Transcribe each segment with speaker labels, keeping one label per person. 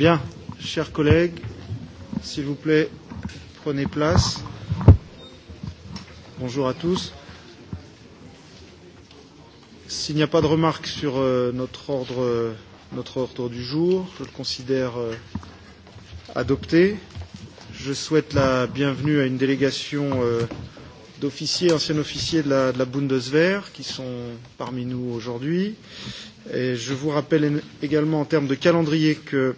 Speaker 1: Bien, chers collègues, s'il vous plaît, prenez place. Bonjour à tous. S'il n'y a pas de remarques sur euh, notre, ordre, euh, notre ordre du jour, je le considère euh, adopté. Je souhaite la bienvenue à une délégation euh, d'officiers, anciens officiers de la, de la Bundeswehr qui sont parmi nous aujourd'hui. Et je vous rappelle également en termes de calendrier que euh,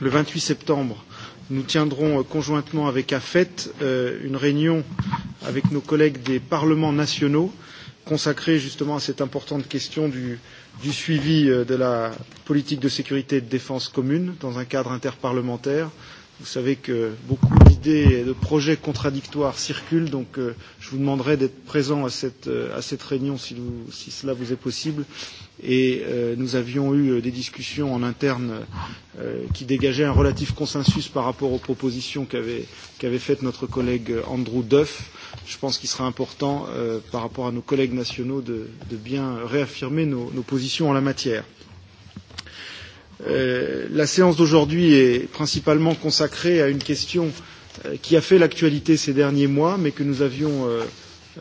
Speaker 1: le 28 septembre, nous tiendrons euh, conjointement avec AFET euh, une réunion avec nos collègues des parlements nationaux consacrée justement à cette importante question du, du suivi euh, de la politique de sécurité et de défense commune dans un cadre interparlementaire Vous savez que beaucoup d'idées et de projets contradictoires circulent, donc euh, je vous demanderai d'être présent à cette, euh, à cette réunion si, vous, si cela vous est possible. Et euh, nous avions eu euh, des discussions en interne euh, qui dégageaient un relatif consensus par rapport aux propositions qu'avait, qu'avait faites notre collègue Andrew Duff. Je pense qu'il sera important, euh, par rapport à nos collègues nationaux, de, de bien réaffirmer nos, nos positions en la matière. Euh, la séance d'aujourd'hui est principalement consacrée à une question euh, qui a fait l'actualité ces derniers mois, mais que nous avions euh,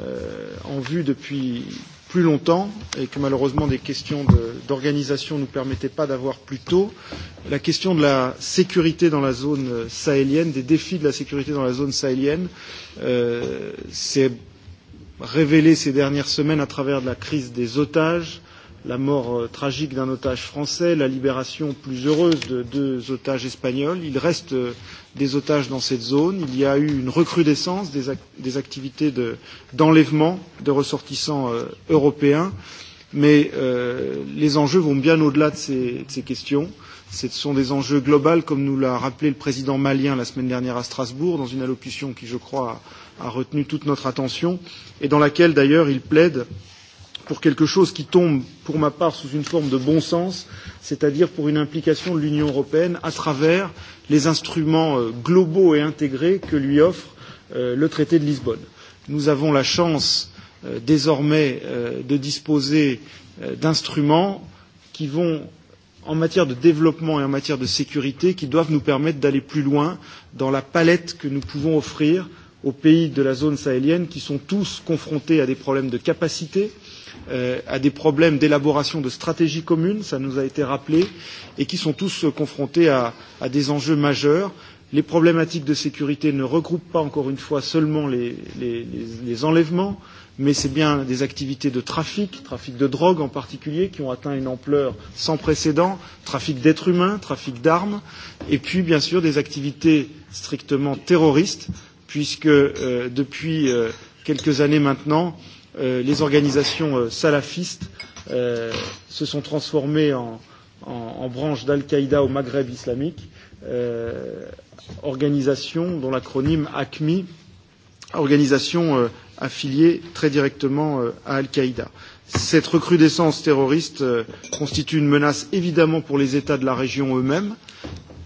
Speaker 1: euh, en vue depuis plus longtemps et que malheureusement des questions d'organisation de, ne nous permettaient pas d'avoir plus tôt, la question de la sécurité dans la zone euh, sahélienne, des défis de la sécurité dans la zone sahélienne, euh, s'est révélée ces dernières semaines à travers la crise des otages, la mort euh, tragique d'un otage français, la libération plus heureuse de deux otages espagnols. Il reste euh, des otages dans cette zone. Il y a eu une recrudescence des, ac des activités d'enlèvement de, de ressortissants euh, européens. Mais euh, les enjeux vont bien au-delà de ces, de ces questions. Ce sont des enjeux globaux, comme nous l'a rappelé le président malien la semaine dernière à Strasbourg, dans une allocution qui, je crois, a, a retenu toute notre attention, et dans laquelle, d'ailleurs, il plaide euh, pour quelque chose qui tombe, pour ma part, sous une forme de bon sens, c'est-à-dire pour une implication de l'Union européenne à travers les instruments euh, globaux et intégrés que lui offre euh, le traité de Lisbonne. Nous avons la chance euh, désormais de disposer d'instruments qui vont en matière de développement et en matière de sécurité qui doivent nous permettre d'aller plus loin dans la palette que nous pouvons offrir aux pays de la zone sahélienne qui sont tous confrontés à des problèmes de capacité, euh, à des problèmes d'élaboration de stratégies communes, ça nous a été rappelé, et qui sont tous euh, confrontés à, à des enjeux majeurs. Les problématiques de sécurité ne regroupent pas, encore une fois, seulement les, les, les, les enlèvements, mais c'est bien des activités de trafic, trafic de drogue en particulier, qui ont atteint une ampleur sans précédent, trafic d'êtres humains, trafic d'armes, et puis bien sûr des activités strictement terroristes, puisque euh, depuis euh, quelques années maintenant, euh, euh, les organisations euh, salafistes euh, se sont transformées en, en, en branche d'Al-Qaïda au Maghreb islamique, euh, organisation dont l'acronyme ACMI, organisation euh, affiliée très directement euh, à Al-Qaïda. Cette recrudescence terroriste euh, constitue une menace évidemment pour les États de la région eux-mêmes,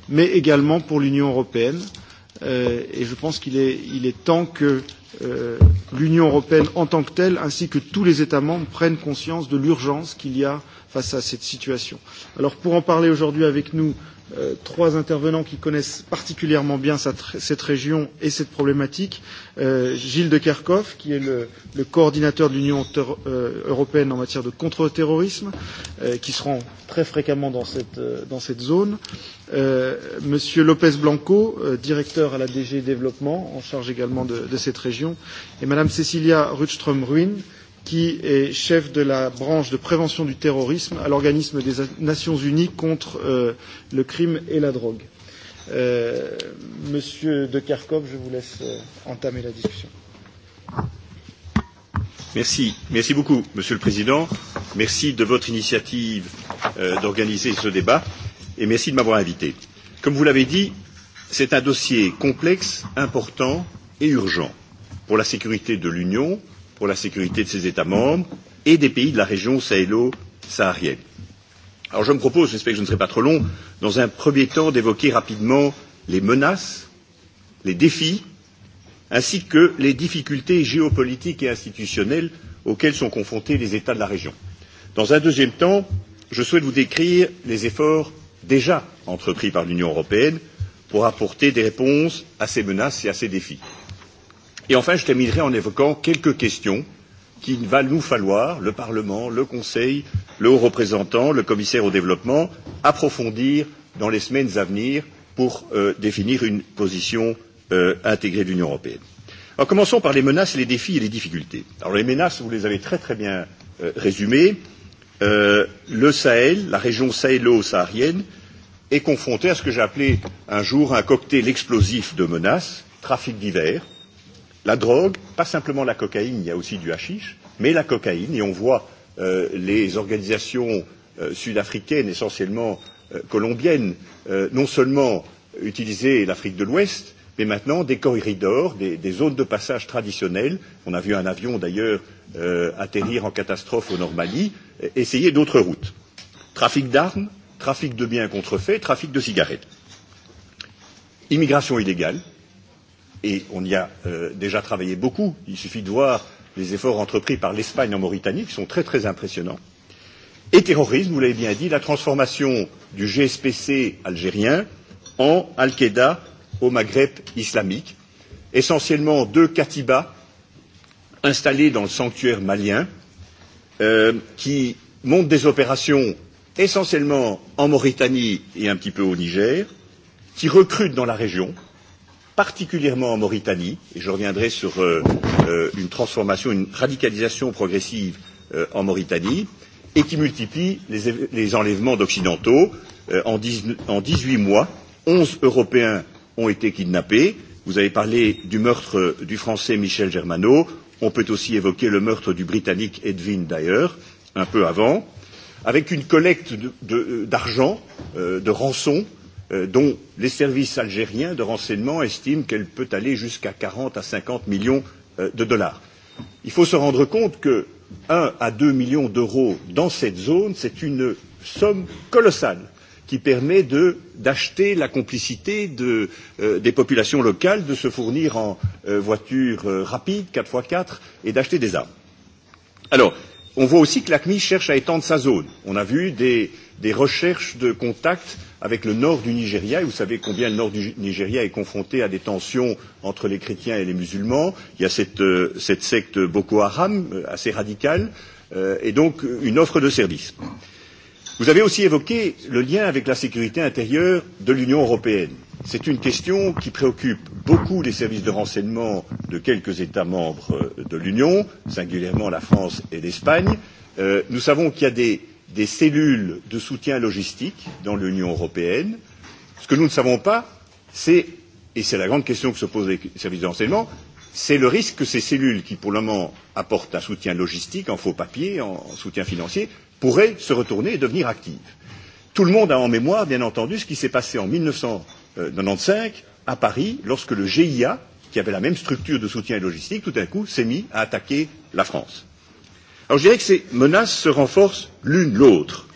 Speaker 1: mais également pour l'Union européenne. Euh, euh, et je pense qu'il est, il est temps que euh, l'Union européenne en tant que telle, ainsi que tous les États membres, prennent conscience de l'urgence qu'il y a face à cette situation. Alors pour en parler aujourd'hui avec nous, euh, trois intervenants qui connaissent particulièrement bien sa, cette région et cette problématique. Euh, Gilles de Kerkhoff, qui est le, le coordinateur de l'Union euh, européenne en matière de contre-terrorisme, euh, qui se rend très fréquemment dans cette, euh, dans cette zone. Euh, Monsieur Lopez Blanco, euh, directeur à la DG Développement, en charge également de, de cette région, et Madame Cecilia Rutström-Ruin, euh, qui est chef de la branche de prévention du terrorisme à l'organisme des Nations Unies contre euh, le crime et la drogue. Euh, monsieur De Kerkhoff, je vous laisse euh, entamer la discussion.
Speaker 2: Merci. Merci beaucoup, Monsieur le Président. Merci de votre initiative euh, d'organiser ce débat et merci de m'avoir invité. Comme vous l'avez dit, c'est un dossier complexe, important et urgent pour la sécurité de l'Union, euh, pour la sécurité de ses États membres et des pays de la région sahélo-saharienne. Alors je me propose, j'espère que je ne serai pas trop long, dans un premier temps d'évoquer rapidement les menaces, les défis, ainsi que les difficultés géopolitiques et institutionnelles auxquelles sont confrontés les États de la région. Dans un deuxième temps, je souhaite vous décrire les efforts déjà entrepris par l'Union européenne pour apporter des réponses à ces menaces et à ces défis. Et enfin, je terminerai en évoquant quelques questions qu'il va nous falloir, le Parlement, le Conseil, le haut représentant, le commissaire au développement, approfondir dans les semaines à venir pour euh, définir une position euh, intégrée de l'Union européenne. Alors commençons par les menaces, les défis et les difficultés. Alors les menaces, vous les avez très très bien euh, résumées. Euh, le Sahel, la région sahélo-saharienne, est confrontée à ce que j'ai appelé un jour un cocktail explosif de menaces, trafic divers, la drogue, pas simplement la cocaïne, il y a aussi du hashish, mais la cocaïne, et on voit euh, les organisations euh, sud-africaines, essentiellement euh, colombiennes, euh, non seulement utiliser l'Afrique de l'Ouest, mais maintenant des corridors, des, des zones de passage traditionnelles. On a vu un avion d'ailleurs euh, atterrir en catastrophe au Normandie, euh, essayer d'autres routes. Trafic d'armes, trafic de biens contrefaits, trafic de cigarettes. Immigration illégale, et on y a euh, déjà travaillé beaucoup. Il suffit de voir les efforts entrepris par l'Espagne en Mauritanie, qui sont très très impressionnants. Et terrorisme, vous l'avez bien dit, la transformation du GSPC algérien en Al-Qaïda au Maghreb islamique, essentiellement deux katibas installés dans le sanctuaire malien, euh, qui montent des opérations essentiellement en Mauritanie et un petit peu au Niger, qui recrutent dans la région, particulièrement en Mauritanie, et je reviendrai sur euh, euh, une transformation, une radicalisation progressive euh, en Mauritanie, et qui multiplie les, les enlèvements d'Occidentaux. Euh, en, 10, en 18 mois, 11 Européens ont été kidnappés. Vous avez parlé du meurtre euh, du Français Michel Germano. On peut aussi évoquer le meurtre du Britannique Edwin Dyer, un peu avant, avec une collecte d'argent, de, de, euh, euh de rançons, euh, Euh, dont les services algériens de renseignement estiment qu'elle peut aller jusqu'à 40 à 50 millions euh, de dollars. Il faut se rendre compte que 1 à 2 millions d'euros dans cette zone, c'est une somme colossale qui permet d'acheter la complicité de, euh, des populations locales, de se fournir en euh, voitures euh, rapides, 4x4, et d'acheter des armes. Alors, on voit aussi que l'ACMI cherche à étendre sa zone. On a vu des, des recherches de contacts avec le nord du Nigeria. Et vous savez combien le nord du Nigeria est confronté à des tensions entre les chrétiens et les musulmans. Il y a cette, euh, cette secte Boko Haram, euh, assez radicale, euh, et donc une offre de service. Vous avez aussi évoqué le lien avec la sécurité intérieure de l'Union européenne. C'est une question qui préoccupe beaucoup les services de renseignement de quelques États membres euh, de l'Union, singulièrement la France et l'Espagne. Euh, nous savons qu'il y a des des cellules de soutien logistique dans l'Union européenne. Ce que nous ne savons pas, c'est, et c'est la grande question que se posent les services d'enseignement, c'est le risque que ces cellules, qui pour le moment apportent un soutien logistique en faux papier, en soutien financier, pourraient se retourner et devenir actives. Tout le monde a en mémoire, bien entendu, ce qui s'est passé en 1995 euh, à Paris, lorsque le GIA, qui avait la même structure de soutien et logistique, tout d'un coup s'est mis à attaquer la France. Alors je dirais que ces menaces se renforcent l'une l'autre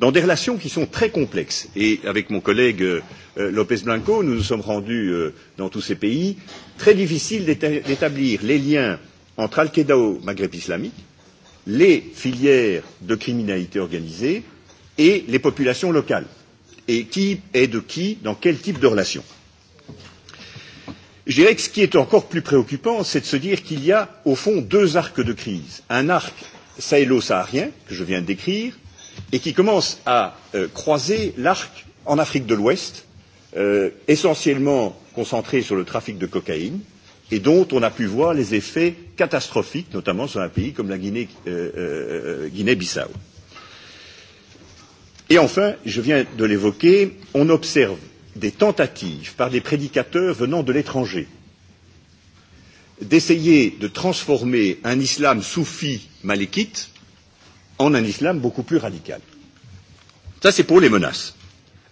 Speaker 2: dans des relations qui sont très complexes. Et avec mon collègue euh, euh Lopez Blanco, nous nous sommes rendus euh, dans tous ces pays. Très difficile d'établir les liens entre Al-Qaïda au Maghreb islamique, les filières de criminalité organisée et les populations locales. Et qui est de qui, dans quel type de relation. Je dirais que ce qui est encore plus préoccupant, c'est de se dire qu'il y a, au fond, deux arcs de crise. Un arc sahélo-saharien, que je viens de décrire, et qui commence à euh, croiser l'arc en Afrique de l'Ouest, euh, essentiellement concentré sur le trafic de cocaïne, et dont on a pu voir les effets catastrophiques, notamment sur un pays comme la Guinée-Bissau. Euh, euh, Guinée -Bissau. et enfin, je viens de l'évoquer, on observe des tentatives par des prédicateurs venant de l'étranger d'essayer de transformer un islam soufi malékite en un islam beaucoup plus radical. Ça, c'est pour les menaces.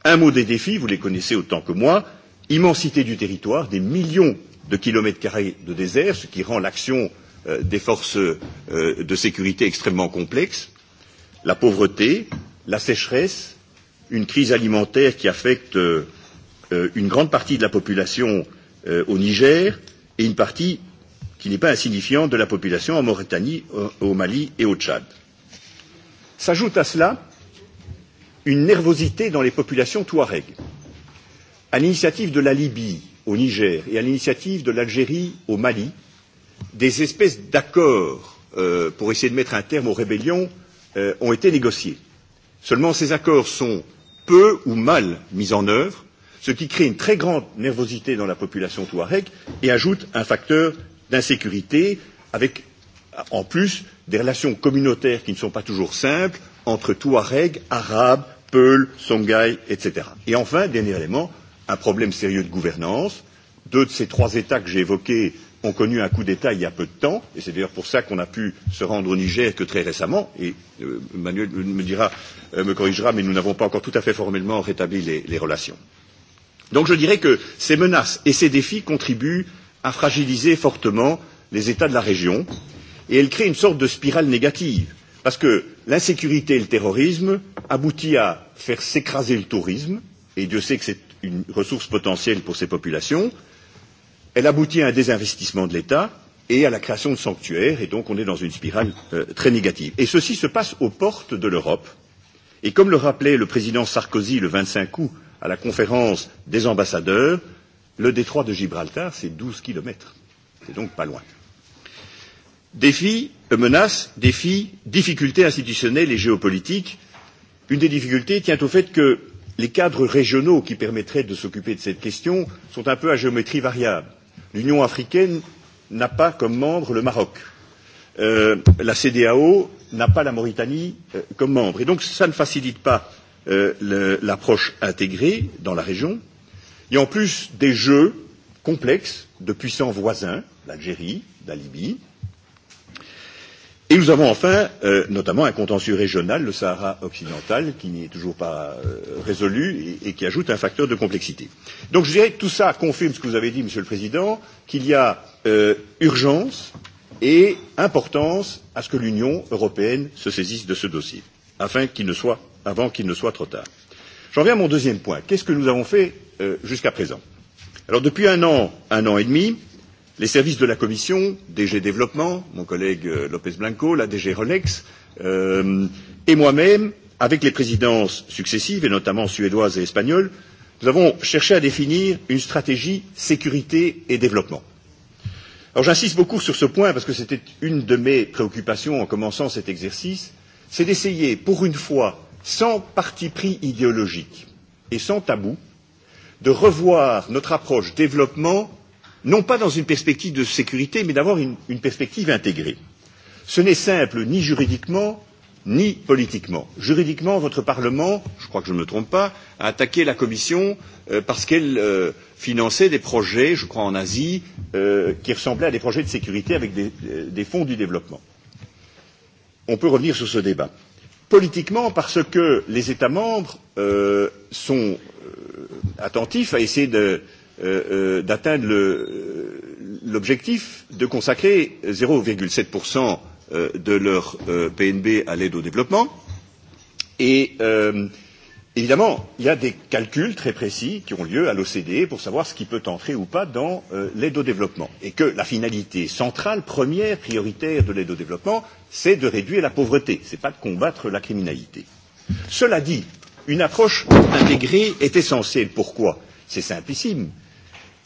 Speaker 2: Un mot des défis, vous les connaissez autant que moi, immensité du territoire, des millions de kilomètres carrés de désert, ce qui rend l'action euh, des forces euh, de sécurité extrêmement complexe, la pauvreté, la sécheresse, une crise alimentaire qui affecte euh, euh, une grande partie de la population euh, au Niger et une partie qui n'est pas insignifiante de la population en Mauritanie, au, euh, au Mali et au Tchad. S'ajoute à cela une nervosité dans les populations touareg. À l'initiative de la Libye au Niger et à l'initiative de l'Algérie au Mali, des espèces d'accords euh, pour essayer de mettre un terme aux rébellions euh, ont été négociés. Seulement, ces accords sont peu ou mal mis en œuvre ce qui crée une très grande nervosité dans la population touareg et ajoute un facteur d'insécurité avec en plus des relations communautaires qui ne sont pas toujours simples entre Touaregs, Arabes, Peuls, Songhai, etc. Et enfin, dernier élément, un problème sérieux de gouvernance. Deux de ces trois États que j'ai évoqués ont connu un coup d'État il y a peu de temps, et c'est d'ailleurs pour ça qu'on a pu se rendre au Niger que très récemment, et euh, Manuel me, dira, euh, me corrigera, mais nous n'avons pas encore tout à fait formellement rétabli les, les relations. Donc je dirais que ces menaces et ces défis contribuent à fragiliser fortement les États de la région et elles créent une sorte de spirale négative parce que l'insécurité et le terrorisme aboutissent à faire s'écraser le tourisme et Dieu sait que c'est une ressource potentielle pour ces populations elle aboutit à un désinvestissement de l'État et à la création de sanctuaires, et donc on est dans une spirale euh, très négative. Et ceci se passe aux portes de l'Europe. Et comme le rappelait le président Sarkozy le 25 août à la conférence des ambassadeurs, le détroit de Gibraltar, c'est 12 kilomètres. C'est donc pas loin. Défis, euh, menaces, défis, difficultés institutionnelles et géopolitiques. Une des difficultés tient au fait que les cadres régionaux qui permettraient de s'occuper de cette question sont un peu à géométrie variable. L'Union africaine n'a pas comme membre le Maroc. Euh, la CDAO n'a pas la Mauritanie euh, comme membre. Et donc, ça ne facilite pas euh, l'approche intégrée dans la région. Il y a en plus des jeux complexes de puissants voisins, l'Algérie, la Libye. Et nous avons enfin, euh, notamment, un contentieux régional, le Sahara occidental, qui n'est toujours pas euh, résolu et, et qui ajoute un facteur de complexité. Donc je dirais que tout ça confirme ce que vous avez dit, Monsieur le Président, qu'il y a euh, urgence et importance à ce que l'Union européenne se saisisse de ce dossier, afin qu'il ne soit avant qu'il ne soit trop tard. J'en viens à mon deuxième point. Qu'est-ce que nous avons fait euh, jusqu'à présent Alors depuis un an, un an et demi, les services de la Commission, DG Développement, mon collègue euh, Lopez Blanco, la DG Rolex, euh, et moi-même, avec les présidences successives, et notamment suédoise et espagnole, nous avons cherché à définir une stratégie sécurité et développement. Alors j'insiste beaucoup sur ce point parce que c'était une de mes préoccupations en commençant cet exercice, c'est d'essayer pour une fois sans parti pris idéologique et sans tabou, de revoir notre approche développement, non pas dans une perspective de sécurité, mais d'avoir une, une perspective intégrée. Ce n'est simple ni juridiquement, ni politiquement. Juridiquement, votre Parlement, je crois que je ne me trompe pas, a attaqué la Commission euh, parce qu'elle euh, finançait des projets, je crois en Asie, euh, qui ressemblaient à des projets de sécurité avec des, euh, des fonds du développement. On peut revenir sur ce débat politiquement parce que les États membres euh, sont euh, attentifs à essayer de, euh, euh, d'atteindre le, euh, l'objectif de consacrer 0,7% euh, de leur euh, PNB à l'aide au développement. Et euh, Évidemment, il y a des calculs très précis qui ont lieu à l'OCDE pour savoir ce qui peut entrer ou pas dans euh, l'aide au développement. Et que la finalité centrale, première, prioritaire de l'aide au développement, c'est de réduire la pauvreté, ce n'est pas de combattre la criminalité. Cela dit, une approche intégrée est essentielle. Pourquoi C'est simplissime.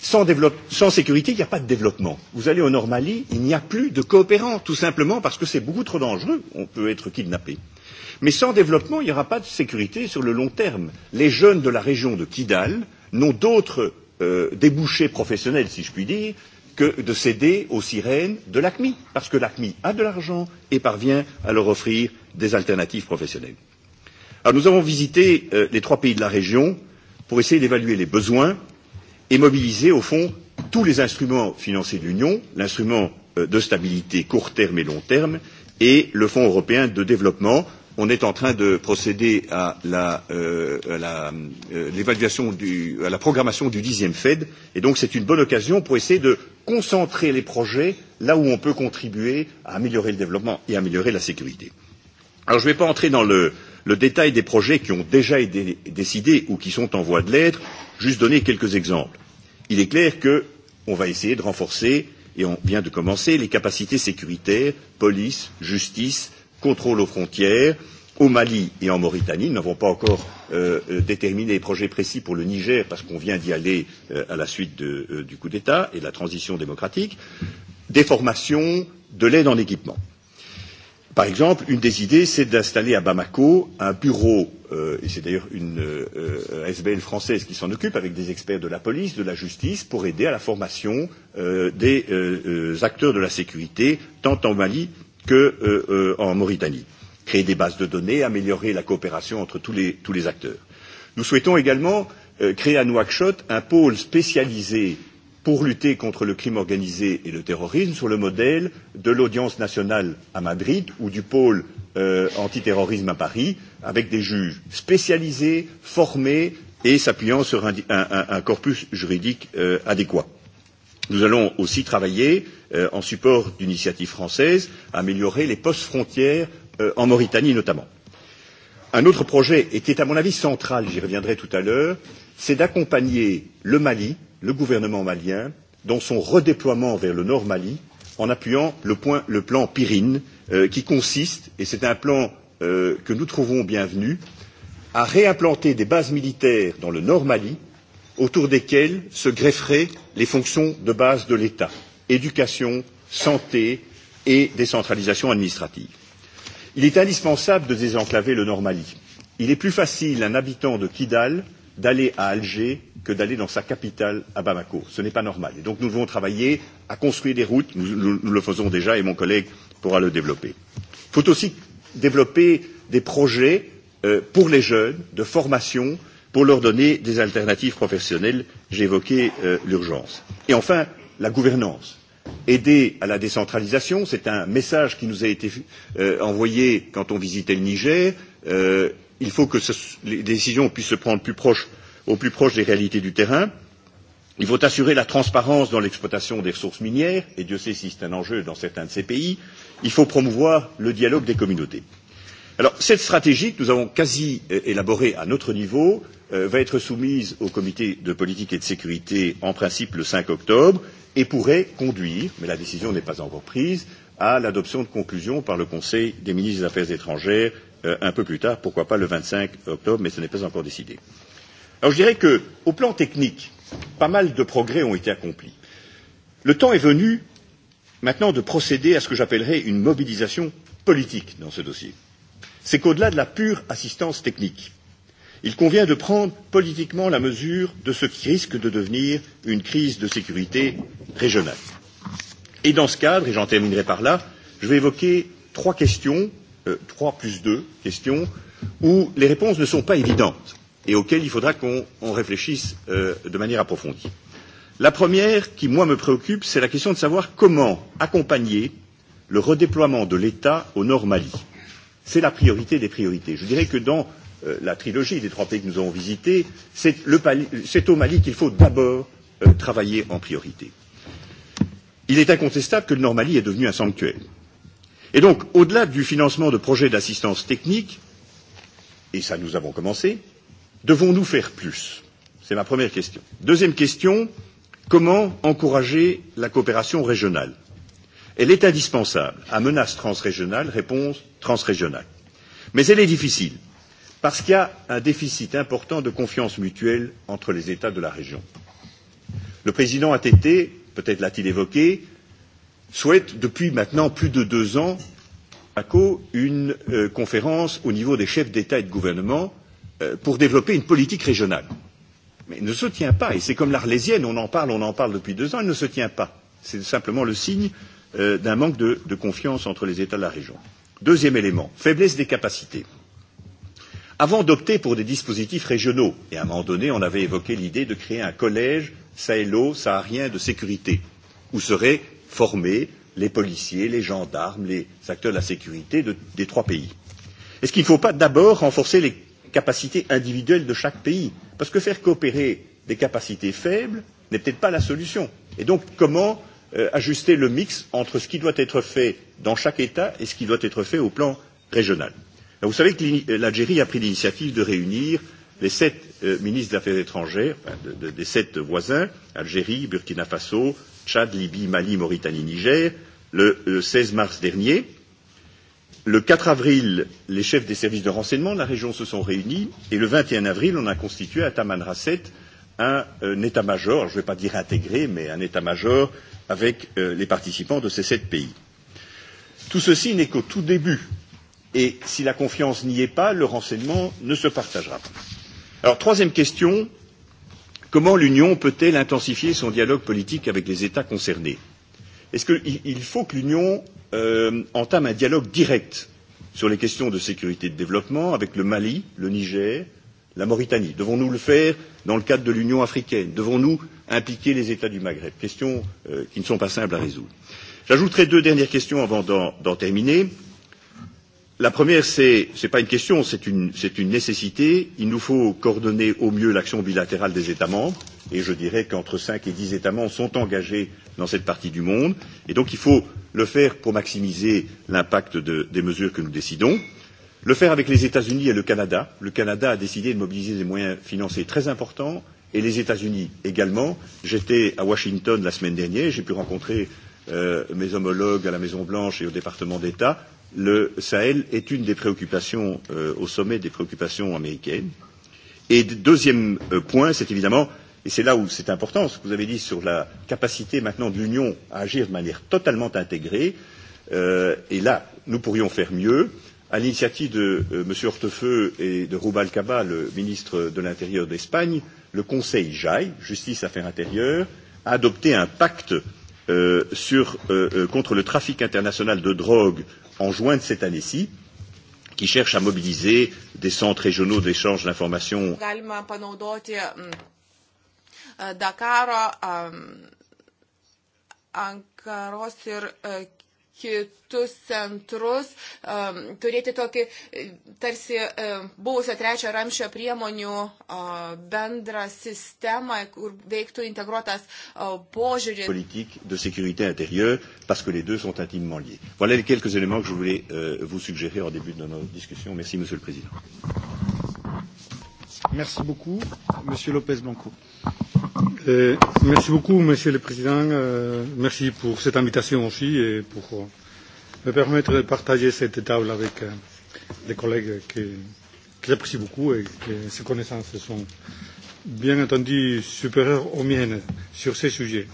Speaker 2: Sans, sans sécurité, il n'y a pas de développement. Vous allez au Nord Mali, il n'y a plus de coopérants, tout simplement parce que c'est beaucoup trop dangereux. On peut être kidnappé. Euh, Mais sans développement, il n'y aura pas de sécurité sur le long terme. Les jeunes de la région de Kidal n'ont d'autres euh, débouchés professionnels, si je puis dire, que de céder aux sirènes de l'ACMI, parce que l'ACMI a de l'argent et parvient à leur offrir des alternatives professionnelles. Alors nous avons visité euh, les trois pays de la région pour essayer d'évaluer les besoins et mobiliser, au fond, tous les instruments financiers de l'Union, l'instrument euh, de stabilité court terme et long terme, et le Fonds européen de développement on est en train de procéder à la, euh, à la, euh, l'évaluation du, à la programmation du dixième Fed, et donc c'est une bonne occasion pour essayer de concentrer les projets là où on peut contribuer à améliorer le développement et à améliorer la sécurité. Alors je ne vais pas entrer dans le, le détail des projets qui ont déjà été décidés ou qui sont en voie de l'être, juste donner quelques exemples. Il est clair qu'on va essayer de renforcer, et on vient de commencer, les capacités sécuritaires, police, justice, contrôle aux frontières. Au Mali et en Mauritanie, nous n'avons pas encore euh, euh, déterminé les projets précis pour le Niger parce qu'on vient d'y aller euh, à la suite de, euh, du coup d'État et de la transition démocratique, des formations, de l'aide en équipement. Par exemple, une des idées, c'est d'installer à Bamako un bureau, euh, et c'est d'ailleurs une euh, SBL française qui s'en occupe, avec des experts de la police, de la justice, pour aider à la formation euh, des euh, euh acteurs de la sécurité, tant en Mali qu'en euh, euh, en Mauritanie. Créer des bases de données, améliorer la coopération entre tous les, tous les acteurs. Nous souhaitons également euh, créer à Nouakchott un pôle spécialisé pour lutter contre le crime organisé et le terrorisme sur le modèle de l'audience nationale à Madrid ou du pôle euh, antiterrorisme à Paris, avec des juges spécialisés, formés et s'appuyant sur un, un, un, un corpus juridique euh, adéquat. Nous allons aussi travailler, euh, en support d'initiatives françaises, à améliorer les postes frontières euh, en Mauritanie notamment. Un autre projet, et qui est à mon avis central, j'y reviendrai tout à l'heure, c'est d'accompagner le Mali, le gouvernement malien, dans son redéploiement vers le nord Mali, en appuyant le, point, le plan Pirine, euh, qui consiste, et c'est un plan euh, que nous trouvons bienvenu, à réimplanter des bases militaires dans le nord Mali, autour desquels se grefferaient les fonctions de base de l'État éducation, santé et décentralisation administrative. Il est indispensable de désenclaver le Nord Mali. Il est plus facile à un habitant de Kidal d'aller à Alger que d'aller dans sa capitale à Bamako. Ce n'est pas normal. Et donc nous devons travailler à construire des routes, nous, nous, nous le faisons déjà et mon collègue pourra le développer. Il faut aussi développer des projets euh, pour les jeunes de formation pour leur donner des alternatives professionnelles j'évoquais euh, l'urgence. et enfin la gouvernance aider à la décentralisation c'est un message qui nous a été euh, envoyé quand on visitait le niger euh, il faut que ce, les décisions puissent se prendre plus proche, au plus proche des réalités du terrain. Il faut assurer la transparence dans l'exploitation des ressources minières, et Dieu sait si c'est un enjeu dans certains de ces pays. Il faut promouvoir le dialogue des communautés. Alors, cette stratégie que nous avons quasi euh, élaborée à notre niveau euh, va être soumise au comité de politique et de sécurité en principe le 5 octobre et pourrait conduire, mais la décision n'est pas encore prise, à l'adoption de conclusions par le Conseil des ministres des Affaires étrangères euh, un peu plus tard, pourquoi pas le 25 octobre, mais ce n'est pas encore décidé. Alors je dirais que, au plan technique, pas mal de progrès ont été accomplis. Le temps est venu maintenant de procéder à ce que j'appellerais une mobilisation politique dans ce dossier c'est qu'au-delà de la pure assistance technique, il convient de prendre politiquement la mesure de ce qui risque de devenir une crise de sécurité régionale. Et dans ce cadre, et j'en terminerai par là, je vais évoquer trois questions, euh, trois plus deux questions, où les réponses ne sont pas évidentes et auxquelles il faudra qu'on on réfléchisse euh, de manière approfondie. La première qui, moi, me préoccupe, c'est la question de savoir comment accompagner le redéploiement de l'État au Nord Mali. Euh, c'est la priorité des priorités. Je dirais que dans euh, la trilogie des trois pays que nous avons visités, c'est, le, c'est au Mali qu'il faut d'abord euh, travailler en priorité. Il est incontestable que le Nord-Mali est devenu un sanctuaire. Et donc, au-delà du financement de projets d'assistance technique, et ça nous avons commencé, devons-nous faire plus C'est ma première question. Deuxième question, comment encourager la coopération régionale Elle est indispensable à menace transrégionale, réponse transrégionale. Mais elle est difficile parce qu'il y a un déficit important de confiance mutuelle entre les États de la région. Le président ATT, peut-être l'a-t-il évoqué, souhaite depuis maintenant plus de deux ans à Co une euh, conférence au niveau des chefs d'État et de gouvernement euh, pour développer une politique régionale. Mais elle ne se tient pas, et c'est comme l'Arlésienne, on en parle, on en parle depuis deux ans, elle ne se tient pas. C'est simplement le signe euh, d'un manque de, de confiance entre les États de la région. Deuxième élément, faiblesse des capacités. Avant d'opter pour des dispositifs régionaux, et à un moment donné, on avait évoqué l'idée de créer un collège sahélo-saharien de sécurité, où seraient formés les policiers, les gendarmes, les acteurs de la sécurité de, des trois pays. Est-ce qu'il ne faut pas d'abord renforcer les capacités individuelles de chaque pays Parce que faire coopérer des capacités faibles n'est peut-être pas la solution. Et donc, comment euh, euh, ajuster le mix entre ce qui doit être fait dans chaque État et ce qui doit être fait au plan régional. Alors, vous savez que l'Algérie a pris l'initiative de réunir les sept euh, ministres des Affaires étrangères enfin, de, de, des sept voisins Algérie, Burkina Faso, Tchad, Libye, Mali, Mauritanie, Niger le, le euh, 16 mars dernier. Le 4 avril, les chefs des services de renseignement de la région se sont réunis et le 21 avril, on a constitué à Tamanrasset un, un état-major, je ne vais pas dire intégré, mais un état-major avec euh, les participants de ces sept pays. Tout ceci n'est qu'au tout début et si la confiance n'y est pas, le renseignement ne se partagera pas. Alors, troisième question comment l'Union peut elle intensifier son dialogue politique avec les États concernés? Est ce qu'il faut que l'Union euh, entame un dialogue direct sur les questions de sécurité et de développement avec le Mali, le Niger, la Mauritanie? Devons nous le faire dans le cadre de l'Union africaine? Devons nous euh, impliquer les États du Maghreb. Questions euh, qui ne sont pas simples à résoudre. J'ajouterai deux dernières questions avant d'en terminer. La première, ce n'est pas une question, c'est une, une nécessité. Il nous faut coordonner au mieux l'action bilatérale des États membres, et je dirais qu'entre 5 et 10 États membres sont engagés dans cette partie du monde, et donc il faut le faire pour maximiser l'impact de, des mesures que nous décidons. Le faire avec les États-Unis et le Canada. Le Canada a décidé de mobiliser des moyens financiers très importants et les États-Unis également. J'étais à Washington la semaine dernière, j'ai pu rencontrer euh, mes homologues à la Maison-Blanche et au département d'État. Le Sahel est une des préoccupations euh, au sommet des préoccupations américaines. Et deuxième euh, point, c'est évidemment, et c'est là où c'est important, ce que vous avez dit sur la capacité maintenant de l'Union à agir de manière totalement intégrée. Euh, et là, nous pourrions faire mieux. À l'initiative de euh, M. Hortefeux et de Rubal Caba, le ministre de l'Intérieur d'Espagne, euh, le Conseil JAI, Justice Affaires Intérieures, a adopté un pacte euh, sur, euh, euh, contre le trafic international de drogue en juin de cette année-ci, qui cherche à mobiliser des centres régionaux d'échange d'informations.
Speaker 3: Galima panaudoti euh, Dakaro, euh, Ankaros ir kitus centrus, um, turėti tokį e, tarsi um, buvusio trečio ramšio priemonių uh, bendrą sistemą, kur veiktų integruotas uh, požiūris.
Speaker 2: Politique de sécurité intérieure, parce que les deux sont intimement liés. Voilà les quelques éléments que je voulais euh, vous suggérer en début de notre discussion. Merci, Monsieur le Président.
Speaker 1: Merci beaucoup, Monsieur Lopez Blanco.
Speaker 2: Et euh, merci beaucoup, Monsieur le Président. Euh,
Speaker 4: merci pour cette invitation aussi et pour euh, me permettre de partager cette table avec euh, des collègues que, que j'apprécie beaucoup et que ces connaissances sont bien entendu supérieures aux miennes sur ces sujets.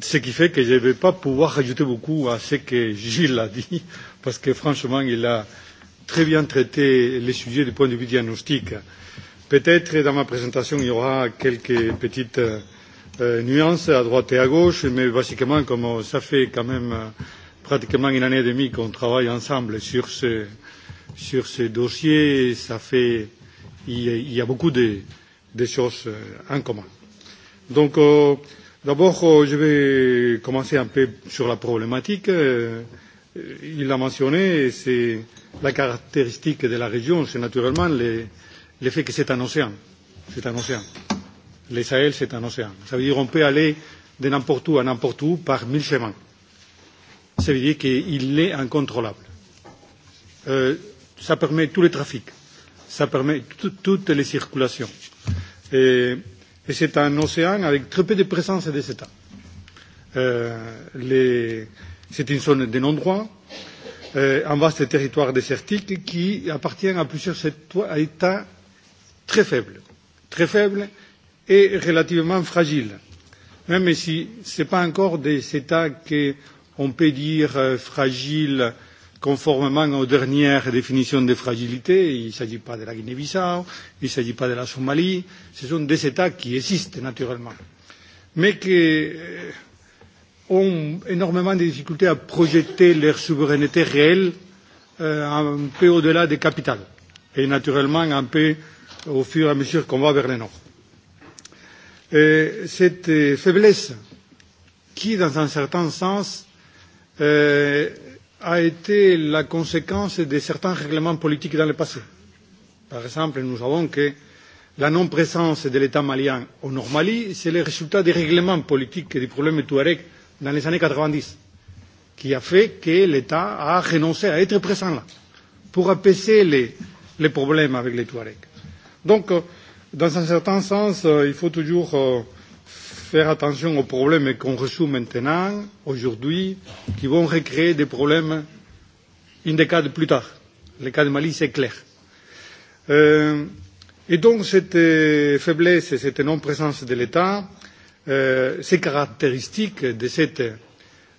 Speaker 4: Ce qui fait que je ne vais pas pouvoir ajouter beaucoup à ce que Gilles a dit, parce que franchement, il a très bien traité les sujets du point de vue diagnostique. Euh, Peut-être dans ma présentation, il y aura quelques petites euh, nuances à droite et à gauche, mais basiquement, comme ça fait quand même euh, pratiquement une année et demie qu'on travaille ensemble sur ce, sur ce dossier, ça fait, il y a, il y a beaucoup de, de choses euh, en commun. Donc, euh, d'abord, euh, je vais commencer un peu sur la problématique. Euh, il l'a mentionné, c'est la caractéristique de la région, c'est naturellement les, euh, l'effet que c'est un océan. C'est un océan. Le Sahel, c'est un océan. Ça veut dire qu'on peut aller de n'importe où à n'importe où par mille chemins. Ça veut dire qu'il est incontrôlable. Euh, ça permet tous les trafics. Ça permet toutes les circulations. Et, et c'est un océan avec très peu de présence des États. Euh, les, c'est une zone de non-droit, euh, un vaste territoire désertique qui appartient à plusieurs États très faible, très faible et relativement fragile, même si ce ne sont pas encore des États qu'on peut dire euh, fragiles conformément aux dernières définitions de fragilité. Il ne s'agit pas de la Guinée-Bissau, il ne s'agit pas de la Somalie. Ce sont des États qui existent naturellement, mais qui euh, ont énormément de difficultés à projeter leur souveraineté réelle euh, un peu au-delà des capitales et naturellement un peu au fur et à mesure qu'on va vers le nord. Euh, cette euh, faiblesse qui, dans un certain sens, euh, a été la conséquence de certains règlements politiques dans le passé. Par exemple, nous savons que la non-présence de l'État malien au Nord Mali, c'est le résultat des règlements politiques du problème Touareg dans les années 90, qui a fait que l'État a renoncé à être présent là pour apaiser les, les problèmes avec les Touaregs. Donc, euh, dans un certain sens, euh, il faut toujours euh, faire attention aux problèmes qu'on reçoit maintenant, aujourd'hui, qui vont recréer des problèmes une décade plus tard. Le cas de Mali, c'est clair. Euh, et donc, cette faiblesse et cette non-présence de l'État, euh, c'est caractéristique de, cette,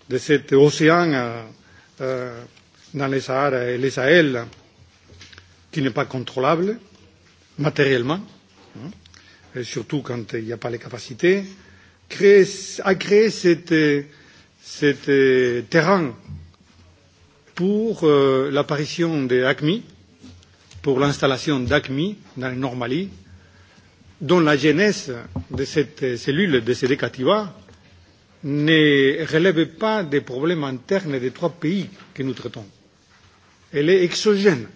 Speaker 4: de cet océan euh, dans les Sahara et les Sahel qui n'est pas contrôlable, euh, matériellement, hein, et surtout quand il n'y a pas les capacités, créer, à créer cet, cet euh, terrain pour euh, l'apparition d'ACMI, pour l'installation d'ACMI dans la Normalie, dont la genèse de cette cellule de CD Cativa ne relève pas des problèmes internes des trois pays que nous traitons. Elle est exogène.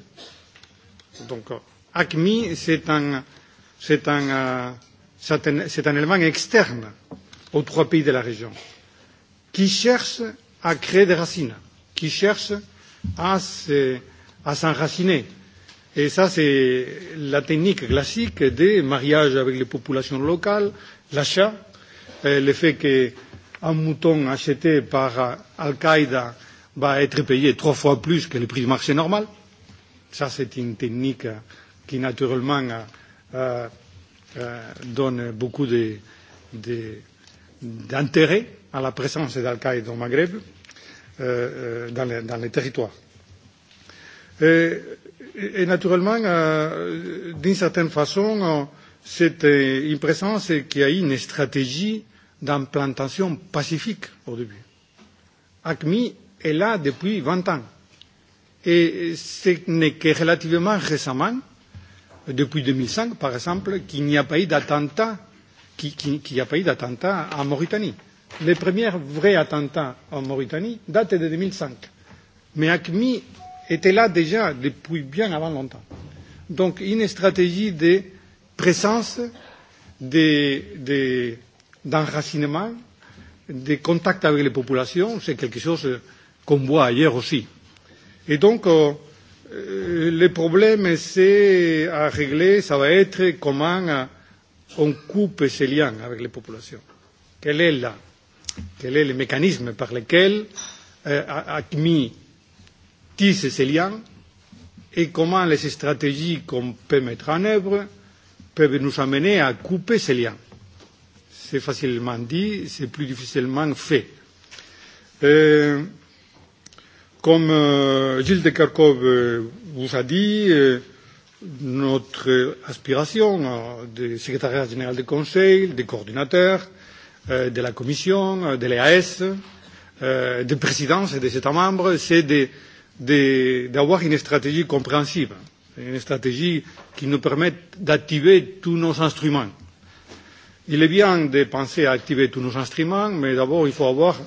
Speaker 4: Donc, euh, ACMI, c'est un, c'est un, euh, c'est un, c'est un élément externe aux trois pays de la région qui cherche à créer des racines, qui cherche à, se, à s'enraciner. Et ça, c'est la technique classique des mariages avec les populations locales, l'achat, euh, le fait qu'un mouton acheté par Al-Qaïda va être payé trois fois plus que le prix du marché normal. Ça, c'est une technique euh, qui naturellement euh, euh, donne beaucoup de, de, d'intérêt à la présence d'Al-Qaïda au Maghreb euh, euh, dans, les, dans les territoires. Et, et naturellement, euh, d'une certaine façon, euh, c'est une présence qui a une stratégie d'implantation pacifique au début. ACMI est là depuis 20 ans. Et ce n'est que relativement récemment euh, depuis 2005, par exemple, qu'il n'y a pas eu d'attentat qui, qui, qui a pas eu d'attentat en Mauritanie. Les premiers vrais attentats en Mauritanie datent de 2005. Mais ACMI était là déjà depuis bien avant longtemps. Donc une stratégie de présence, d'enracinement, de, de, de contact avec les populations, c'est quelque chose qu'on voit ailleurs aussi. Et donc, euh, Euh, le problème c'est à régler, ça va être comment on coupe ces liens avec les populations. Quel est, la, quel est le mécanisme par lequel euh, ACMI tisse ces liens et comment les stratégies qu'on peut mettre en œuvre peuvent nous amener à couper ces liens. C'est facilement dit, c'est plus difficilement fait. Euh, Comme euh, Gilles de Kerkhove euh, vous a dit, euh, notre aspiration euh, du secrétariat général du Conseil, des coordinateurs, euh, de la Commission, euh, de l'EAS, euh, des présidences et des États membres, c'est d'avoir une stratégie compréhensive, une stratégie qui nous permette d'activer tous nos instruments. Il est bien de penser à activer tous nos instruments, mais d'abord il faut avoir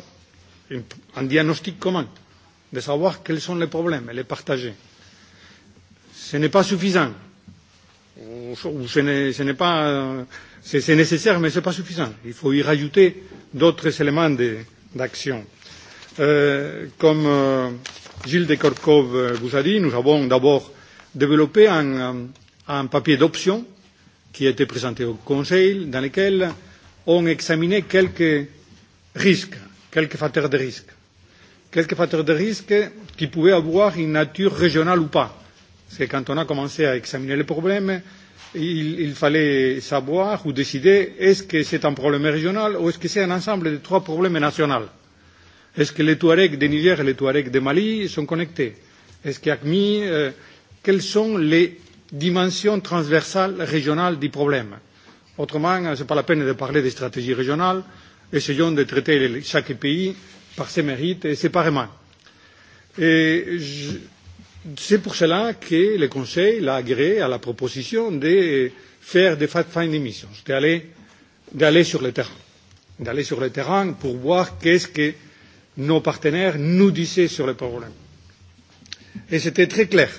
Speaker 4: un, un diagnostic commun. Euh, de savoir quels sont les problèmes et les partager. Ce n'est pas suffisant. Ou ce n'est, ce n'est pas, c'est, c'est nécessaire, mais ce n'est pas suffisant. Il faut y rajouter d'autres éléments de, d'action. Euh, comme euh, Gilles de Korkov vous a dit, nous avons d'abord développé un, euh, un papier d'option qui a été présenté au Conseil, dans lequel on examinait quelques risques, quelques facteurs de risque quelques facteurs de risque qui pouvaient avoir une nature régionale ou pas. Parce que quand on a commencé à examiner le problème, il, il fallait savoir ou décider est-ce que c'est un problème régional ou est-ce que c'est un ensemble de trois problèmes nationaux. Est-ce que les Touaregs de Niger et les Touaregs de Mali sont connectés Est-ce qu'ACMI, euh, quelles sont les dimensions transversales régionales du problème Autrement, ce n'est pas la peine de parler des stratégies régionales. Essayons de traiter chaque pays par ses mérites et séparément. Et je, c'est pour cela que le Conseil l'a agréé à la proposition de faire des fact-finding missions, d'aller, d'aller sur le terrain, d'aller sur le terrain pour voir qu'est-ce que nos partenaires nous disaient sur le problème. Et c'était très clair.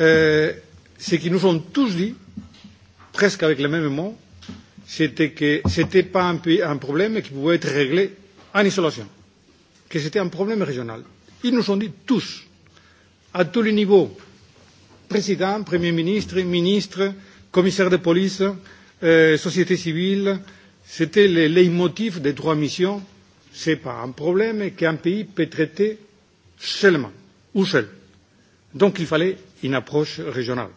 Speaker 4: Euh, ce qu'ils nous ont tous dit, presque avec les mêmes mots, c'était que ce n'était pas un, un problème qui pouvait être réglé en isolation, que c'était un problème régional. Ils nous ont dit tous, à tous les niveaux, président, premier ministre, ministre, commissaire de police, euh, société civile, c'était le leitmotiv des trois missions. Ce n'est pas un problème qu'un pays peut traiter seulement ou seul. Donc il fallait une approche régionale.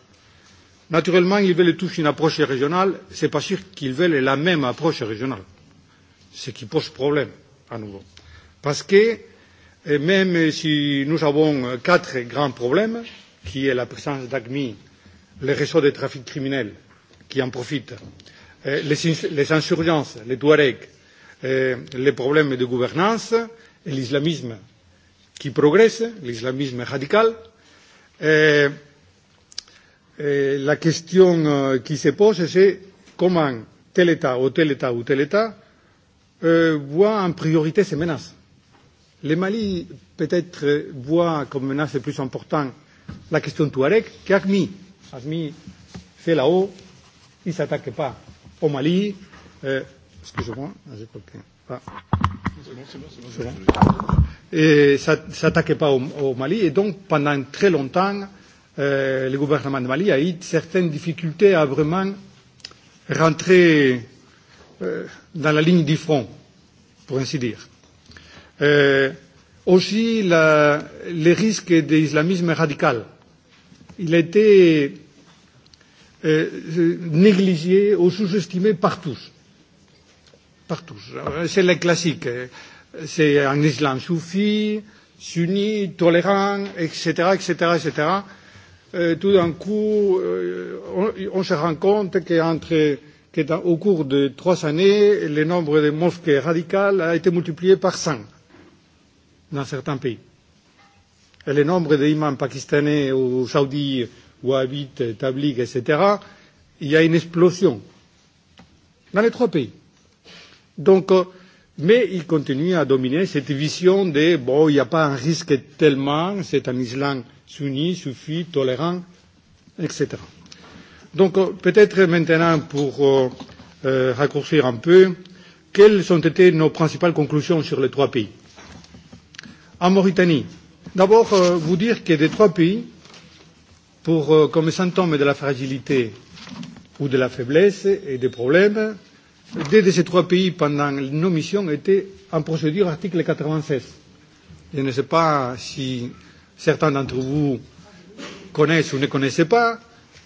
Speaker 4: Naturellement, ils veulent tous une approche régionale. Ce n'est pas sûr qu'ils veulent la même approche régionale, ce qui pose problème. Euh, à nouveau. Parce que et euh, même si nous avons quatre grands problèmes, qui est la présence d'ACMI, les réseaux de trafic criminel qui en profitent, euh, les, les insurgences, les Touaregs, euh, les problèmes de gouvernance et l'islamisme qui progresse, l'islamisme radical, et, et la question qui se pose, c'est comment tel État ou tel État ou tel État euh, voit en priorité ces menaces. Le Mali, peut-être, euh, voit comme menace plus importante la question Touareg qu'ACMI. ACMI, c'est là-haut, il ne s'attaque pas au Mali. Euh, Excusez-moi, j'ai bloqué. Pas. Bon, bon, bon, et s'attaquait pas au, au Mali. Et donc, pendant très longtemps, euh, le gouvernement de Mali a eu certaines difficultés à vraiment rentrer euh, dans la ligne du front, pour ainsi dire. Euh, aussi, la, les risques d'islamisme radical. Il a été euh, négligé ou sous-estimé par tous. Par tous. Euh, c'est le classique. C'est un islam soufi, sunni, tolérant, etc., etc., etc. Euh, tout d'un coup, euh, on, on se rend compte qu'entre euh, qu'au cours de trois années, le nombre de mosquées radicales a été multiplié par 100 dans certains pays. Et le nombre d'imams pakistanais ou saoudis, wahhabites, tabliques, etc., il y a une explosion dans les trois pays. Donc, euh, mais il continue à dominer cette vision de bon, il n'y a pas un risque tellement, c'est un islam sunni, suffi, tolérant, etc. Donc euh, peut-être maintenant pour euh, euh, raccourcir un peu, quelles ont été nos principales conclusions sur les trois pays En Mauritanie, d'abord euh, vous dire que des trois pays, pour, euh, comme symptôme de la fragilité ou de la faiblesse et des problèmes, deux de ces trois pays pendant nos missions étaient en procédure article 96. Je ne sais pas si certains d'entre vous connaissent ou ne connaissent pas,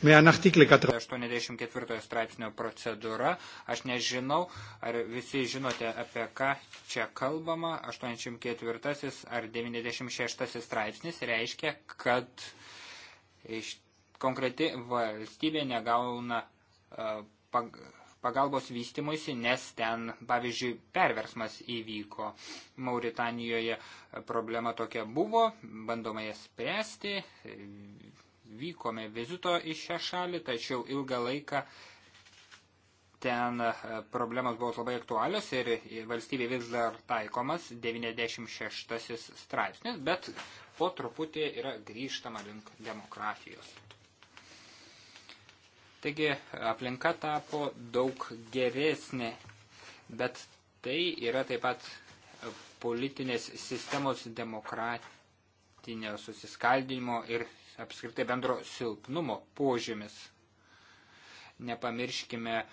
Speaker 4: 84
Speaker 5: straipsnio procedūra. Aš nežinau, ar visi žinote, apie ką čia kalbama. 84 ar 96 straipsnis reiškia, kad iš konkreti valstybė negauna e, pagalbos vystimuisi, nes ten, pavyzdžiui, perversmas įvyko. Mauritanijoje problema tokia buvo, bandoma jas spręsti vykome vizito į šią šalį, tačiau ilgą laiką ten e, problemas buvo labai aktualios ir valstybė vis dar taikomas 96 straipsnis, bet po truputį yra grįžtama link demokratijos. Taigi aplinka tapo daug geresnė, bet tai yra taip pat politinės sistemos demokratinio susiskaldinimo ir apskritai bendro silpnumo požymis. Nepamirškime e,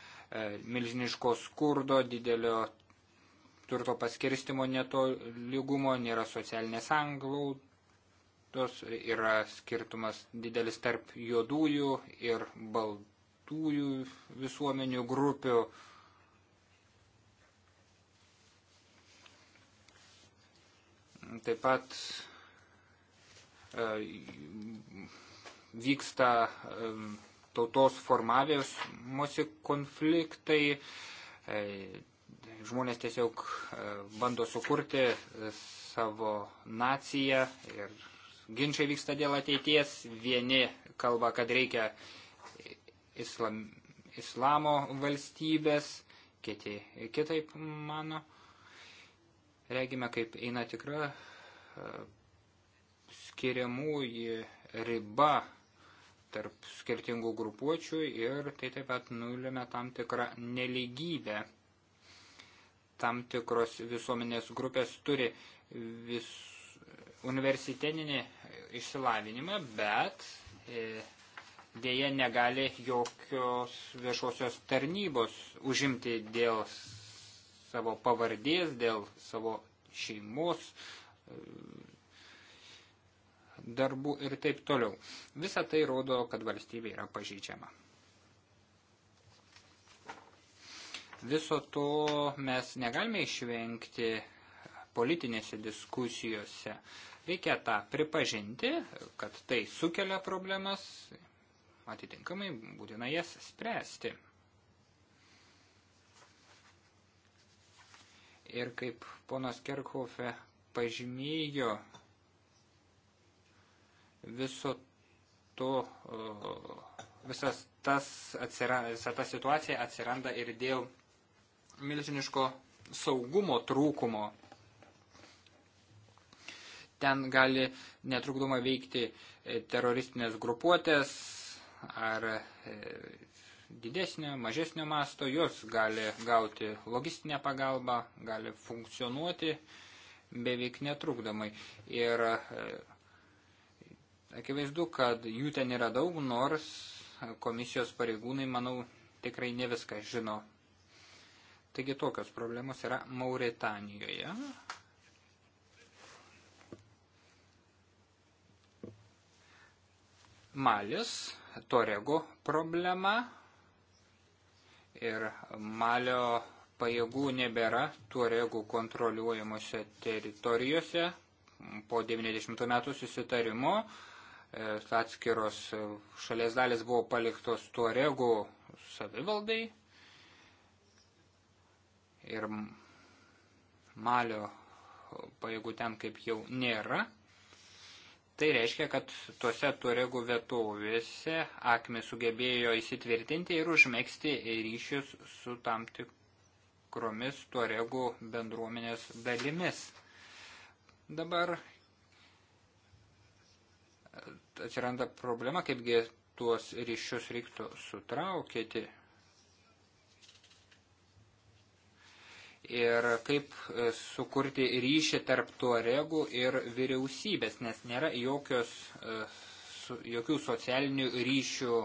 Speaker 5: milžiniško skurdo, didelio turto paskirstimo netolygumo, nėra socialinės anglaudos, yra skirtumas didelis tarp juodųjų ir baltųjų visuomenių grupių. Taip pat vyksta e, tautos formavimosi konfliktai, e, žmonės tiesiog e, bando sukurti savo naciją ir ginčiai vyksta dėl ateities. Vieni kalba, kad reikia islam, islamo valstybės, kiti kitaip mano. Regime, kaip eina tikra atskiriamųjų riba tarp skirtingų grupuočių ir tai taip pat nulėmė tam tikrą neligybę. Tam tikros visuomenės grupės turi vis universitetinį išsilavinimą, bet e, dėje negali jokios viešosios tarnybos užimti dėl savo pavardės, dėl savo šeimos, darbų ir taip toliau. Visa tai rodo, kad valstybė yra pažeidžiama. Viso to mes negalime išvengti politinėse diskusijose. Reikia tą pripažinti, kad tai sukelia problemas, atitinkamai būtina jas spręsti. Ir kaip ponas Kerkhofe pažymėjo, viso to, visas tas atsiranda, visa ta situacija atsiranda ir dėl milžiniško saugumo trūkumo. Ten gali netrukdoma veikti e, teroristinės grupuotės ar e, didesnio, mažesnio masto, jos gali gauti logistinę pagalbą, gali funkcionuoti beveik netrukdomai. Ir e, Akivaizdu, kad jų ten yra daug, nors komisijos pareigūnai, manau, tikrai ne viską žino. Taigi tokios problemos yra Mauretanijoje. Malis, Torego problema ir Malio pajėgų nebėra Tuoregų kontroliuojamuose teritorijose po 90 metų susitarimo E, atskiros e, šalies dalis buvo paliktos tuoregų savivaldai ir malio pajėgų ten kaip jau nėra. Tai reiškia, kad tuose tuoregų vietovėse akme sugebėjo įsitvirtinti ir užmėgsti ryšius su tam tikromis tuoregų bendruomenės dalimis. Dabar atsiranda problema, kaipgi tuos ryšius reiktų sutraukyti. Ir kaip e, sukurti ryšį tarp tuoregų ir vyriausybės, nes nėra jokios, e, jokių socialinių ryšių,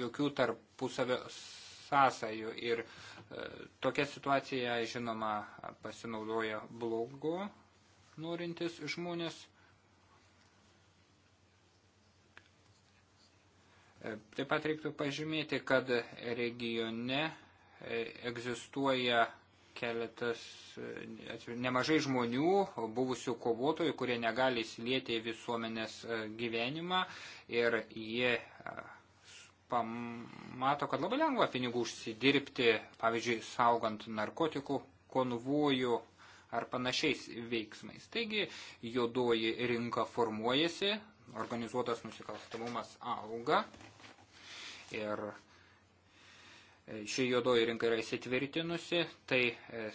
Speaker 5: jokių tarpusavio sąsajų. Ir e, tokia situacija, žinoma, pasinaudoja blogu norintis žmonės. E, taip pat reiktų pažymėti, kad regione e, egzistuoja keletas e, nemažai žmonių, buvusių kovotojų, kurie negali įsilieti į visuomenės gyvenimą ir jie pamato, kad labai lengva pinigų užsidirbti, pavyzdžiui, saugant narkotikų konvojų ar panašiais veiksmais. Taigi, juodoji rinka formuojasi, organizuotas nusikalstamumas auga ir e, ši juodoji rinka yra įsitvirtinusi, tai e,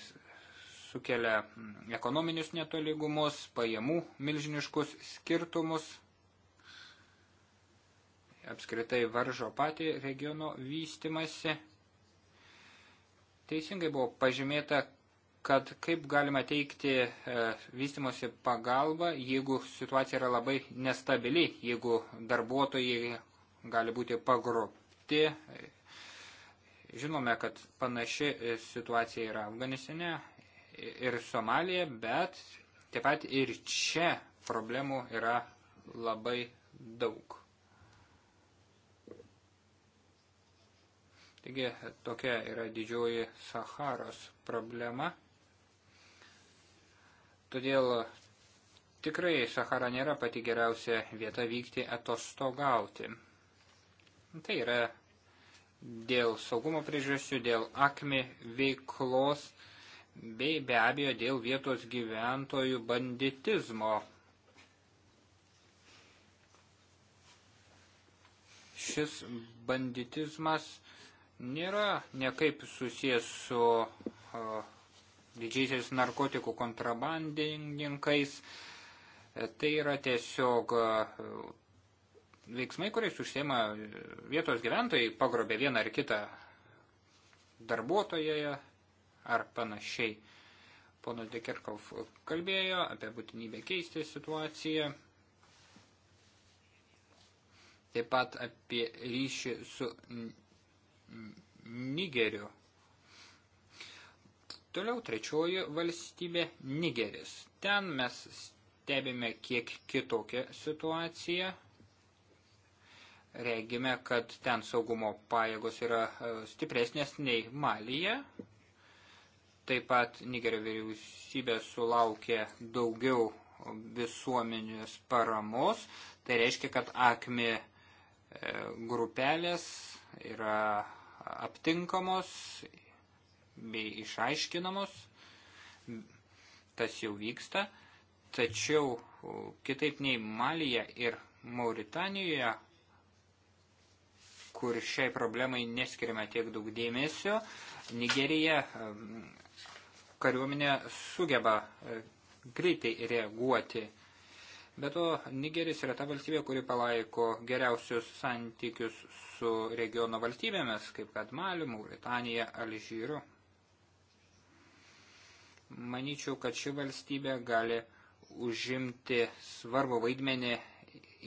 Speaker 5: sukelia mm, ekonominius netolygumus, pajamų milžiniškus skirtumus, apskritai varžo patį regiono vystimasi. Teisingai buvo pažymėta, kad kaip galima teikti e, vystimosi pagalbą, jeigu situacija yra labai nestabili, jeigu darbuotojai gali būti pagrupti kiti. Žinome, kad panaši situacija yra Afganistane ir Somalija, bet taip pat ir čia problemų yra labai daug. Taigi tokia yra didžioji Saharos problema. Todėl tikrai Sahara nėra pati geriausia vieta vykti atostogauti. Tai yra dėl saugumo priežasčių, dėl akmi veiklos bei be abejo dėl vietos gyventojų banditizmo. Šis banditizmas nėra nekaip susijęs su uh, didžiaisiais narkotikų kontrabandininkais. Tai yra tiesiog uh, veiksmai, kuriais užsiema e, vietos gyventojai, pagrobė vieną ar kitą darbuotojoje ar panašiai. Ponas Dekirkov kalbėjo apie būtinybę keisti situaciją, taip pat apie ryšį su Nigeriu. Toliau trečioji valstybė Nigeris. Ten mes stebime kiek kitokią situaciją regime, kad ten saugumo pajėgos yra e, stipresnės nei Malyje. Taip pat Nigerio vyriausybė sulaukė daugiau visuomenės paramos. Tai reiškia, kad akmi e, grupelės yra aptinkamos bei išaiškinamos. Tas jau vyksta. Tačiau kitaip nei Malija ir Mauritanijoje kur šiai problemai neskiriame tiek daug dėmesio. Nigerija kariuomenė sugeba e, greitai reaguoti. Be to, Nigeris yra ta valstybė, kuri palaiko geriausius santykius su regiono valstybėmis, kaip kad Maliu, Mauritanija, Alžyru. Manyčiau, kad ši valstybė gali užimti svarbu vaidmenį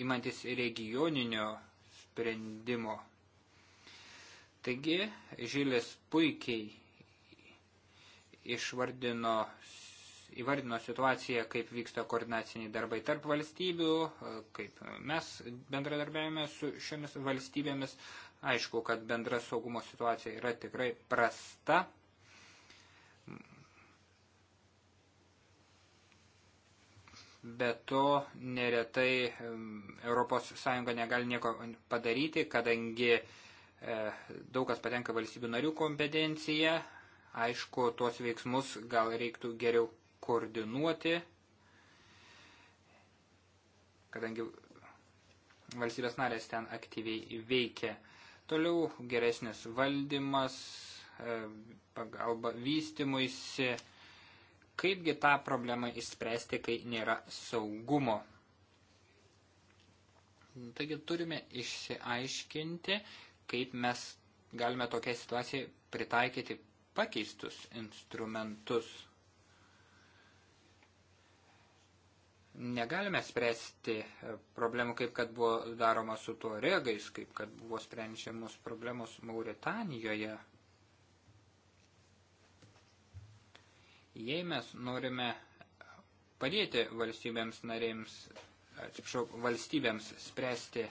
Speaker 5: imantis regioninio sprendimo. Taigi, Žilis puikiai išvardino įvardino situaciją, kaip vyksta koordinaciniai darbai tarp valstybių, kaip mes bendradarbiavime su šiomis valstybėmis. Aišku, kad bendra saugumo situacija yra tikrai prasta. Be to, neretai ES negali nieko padaryti, kadangi uh, E, daug kas patenka valstybių narių kompetencija. Aišku, tuos veiksmus gal reiktų geriau koordinuoti, kadangi valstybės narės ten aktyviai veikia. Toliau geresnis valdymas, e, pagalba vystimuisi, kaipgi tą problemą išspręsti, kai nėra saugumo. Taigi turime išsiaiškinti, kaip mes galime tokią situaciją pritaikyti pakeistus instrumentus. Negalime spręsti problemų, kaip kad buvo daroma su tuo regais, kaip kad buvo sprendžiamos problemos Mauritanijoje. Jei mes norime padėti valstybėms narėms, atsiprašau, valstybėms spręsti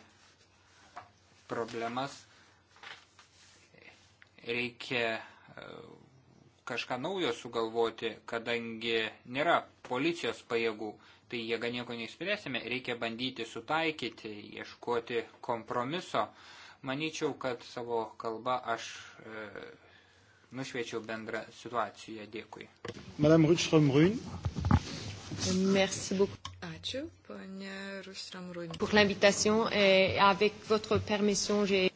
Speaker 5: problemas, reikia e, kažką naujo sugalvoti, kadangi nėra policijos pajėgų, tai jėga nieko neįspręsime, reikia bandyti sutaikyti, ieškoti kompromiso. Manyčiau, kad savo kalbą aš e, nušviečiau bendrą situaciją. Dėkui.
Speaker 1: Madame Rutschrom-Rün.
Speaker 6: Merci beaucoup. Ačiū, ponia Rutschrom-Rün. Pour l'invitation et avec votre permission, j'ai.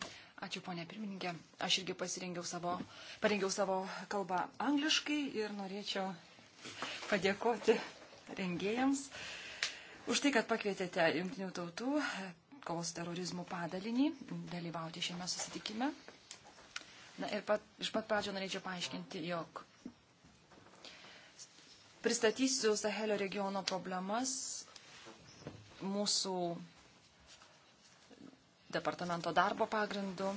Speaker 6: Ačiū, ponė pirmininkė. Aš irgi pasirengiau savo, parengiau savo kalbą angliškai ir norėčiau padėkoti rengėjams už tai, kad pakvietėte Junktinių tautų kovos terorizmų padalinį dalyvauti šiame susitikime. Na ir pat, iš pat pradžio norėčiau paaiškinti, jog pristatysiu Sahelio regiono problemas mūsų departamento darbo pagrindu.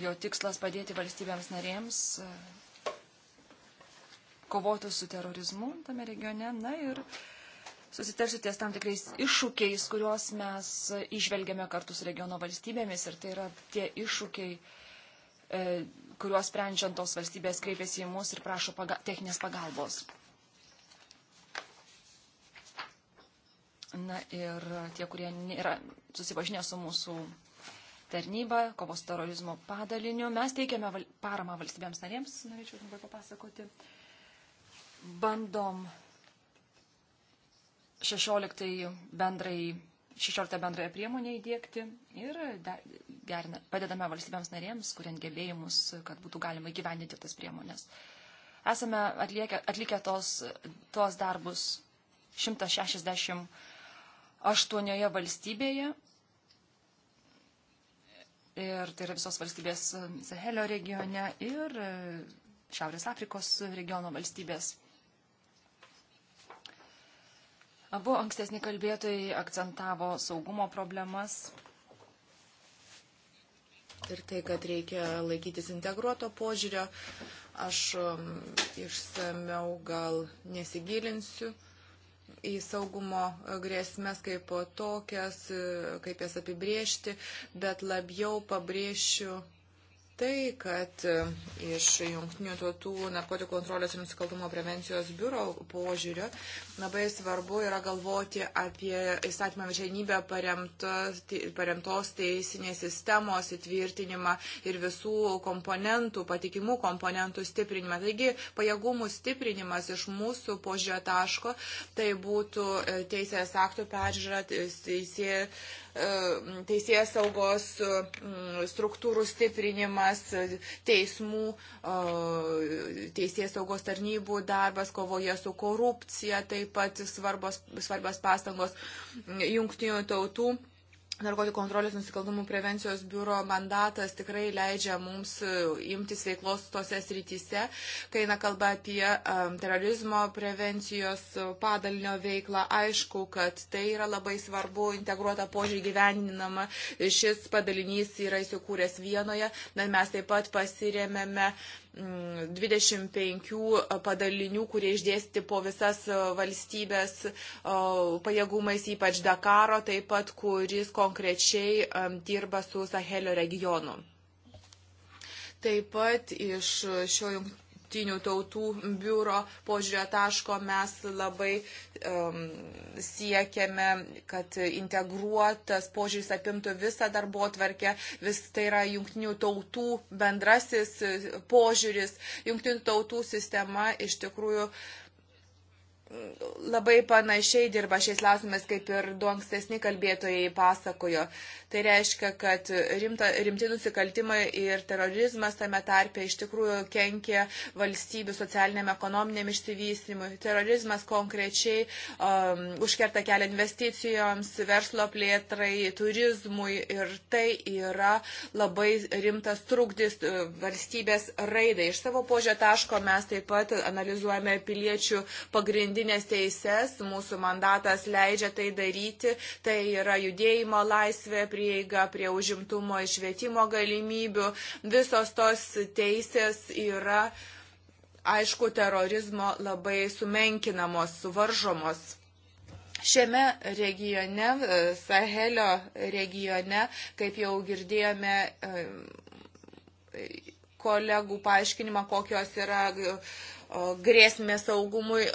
Speaker 6: Jo tikslas padėti valstybėms narėms e, kovoti su terorizmu tame regione. Na ir susitarsiu ties tam tikrais iššūkiais, kuriuos mes išvelgiame kartu su regiono valstybėmis. Ir tai yra tie iššūkiai, e, kuriuos sprendžiant tos valstybės kreipiasi į mus ir prašo paga techninės pagalbos. Na ir tie, kurie nėra susipažinę su mūsų tarnyba, kovos terorizmo padaliniu, mes teikiame val paramą valstybėms narėms, norėčiau trumpai papasakoti. Bandom 16 bendrai 16 bendrąją priemonę įdėkti ir gerina, padedame valstybėms narėms, kuriant gebėjimus, kad būtų galima įgyvendinti tas priemonės. Esame atliekę, atlikę tos, tos darbus 160 aštuonioje valstybėje. Ir tai yra visos valstybės Sahelio regione ir e, Šiaurės Afrikos regiono valstybės. Abu ankstesni kalbėtojai akcentavo saugumo problemas. Ir tai, kad reikia
Speaker 3: laikytis integruoto požiūrio, aš išsameu gal nesigilinsiu į saugumo grėsmės kaip po tokias, kaip jas apibriežti, bet labiau pabrėšiu tai, kad e, iš Junktinių tautų narkotikų kontrolės ir nusikaltumo prevencijos biuro požiūrio labai svarbu yra galvoti apie įstatymą viršenybę paremtos teisinės sistemos įtvirtinimą ir visų komponentų, patikimų komponentų stiprinimą. Taigi pajėgumų stiprinimas iš mūsų požiūrio taško, tai būtų e, teisės aktų peržiūra, teisė, e, teisės saugos struktūrų stiprinimas veiksmas, teismų, teisės saugos tarnybų darbas, kovoje su korupcija, taip pat svarbos, svarbios pastangos jungtinių tautų narkotikų kontrolės nusikaltumų prevencijos biuro mandatas tikrai leidžia mums e, imtis veiklos tose srityse, kai eina kalba apie um, terorizmo prevencijos e, padalinio veiklą. Aišku, kad tai yra labai svarbu, integruota požiūrį gyveninama. Šis padalinys yra įsikūręs vienoje, bet mes taip pat pasiremėme 25 mm, padalinių, kurie išdėsti po visas valstybės pajėgumais, ypač Dakaro, taip pat, kuris konkrečiai dirba su Sahelio regionu. Taip pat iš šio jungtinio jungtinių tautų biuro požiūrio taško mes labai um, siekiame, kad integruotas požiūris apimtų visą darbo atvarkę, vis tai yra jungtinių tautų bendrasis požiūris. Jungtinių tautų sistema iš tikrųjų labai panašiai dirba šiais klausimais, kaip ir du ankstesni kalbėtojai pasakojo. Tai reiškia, kad rimta, rimti nusikaltimai ir terorizmas tame tarpe iš tikrųjų kenkia valstybių socialiniam ekonominiam išsivysimui. Terorizmas konkrečiai um, užkerta kelią investicijoms, verslo plėtrai, turizmui ir tai yra labai rimtas trukdis uh, valstybės raidai. Iš savo požio taško mes taip pat analizuojame piliečių pagrindinį pagrindinės teises, mūsų mandatas leidžia tai daryti, tai yra judėjimo laisvė, prieiga prie užimtumo ir švietimo galimybių, visos tos teisės yra, aišku, terorizmo labai sumenkinamos, suvaržomos. Šiame regione, e, Sahelio regione, kaip jau girdėjome e, kolegų paaiškinimą, kokios yra grėsmė saugumui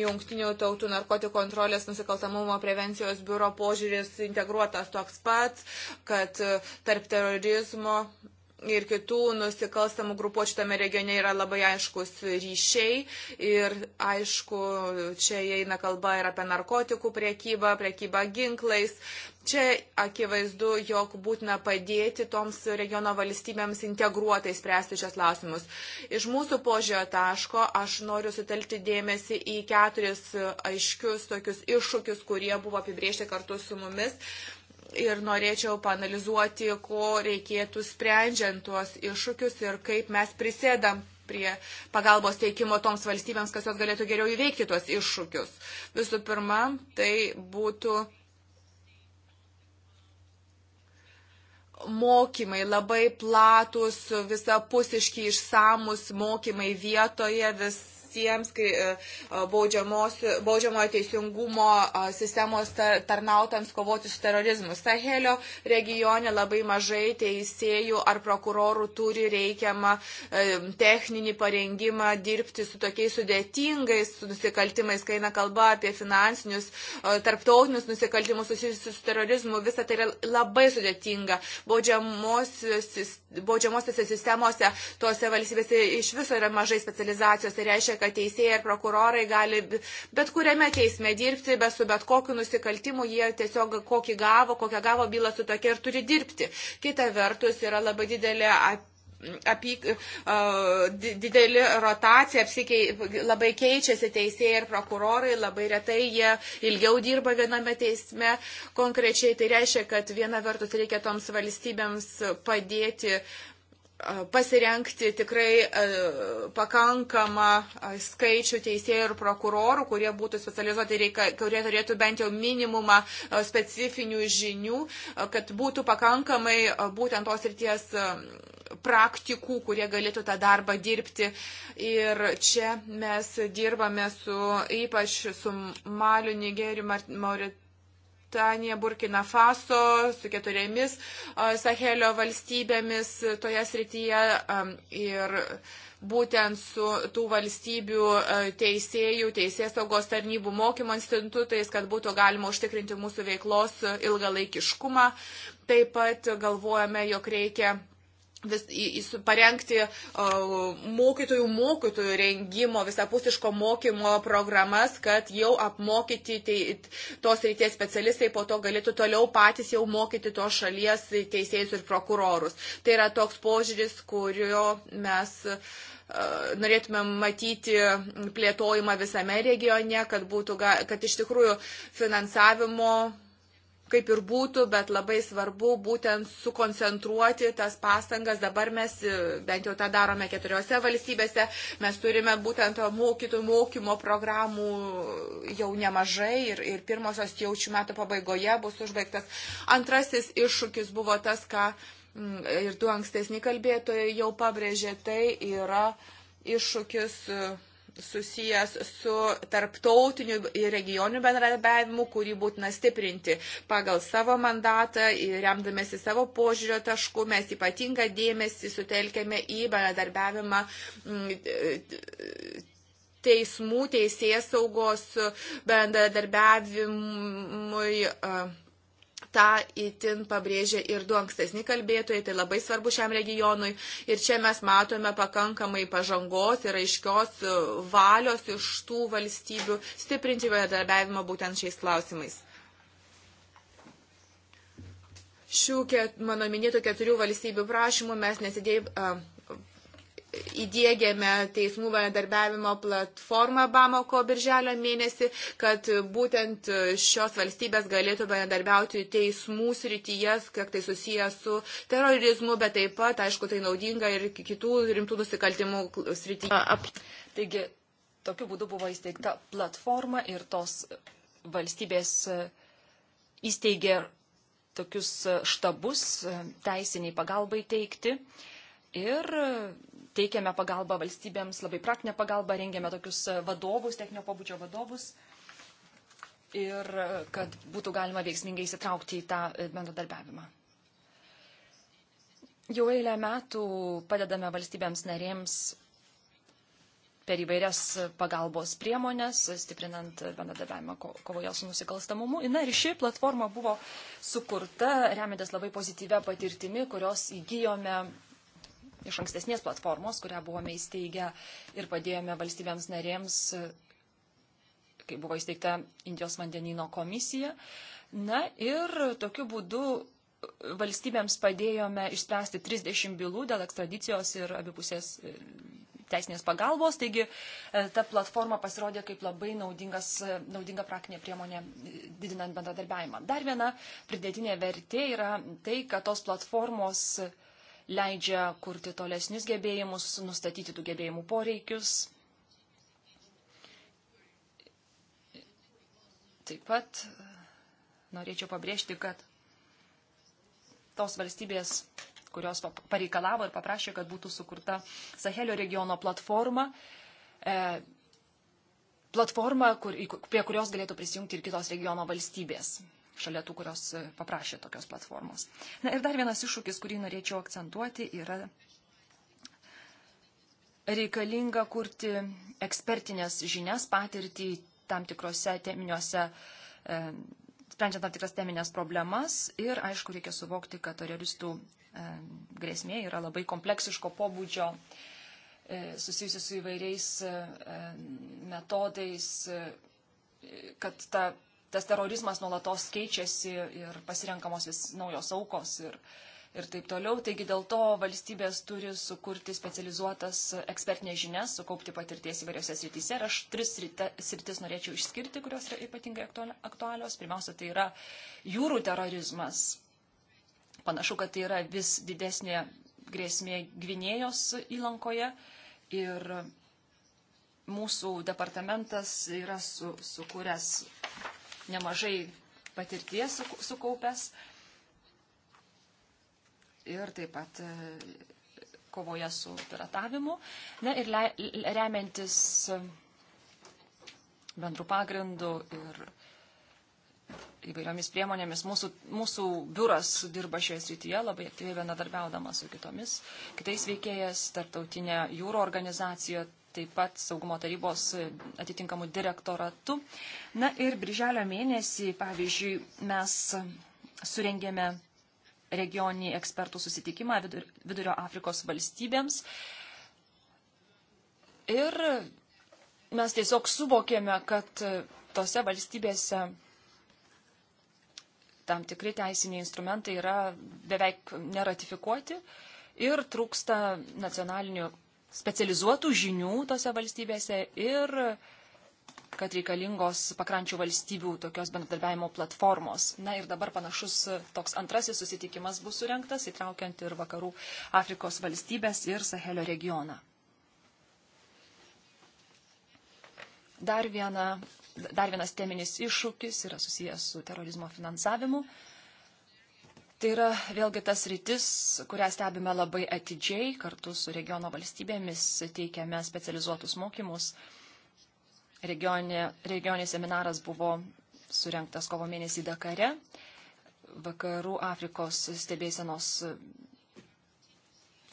Speaker 3: jungtinių tautų narkotikų kontrolės nusikaltamumo prevencijos biuro požiūris integruotas toks pat, kad e, tarp terorizmo ir kitų nusikalstamų grupuočių tame regione yra labai aiškus ryšiai ir aišku, čia eina kalba ir apie narkotikų priekybą, priekybą ginklais. Čia akivaizdu, jog būtina padėti toms regiono valstybėms integruotai spręsti šios klausimus. Iš mūsų požiūrio taško aš noriu sutelkti dėmesį į keturis aiškius tokius iššūkius, kurie buvo apibriežti kartu su mumis ir norėčiau panalizuoti, ko reikėtų sprendžiant tuos iššūkius ir kaip mes prisėdam prie pagalbos teikimo toms valstybėms, kas jos galėtų geriau įveikti tuos iššūkius. Visų pirma, tai būtų mokymai, labai platus, visapusiški išsamus mokymai vietoje, vis visiems e, e, baudžiamojo teisingumo e, sistemos tarnautams kovoti su terorizmu. Sahelio regione labai mažai teisėjų ar prokurorų turi reikiamą techninį parengimą dirbti su tokiais sudėtingais nusikaltimais, kai eina kalba apie finansinius, tarptautinius nusikaltimus susijusius su terorizmu. Visa tai yra labai sudėtinga. Baudžiamosios baudžiamosiose sistemose, tuose valstybėse iš viso yra mažai specializacijos. Tai reiškia, kad teisėjai ir prokurorai gali bet kuriame teisme dirbti, bet su bet kokiu nusikaltimu jie tiesiog kokį gavo, kokią gavo bylą su tokia ir turi dirbti. Kita vertus yra labai didelė apie uh, didelį rotaciją, apsikei, labai keičiasi teisėjai ir prokurorai, labai retai jie ilgiau dirba viename teisme. Konkrečiai tai reiškia, kad viena vertus reikia toms valstybėms padėti uh, pasirenkti tikrai pakankamą skaičių teisėjų ir prokurorų, kurie būtų specializuoti, kurie turėtų bent jau minimumą specifinių žinių, kad būtų pakankamai būtent tos ryties praktikų, kurie galėtų tą darbą dirbti. Ir čia mes dirbame su ypač su Maliu, Nigeriju, Mauritaniu Mauritanija, Burkina Faso, su keturiomis Sahelio valstybėmis toje srityje ir būtent su tų valstybių teisėjų, teisės saugos tarnybų mokymo institutais, kad būtų galima užtikrinti mūsų veiklos ilgalaikiškumą. Taip pat galvojame, jog reikia vis, į, į, parengti uh, mokytojų, mokytojų rengimo, visapusiško mokymo programas, kad jau apmokyti tai, tos ryties specialistai po to galėtų toliau patys jau mokyti tos šalies teisėjus ir prokurorus. Tai yra toks požiūris, kurio mes uh, norėtumėm matyti plėtojimą visame regione, kad, būtų, kad iš tikrųjų finansavimo kaip ir būtų, bet labai svarbu būtent sukoncentruoti tas pastangas. Dabar mes e, bent jau tą darome keturiose valstybėse. Mes turime būtent mokytojų mokymo programų jau nemažai ir, ir pirmosios jau šių metų pabaigoje bus užbaigtas. Antrasis iššūkis buvo tas, ką mm, ir du ankstesni kalbėtojai jau pabrėžė, tai yra iššūkis e, susijęs su tarptautiniu ir regioniniu bendradarbiavimu, kurį būtina stiprinti. Pagal savo mandatą ir remdamėsi savo požiūrio tašku mes ypatingą dėmesį sutelkėme į bendradarbiavimą mm, teismų, teisės saugos bendradarbiavimui tą itin pabrėžė ir du ankstesni kalbėtojai, tai labai svarbu šiam regionui. Ir čia mes matome pakankamai pažangos ir aiškios e, valios iš tų valstybių stiprinti bendradarbiavimą būtent šiais klausimais. Šių ket, mano minėtų keturių valstybių prašymų mes nesidėjai įdėgėme teismų bendarbiavimo platformą Bamako birželio mėnesį, kad būtent šios valstybės galėtų bendarbiauti teismų srityje, kiek tai susijęs su terorizmu, bet taip pat, aišku, tai naudinga ir
Speaker 6: kitų rimtų nusikaltimų srityje. Taigi, tokiu būdu buvo įsteigta platforma ir tos valstybės e, įsteigė tokius e, štabus e, teisiniai pagalbai teikti. Ir teikiame pagalbą valstybėms, labai praktinę pagalbą, rengiame tokius e, vadovus, techninio pobūdžio vadovus ir e, kad būtų galima veiksmingai įsitraukti į tą e, bendradarbiavimą. Jau eilę metų padedame valstybėms narėms per įvairias pagalbos priemonės, stiprinant bendradarbiavimą kovoje su nusikalstamumu. Na ir ši platforma buvo sukurta, remiantis labai pozityvę patirtimi, kurios įgyjome iš ankstesnės platformos, kurią buvome įsteigę ir padėjome valstybėms narėms, kai buvo įsteigta Indijos vandenino komisija. Na ir tokiu būdu valstybėms padėjome išspręsti 30 bylų dėl ekstradicijos ir abipusės e, teisinės pagalbos. Taigi e, ta platforma pasirodė kaip labai e, naudinga praktinė priemonė didinant bendradarbiavimą. Dar viena pridėtinė vertė yra tai, kad tos platformos leidžia kurti tolesnius gebėjimus, nustatyti tų gebėjimų poreikius. Taip pat norėčiau pabrėžti, kad tos valstybės, kurios pareikalavo ir paprašė, kad būtų sukurta Sahelio regiono platforma, e, platforma, kur, prie kurios galėtų prisijungti ir kitos regiono valstybės šalia tų, kurios e, paprašė tokios platformos. Na ir dar vienas iššūkis, kurį norėčiau akcentuoti, yra reikalinga kurti ekspertinės žinias, patirtį tam tikrose teminiuose, e, sprendžiant tam tikras teminės problemas ir, aišku, reikia suvokti, kad teroristų e, grėsmė yra labai kompleksiško pobūdžio e, susijusi su įvairiais e, e, metodais, kad ta tas terorizmas nuolatos keičiasi ir pasirenkamos vis naujos aukos ir, ir taip toliau. Taigi dėl to valstybės turi sukurti specializuotas ekspertinės žinias, sukaupti patirties įvairiose srityse. Ir aš tris sritis norėčiau išskirti, kurios yra ypatingai aktualios. Pirmiausia, tai yra jūrų terorizmas. Panašu, kad tai yra vis didesnė grėsmė Gvinėjos įlankoje. Ir mūsų departamentas yra su, sukūręs nemažai patirties sukaupęs ir taip pat e, kovoje su piratavimu. Na ir le, remiantis bendrų pagrindų ir įvairiomis priemonėmis mūsų, mūsų biuras dirba šioje srityje labai aktyviai bendradarbiaudama su kitomis, kitais veikėjas, tarptautinė jūro organizacija, taip pat saugumo tarybos atitinkamų direktoratų. Na ir brželio mėnesį, pavyzdžiui, mes surengėme regioninį ekspertų susitikimą Vidurio Afrikos valstybėms. Ir mes tiesiog suvokėme, kad tose valstybėse tam tikri teisiniai instrumentai yra beveik neratifikuoti ir trūksta nacionalinių specializuotų žinių tose valstybėse ir kad reikalingos pakrančių valstybių tokios bendradarbiavimo platformos. Na ir dabar panašus toks antrasis susitikimas bus surinktas, įtraukiant ir vakarų Afrikos valstybės ir Sahelio regioną. Dar, viena, dar vienas teminis iššūkis yra susijęs su terorizmo finansavimu. Uh, Tai yra vėlgi tas rytis, kurią stebime labai atidžiai, kartu su regiono valstybėmis teikiame specializuotus mokymus. Regionė, regionė seminaras buvo surinktas kovo mėnesį Dakare, vakarų Afrikos stebėsenos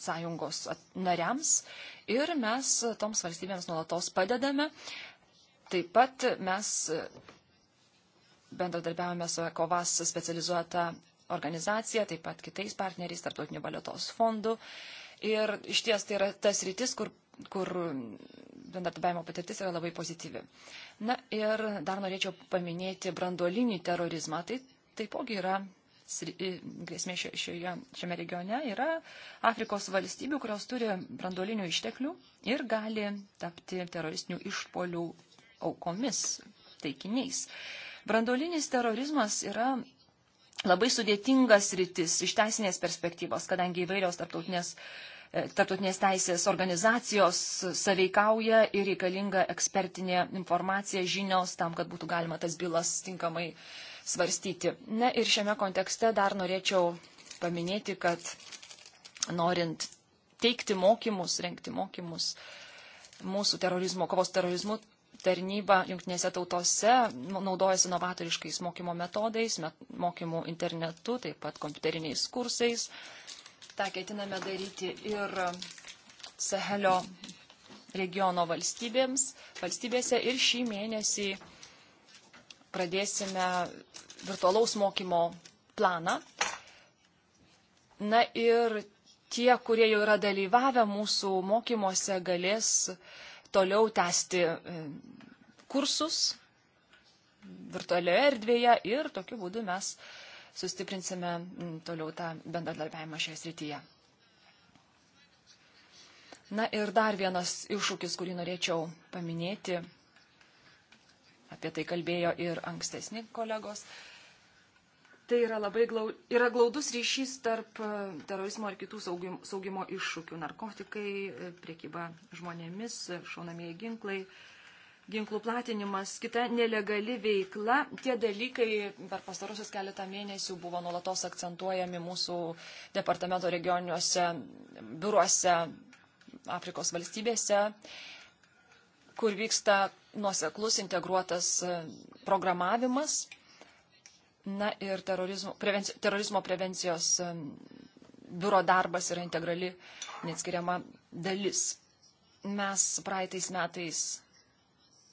Speaker 6: sąjungos nariams ir mes toms valstybėms nuolatos padedame. Taip pat mes bendradarbiavome su ECOVAS specializuota organizacija, taip pat kitais partneriais, Tartautinio valiutos fondu. Ir iš ties tai yra tas rytis, kur, kur bendradarbiavimo patirtis yra labai pozityvi. Na ir dar norėčiau paminėti branduolinį terorizmą. Tai taipogi yra grėsmė šioje, šiame regione yra Afrikos valstybių, kurios turi brandolinių išteklių ir gali tapti teroristinių išpolių aukomis, taikiniais. Brandolinis terorizmas yra labai sudėtingas rytis iš teisinės perspektyvos, kadangi įvairios tarptautinės, e, tarptautinės teisės organizacijos saveikauja ir reikalinga ekspertinė informacija, žinios tam, kad būtų galima tas bylas tinkamai svarstyti. Na ir šiame kontekste dar norėčiau paminėti, kad norint teikti mokymus, renkti mokymus, mūsų terorizmo, kovos terorizmu tarnyba jungtinėse tautose nu, naudojasi novatoriškais mokymo metodais, mokymu internetu, taip pat kompiuteriniais kursais. Ta ketiname daryti ir Sahelio regiono valstybėms, valstybėse ir šį mėnesį pradėsime virtualaus mokymo planą. Na ir tie, kurie jau yra dalyvavę mūsų mokymuose, galės uh, toliau tęsti e, kursus virtualioje erdvėje ir tokiu būdu mes sustiprinsime toliau tą bendradarbiavimą šioje srityje. Na ir dar vienas iššūkis, kurį norėčiau paminėti, apie tai kalbėjo ir ankstesni kolegos, tai yra labai glau, yra glaudus ryšys tarp e, terorizmo ir kitų saugimo, saugimo iššūkių. Narkotikai, e, priekyba žmonėmis, šaunamieji ginklai, ginklų platinimas, kita nelegali veikla. Tie dalykai per pastarosius keletą mėnesių buvo nuolatos akcentuojami mūsų departamento regioniuose biuruose Afrikos valstybėse kur vyksta nuoseklus integruotas e, programavimas Na ir terorizmo, prevenci, terorizmo prevencijos biuro darbas yra integrali, neatskiriama dalis. Mes praeitais metais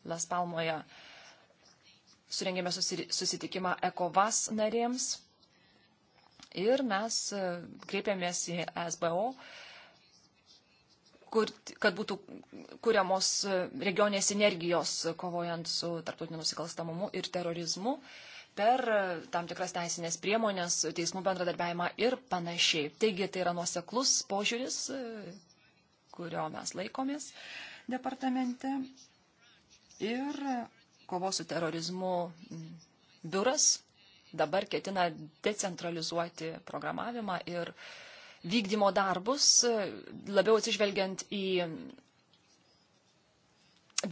Speaker 6: Las Palmoje surengėme susitikimą ECOVAS narėms ir mes e, kreipėmės į SBO, kur, kad būtų kuriamos e, regionės sinergijos kovojant su tarptautiniu nusikalstamumu ir terorizmu. Uh, per tam tikras teisinės priemonės, teismų bendradarbiavimą ir panašiai. Taigi tai yra nuoseklus požiūris, kurio mes laikomės departamente. Ir kovos su terorizmu biuras dabar ketina decentralizuoti programavimą ir vykdymo darbus, labiau atsižvelgiant į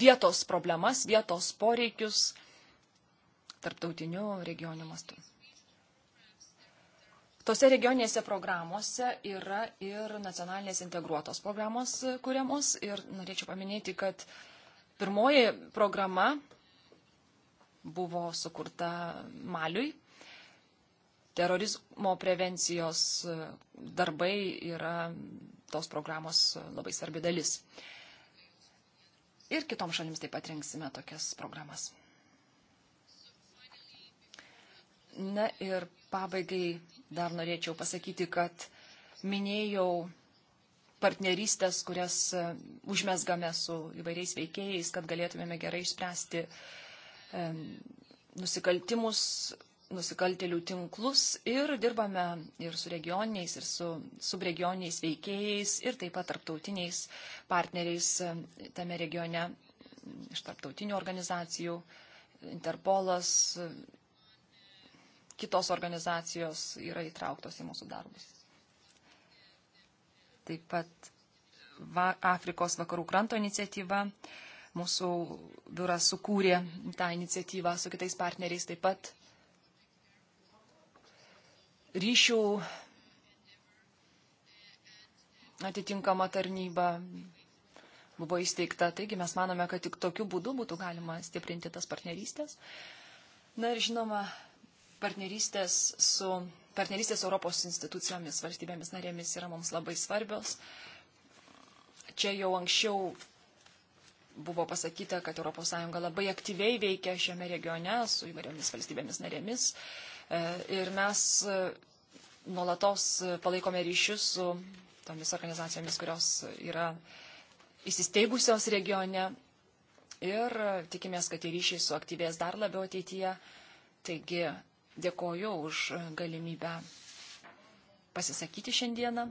Speaker 6: vietos problemas, vietos poreikius tarptautiniu regioniu mastu. Tose regioninėse programuose yra ir nacionalinės integruotos programos kuriamos ir norėčiau paminėti, kad pirmoji programa buvo sukurta Maliui. Terorizmo prevencijos darbai yra tos programos labai svarbi dalis. Ir kitoms šalims taip pat rinksime tokias programas. Na ir pabaigai dar norėčiau pasakyti, kad minėjau partnerystės, kurias e, užmesgame su įvairiais veikėjais, kad galėtumėme gerai išspręsti nusikaltimus, nusikaltelių tinklus ir dirbame ir su regioniniais, ir su subregioniniais veikėjais, ir taip pat tarptautiniais partneriais e, tame regione iš tarptautinių organizacijų, Interpolas, kitos organizacijos yra įtrauktos į mūsų darbus. Taip pat va, Afrikos vakarų kranto iniciatyva. Mūsų biuras sukūrė tą iniciatyvą su kitais partneriais taip pat. Ryšių atitinkama tarnyba buvo įsteigta. Taigi mes manome, kad tik tokiu būdu būtų galima stiprinti tas partnerystės. Na ir žinoma, partnerystės su partnerystės Europos institucijomis, valstybėmis narėmis yra mums labai svarbios. Čia jau anksčiau buvo pasakyta, kad ES labai aktyviai veikia šiame regione su įvairiomis valstybėmis narėmis. E, ir mes e, nuolatos palaikome ryšius su tomis organizacijomis, kurios yra įsisteigusios regione. Ir e, tikimės, kad tie ryšiai suaktyvės dar labiau ateityje. Taigi Dėkoju už galimybę pasisakyti šiandieną.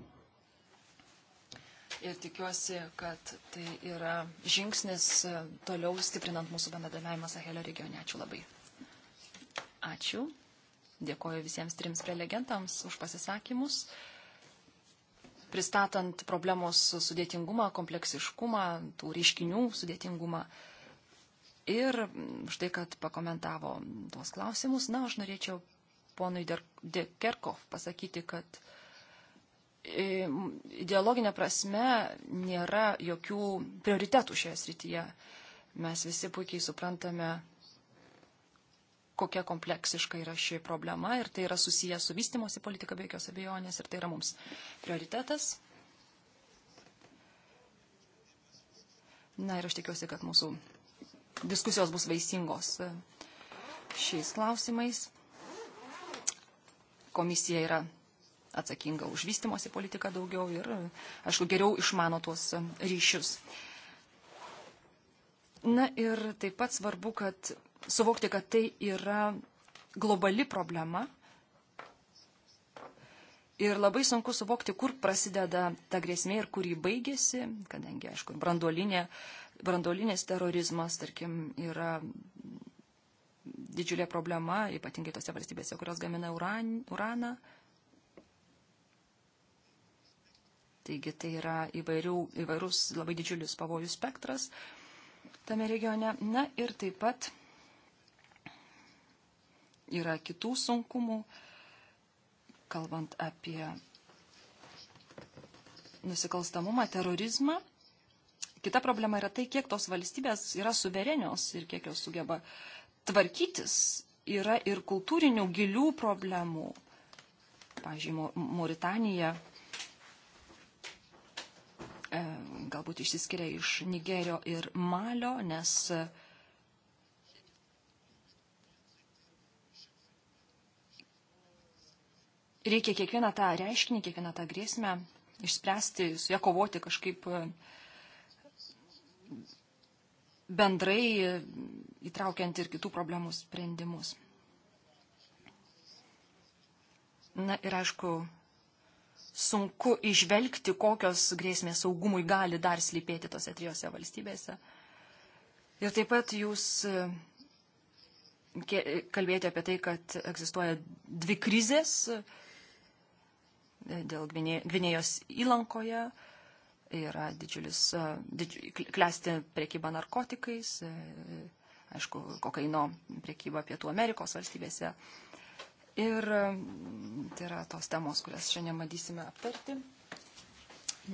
Speaker 6: Ir tikiuosi, kad tai yra žingsnis toliau stiprinant mūsų bendradarbiavimą Sahelio regione. Ačiū labai. Ačiū. Dėkoju visiems trims prelegentams už pasisakymus. Pristatant problemos sudėtingumą, kompleksiškumą, tų reiškinių sudėtingumą ir štai, kad pakomentavo tuos klausimus. Na, aš norėčiau ponui Dekerkov pasakyti, kad ideologinė prasme nėra jokių prioritetų šioje srityje. Mes visi puikiai suprantame, kokia kompleksiška yra ši problema ir tai yra susijęs su vystimosi politika be jokios abejonės ir tai yra mums prioritetas. Na ir aš tikiuosi, kad mūsų diskusijos bus vaisingos e, šiais klausimais. Komisija yra atsakinga už vystimosi politiką daugiau ir, e, aišku, geriau išmano tuos e, ryšius. Na ir taip pat svarbu, kad suvokti, kad tai yra globali problema. Ir labai sunku suvokti, kur prasideda ta grėsmė ir kur jį baigėsi, kadangi, aišku, branduolinė Brandolinis terorizmas, tarkim, yra didžiulė problema, ypatingai tose valstybėse, kurios gamina uran, uraną. Taigi tai yra įvairių, įvairus labai didžiulis pavojų spektras tame regione. Na ir taip pat yra kitų sunkumų, kalbant apie nusikalstamumą, terorizmą kita problema yra tai, kiek tos valstybės yra suverenios ir kiek jos sugeba tvarkytis. Yra ir kultūrinių gilių problemų. Pavyzdžiui, Mauritanija e, galbūt išsiskiria iš Nigerio ir Malio, nes reikia kiekvieną tą reiškinį, kiekvieną tą grėsmę išspręsti, su ją kovoti kažkaip uh, bendrai įtraukiant ir kitų problemų sprendimus. Na ir aišku, sunku išvelgti, kokios grėsmės saugumui gali dar slypėti tose trijose valstybėse. Ir taip pat jūs kalbėjote apie tai, kad egzistuoja dvi krizės dėl Gvinėjos įlankoje, yra didžiulis, didži, klesti priekyba narkotikais, aišku, kokaino priekyba Pietų Amerikos valstybėse. Ir tai yra tos temos, kurias šiandien bandysime aptarti.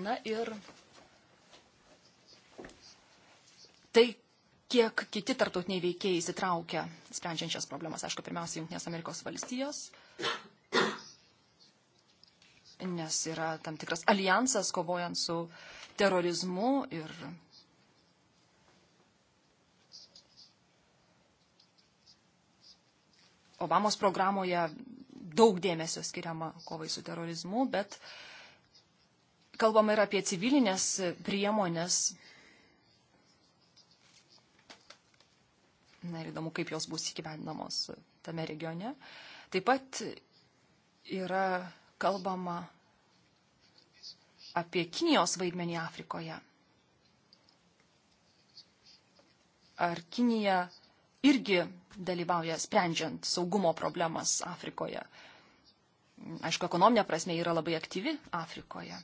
Speaker 6: Na ir tai, kiek kiti tarptautiniai veikėjai įsitraukia, sprendžiant šias problemas, aišku, pirmiausia, Junktinės Amerikos valstijos, nes yra tam tikras alijansas kovojant su terorizmu ir Obamos programoje daug dėmesio skiriama kovai su terorizmu, bet kalbama ir apie civilinės priemonės. Na ir įdomu, kaip jos bus įgyvendinamos tame regione. Taip pat yra kalbama apie Kinijos vaidmenį Afrikoje. Ar Kinija irgi dalyvauja sprendžiant saugumo problemas Afrikoje? Aišku, ekonominė prasme yra labai aktyvi Afrikoje.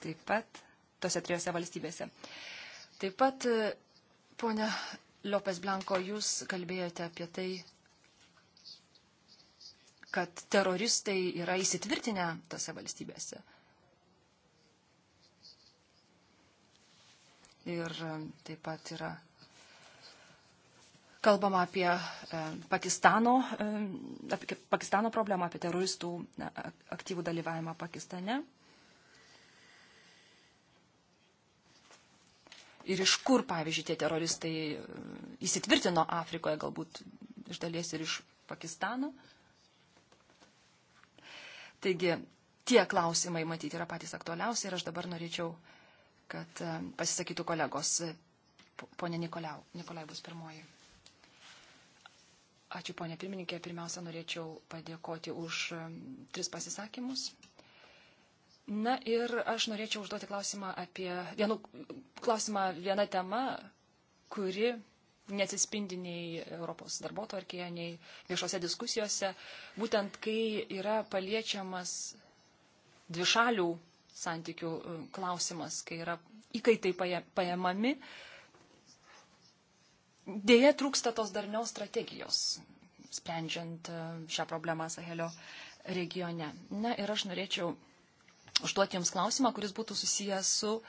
Speaker 6: Taip pat tose trijose valstybėse. Taip pat, e, ponia Lopes Blanko, jūs kalbėjote apie tai, kad teroristai yra įsitvirtinę tose valstybėse. Ir e, taip pat yra kalbama apie e, Pakistano, e, apie Pakistano problemą, apie teroristų aktyvų dalyvavimą Pakistane. Ir iš kur, pavyzdžiui, tie teroristai įsitvirtino Afrikoje, galbūt iš dalies ir iš Pakistano. Uh, Taigi tie klausimai matyti yra patys aktualiausi ir aš dabar norėčiau, kad e, pasisakytų kolegos. E, Pone Nikolau, Nikolai bus pirmoji. Ačiū, ponė pirmininkė. Pirmiausia, norėčiau padėkoti už e, tris pasisakymus. Na ir aš norėčiau užduoti klausimą apie vienų, klausimą vieną temą, kuri nesispindi nei Europos darbo tvarkėje, nei viešose diskusijose. Būtent kai yra paliečiamas dvišalių santykių e, klausimas, kai yra įkaitai paėmami, dėje trūksta tos darnios strategijos, sprendžiant e, šią problemą Sahelio regione. Na ir aš norėčiau užduoti Jums klausimą, kuris būtų susijęs su uh,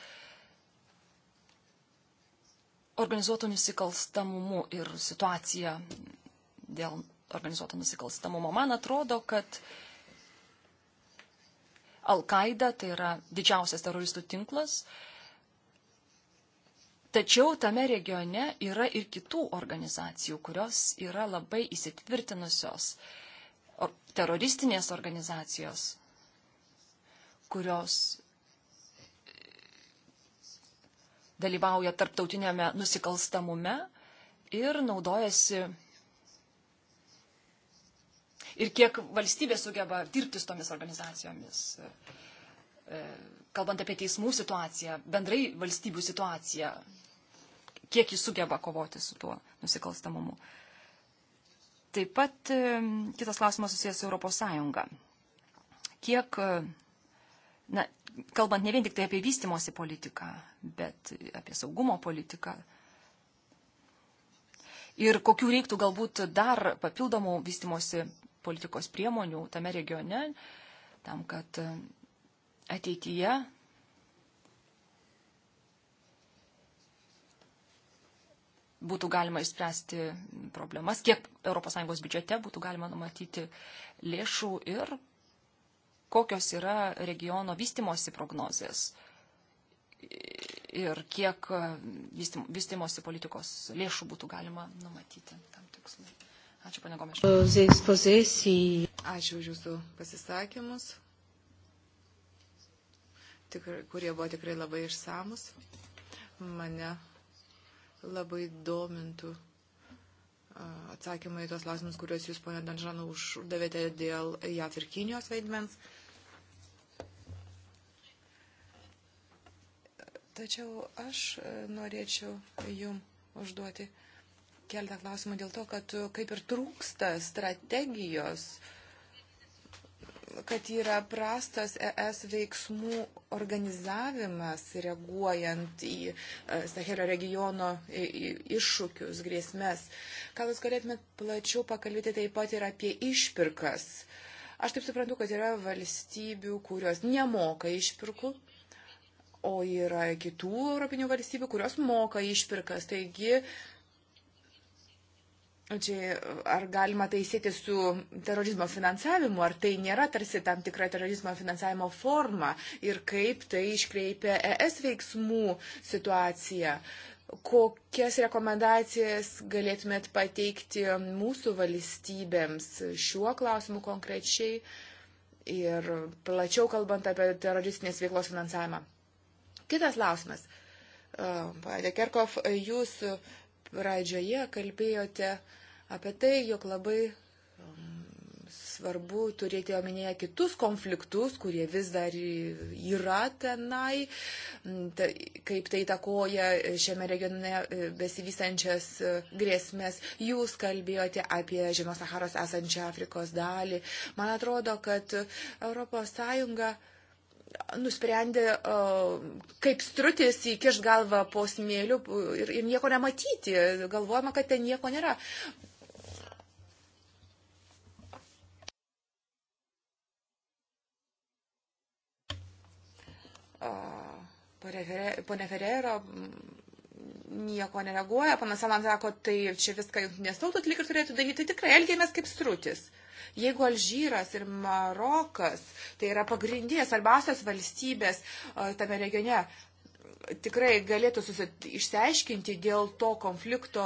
Speaker 6: organizuotų nusikalstamumu ir situacija dėl organizuoto nusikalstamumo. Man atrodo, kad Al-Qaida tai yra didžiausias teroristų tinklas, tačiau tame regione yra ir kitų organizacijų, kurios yra labai įsitvirtinusios teroristinės organizacijos, kurios dalyvauja tarptautinėme nusikalstamume ir naudojasi. Ir kiek valstybė sugeba dirbti su tomis organizacijomis. E, kalbant apie teismų situaciją, bendrai valstybių situaciją, kiek jis sugeba kovoti su tuo nusikalstamumu. Taip pat e, kitas klausimas susijęs su Europos Sąjunga. Kiek, e, na, kalbant ne vien tik tai apie vystimosi politiką, bet apie saugumo politiką. Ir kokių reiktų galbūt dar papildomų vystimosi politikos priemonių tame regione, tam, kad ateityje būtų galima išspręsti problemas, kiek ES biudžete būtų galima numatyti lėšų ir kokios yra regiono vystimosi prognozės ir kiek e, vystimosi politikos lėšų būtų galima numatyti tam tikslui. Ačiū, pane Gomeš. Ačiū už jūsų pasisakymus,
Speaker 3: tikrai, kurie buvo tikrai labai išsamus. Mane labai domintų e, atsakymai į tos lasmus, kuriuos jūs, ponia Danžanu, uždavėte dėl JAV ir Kinijos vaidmens. Uh, Tačiau aš e, norėčiau jum užduoti keltą klausimą dėl to, kad e, kaip ir trūksta strategijos, kad yra prastas ES veiksmų organizavimas reaguojant į e, Sahelio regiono iššūkius, grėsmės. Gal jūs galėtumėt plačiau pakalbėti taip pat ir apie išpirkas? Aš taip suprantu, kad yra valstybių, kurios nemoka išpirkų o yra kitų europinių valstybių, kurios moka išpirkas. Taigi, Čia ar galima tai sėti su terorizmo finansavimu, ar tai nėra tarsi tam tikra terorizmo finansavimo forma ir kaip tai iškreipia ES veiksmų situaciją. Kokias rekomendacijas galėtumėt pateikti mūsų valstybėms šiuo klausimu konkrečiai ir plačiau kalbant apie teroristinės veiklos finansavimą? Kitas klausimas. Pane Kerkov, jūs pradžioje kalbėjote apie tai, jog labai mm, svarbu turėti omenyje kitus konfliktus, kurie vis dar
Speaker 6: yra
Speaker 3: tenai, mm, kaip tai takoja šiame regione e, besivystančias e, grėsmės. Jūs kalbėjote apie Žemos Saharos esančią Afrikos dalį. Man atrodo, kad ES nusprendė, kaip strutis įkiš galvą po smėliu ir, ir nieko nematyti. Galvojama, kad ten nieko nėra. Pone Ferrero nieko nereaguoja, panas Alan sako, tai čia viską jungtinės tautos lyg ir turėtų daryti, tai tikrai elgėmės kaip strutis. Uh, Jeigu Alžyras ir Marokas, tai yra pagrindinės, svarbiausias valstybės e, tame regione, tikrai galėtų išsiaiškinti dėl to konflikto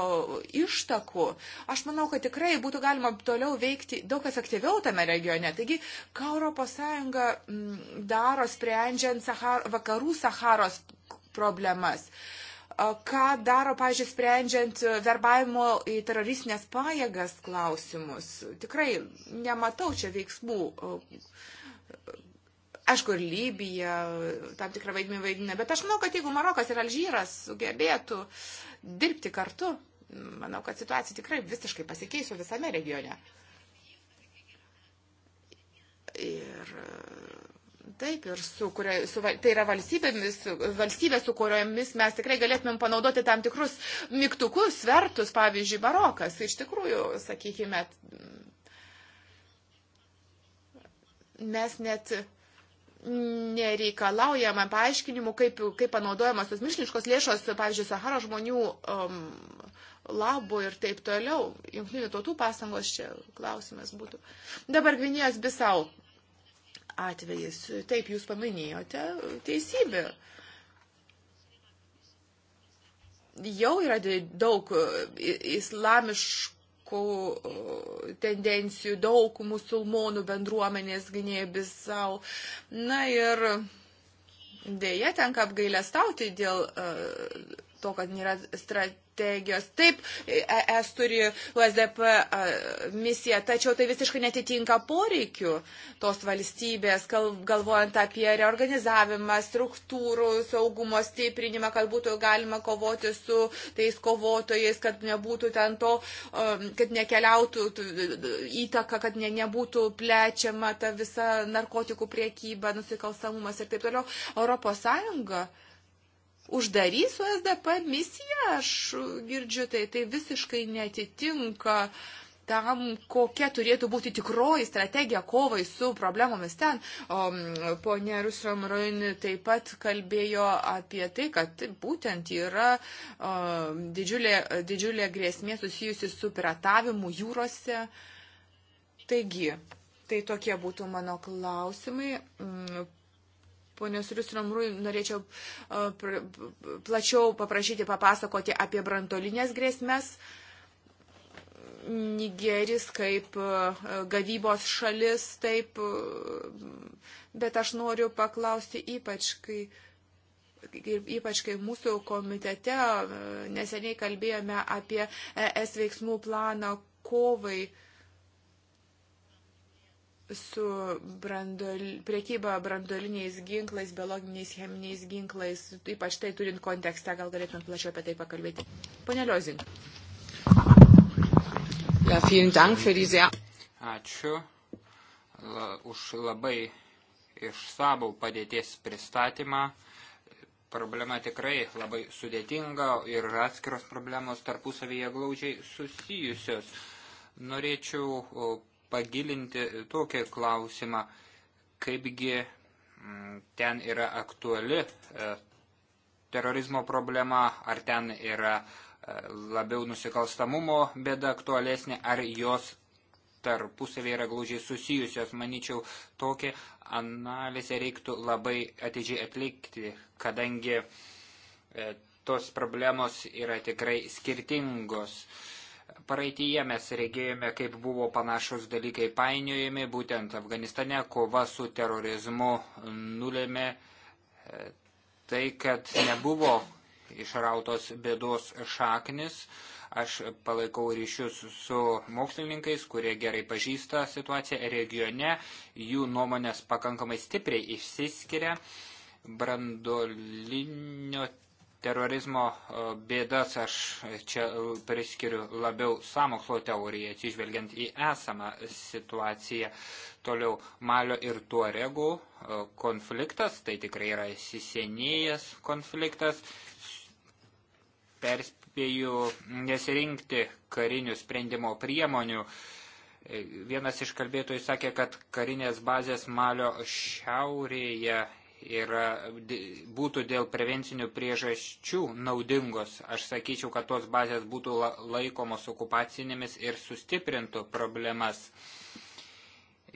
Speaker 3: ištakų, aš manau, kad tikrai būtų galima toliau veikti daug efektyviau tame regione. Taigi, ką ES daro sprendžiant Sahar, vakarų Saharos problemas. Uh, ką daro, pažiūrėjau, sprendžiant verbavimo į teroristinės pajėgas klausimus. Tikrai nematau čia veiksmų. Aišku, ir Libija tam tikrą vaidmenį vaidina, bet aš manau, kad jeigu Marokas ir Alžyras sugebėtų dirbti kartu, manau, kad situacija tikrai visiškai pasikeisų visame regione. Ir Taip ir su, kuria, su, tai yra valstybėmis, valstybės, su kuriomis mes tikrai galėtumėm panaudoti tam tikrus mygtukus, svertus, pavyzdžiui, Marokas. Iš tikrųjų, sakykime, mes net nereikalaujame paaiškinimų, kaip, kaip panaudojamas tos mišniškos lėšos, pavyzdžiui, Sahara žmonių um, labo ir taip toliau. Junktinių tautų pasangos čia klausimas būtų. Dabar Gvinėjos Bisau atvejis. Taip, jūs paminėjote teisybę. Jau yra daug e, islamiškų katalikų e, tendencijų, daug musulmonų bendruomenės gynėjai visau. Na ir dėja tenka apgailestauti dėl e, to, kad nėra strategijos strategijos. Taip, es turi USDP misiją, tačiau tai visiškai netitinka poreikių tos valstybės, galvojant apie reorganizavimą, struktūrų, saugumo stiprinimą, kad būtų galima kovoti su tais kovotojais, kad nebūtų ten to, kad nekeliautų įtaka, kad ne, nebūtų plečiama ta visa narkotikų priekyba, nusikalstamumas ir taip toliau. Europos Sąjunga. Uh, uždarys USDP misiją, aš girdžiu, tai tai visiškai netitinka tam, kokia turėtų būti tikroji strategija kovai su problemomis ten. O ponė Rusram Ruin taip pat kalbėjo apie tai, kad būtent yra o, didžiulė, didžiulė grėsmė susijusi su piratavimu jūrose. Taigi, tai tokie būtų mano klausimai. Mm, Ponios Ristromrui, norėčiau e, plačiau paprašyti papasakoti apie brandolinės grėsmės. Nigeris kaip e, gavybos šalis, taip, e, bet aš noriu paklausti ypač, kai, ypač kai mūsų komitete neseniai kalbėjome apie ES veiksmų planą kovai su brandol, priekyba brandoliniais ginklais, biologiniais, cheminiais ginklais, ypač tai turint kontekstą, gal galėtumėm plačiau apie tai pakalbėti. Pone Liozin. Ja, diese...
Speaker 5: Ačiū la, už labai išsabų padėties pristatymą. Problema tikrai labai sudėtinga ir atskiros problemos tarpusavyje glaudžiai susijusios. Norėčiau pagilinti tokį klausimą, kaipgi mm, ten yra aktuali e, terorizmo problema, ar ten yra e, labiau nusikalstamumo bėda aktualesnė, ar jos tarpusavė yra glaužiai susijusios. Manyčiau, tokį analizę reiktų labai atidžiai atlikti, kadangi e, tos problemos yra tikrai skirtingos. E, Praeitįje mes regėjome, kaip buvo panašus dalykai painiojami, būtent Afganistane kova su terorizmu nulėmė e, tai, kad nebuvo išrautos bėdos šaknis. Aš palaikau ryšius su mokslininkais, kurie gerai pažįsta situaciją regione, jų nuomonės pakankamai stipriai išsiskiria brandolinio Terorizmo e, bėdas aš čia e, priskiriu labiau samokslo teoriją, atsižvelgiant į esamą situaciją. Toliau Malio ir Tuoregų e, konfliktas, tai tikrai yra įsisenėjęs konfliktas. Perspėju nesirinkti karinių sprendimo priemonių. Vienas iš kalbėtojų sakė, kad karinės bazės Malio šiaurėje yra, būtų dėl prevencinių priežasčių naudingos. Aš sakyčiau, kad tos bazės būtų laikomos okupacinėmis ir sustiprintų problemas.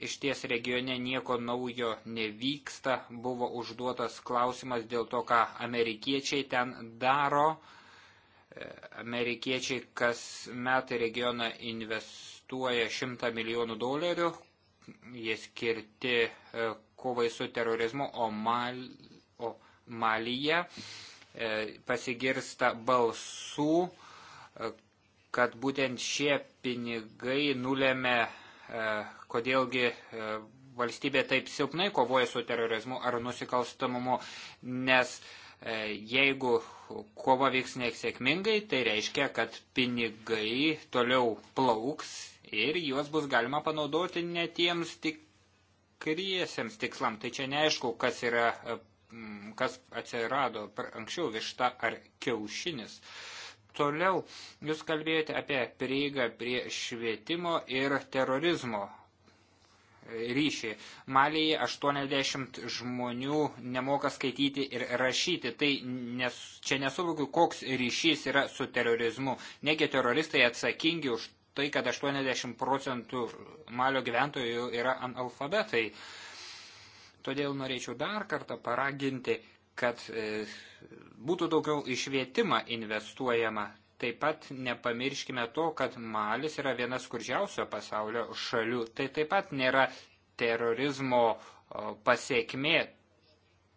Speaker 5: Iš ties regione nieko naujo nevyksta, buvo užduotas klausimas dėl to, ką amerikiečiai ten daro. E, amerikiečiai kas metai regioną investuoja 100 milijonų dolerių, jie skirti e, kovai su terorizmu, o, Mal, o Malyje e, pasigirsta balsų, e, kad būtent šie pinigai nulėmė, kodėlgi valstybė taip silpnai kovoja su terorizmu ar nusikalstamumu, nes jeigu kova vyks nesėkmingai, tai reiškia, kad pinigai toliau plauks ir juos bus galima panaudoti ne tiems tikriesiems tikslam. Tai čia neaišku, kas, yra, e, kas atsirado anksčiau višta ar kiaušinis. Toliau jūs kalbėjote apie prieigą prie švietimo ir terorizmo ryšį. Malyje 80 žmonių nemoka skaityti ir rašyti. Tai nes, čia nesuvokiu, koks ryšys yra su terorizmu. Negi teroristai atsakingi už tai, kad 80 procentų Malio gyventojų yra analfabetai. Todėl norėčiau dar kartą paraginti, kad e, būtų daugiau išvietimą investuojama. Taip pat nepamirškime to, kad Malis yra viena skurdžiausio pasaulio šalių. Tai taip pat nėra terorizmo pasiekmė.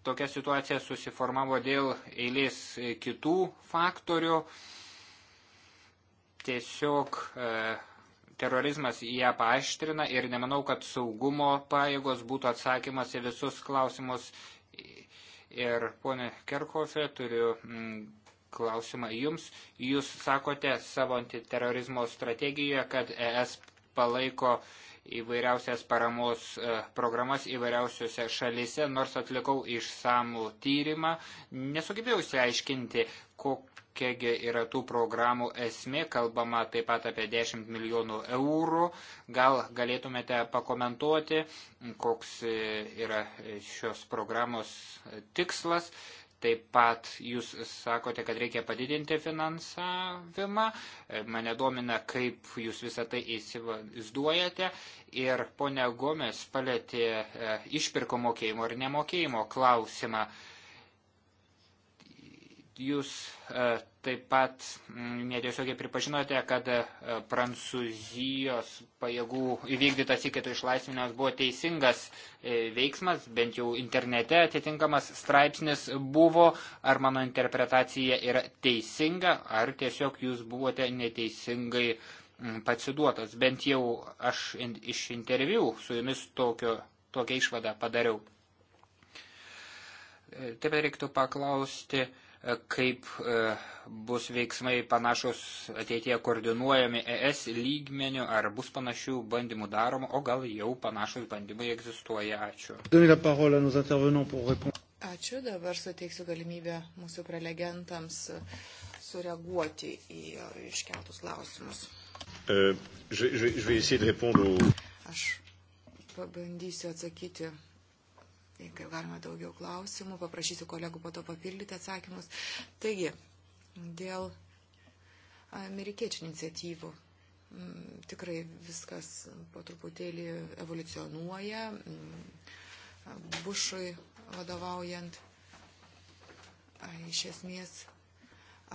Speaker 5: Tokia situacija susiformavo dėl eilės kitų faktorių tiesiog e, terorizmas ją paaštrina ir nemanau, kad saugumo pajėgos būtų atsakymas į visus klausimus. Ir, ponė Kerkofė, turiu mm, klausimą jums. Jūs sakote savo antiterorizmo strategijoje, kad ES palaiko įvairiausias paramos e, programas įvairiausiose šalyse, nors atlikau išsamų tyrimą, nesugebėjau įsiaiškinti, kok kągi yra tų programų esmė, kalbama taip pat apie 10 milijonų eurų. Gal galėtumėte pakomentuoti, koks e, yra e, šios programos tikslas. Taip pat jūs sakote, kad reikia padidinti finansavimą. E, mane domina, kaip jūs visą tai įsivaizduojate. Ir ponia Gomes palėtė išpirko mokėjimo ir nemokėjimo klausimą jūs e, taip pat netiesiogiai pripažinote, kad e, Prancūzijos pajėgų įvykdytas įkaitų išlaisvinimas buvo teisingas e, veiksmas, bent jau internete atitinkamas straipsnis buvo, ar mano interpretacija yra teisinga, ar tiesiog jūs buvote neteisingai paciduotas. Bent jau aš iš interviu su jumis tokio, tokią išvadą padariau. Taip reiktų paklausti, kaip e, bus veiksmai panašus ateitie koordinuojami ES lygmeniu, ar bus panašių bandymų daroma, o gal jau panašus bandymai egzistuoja. Ačiū.
Speaker 3: Ačiū, dabar suteiksiu galimybę mūsų prelegentams e, sureaguoti
Speaker 2: į e, iškeltus klausimus.
Speaker 3: Aš pabandysiu atsakyti tai kaip galima daugiau klausimų, paprašysiu kolegų po to papildyti atsakymus. Taigi, dėl amerikiečių iniciatyvų mm, tikrai viskas po truputėlį evoliucionuoja, mm, Bušui vadovaujant iš esmės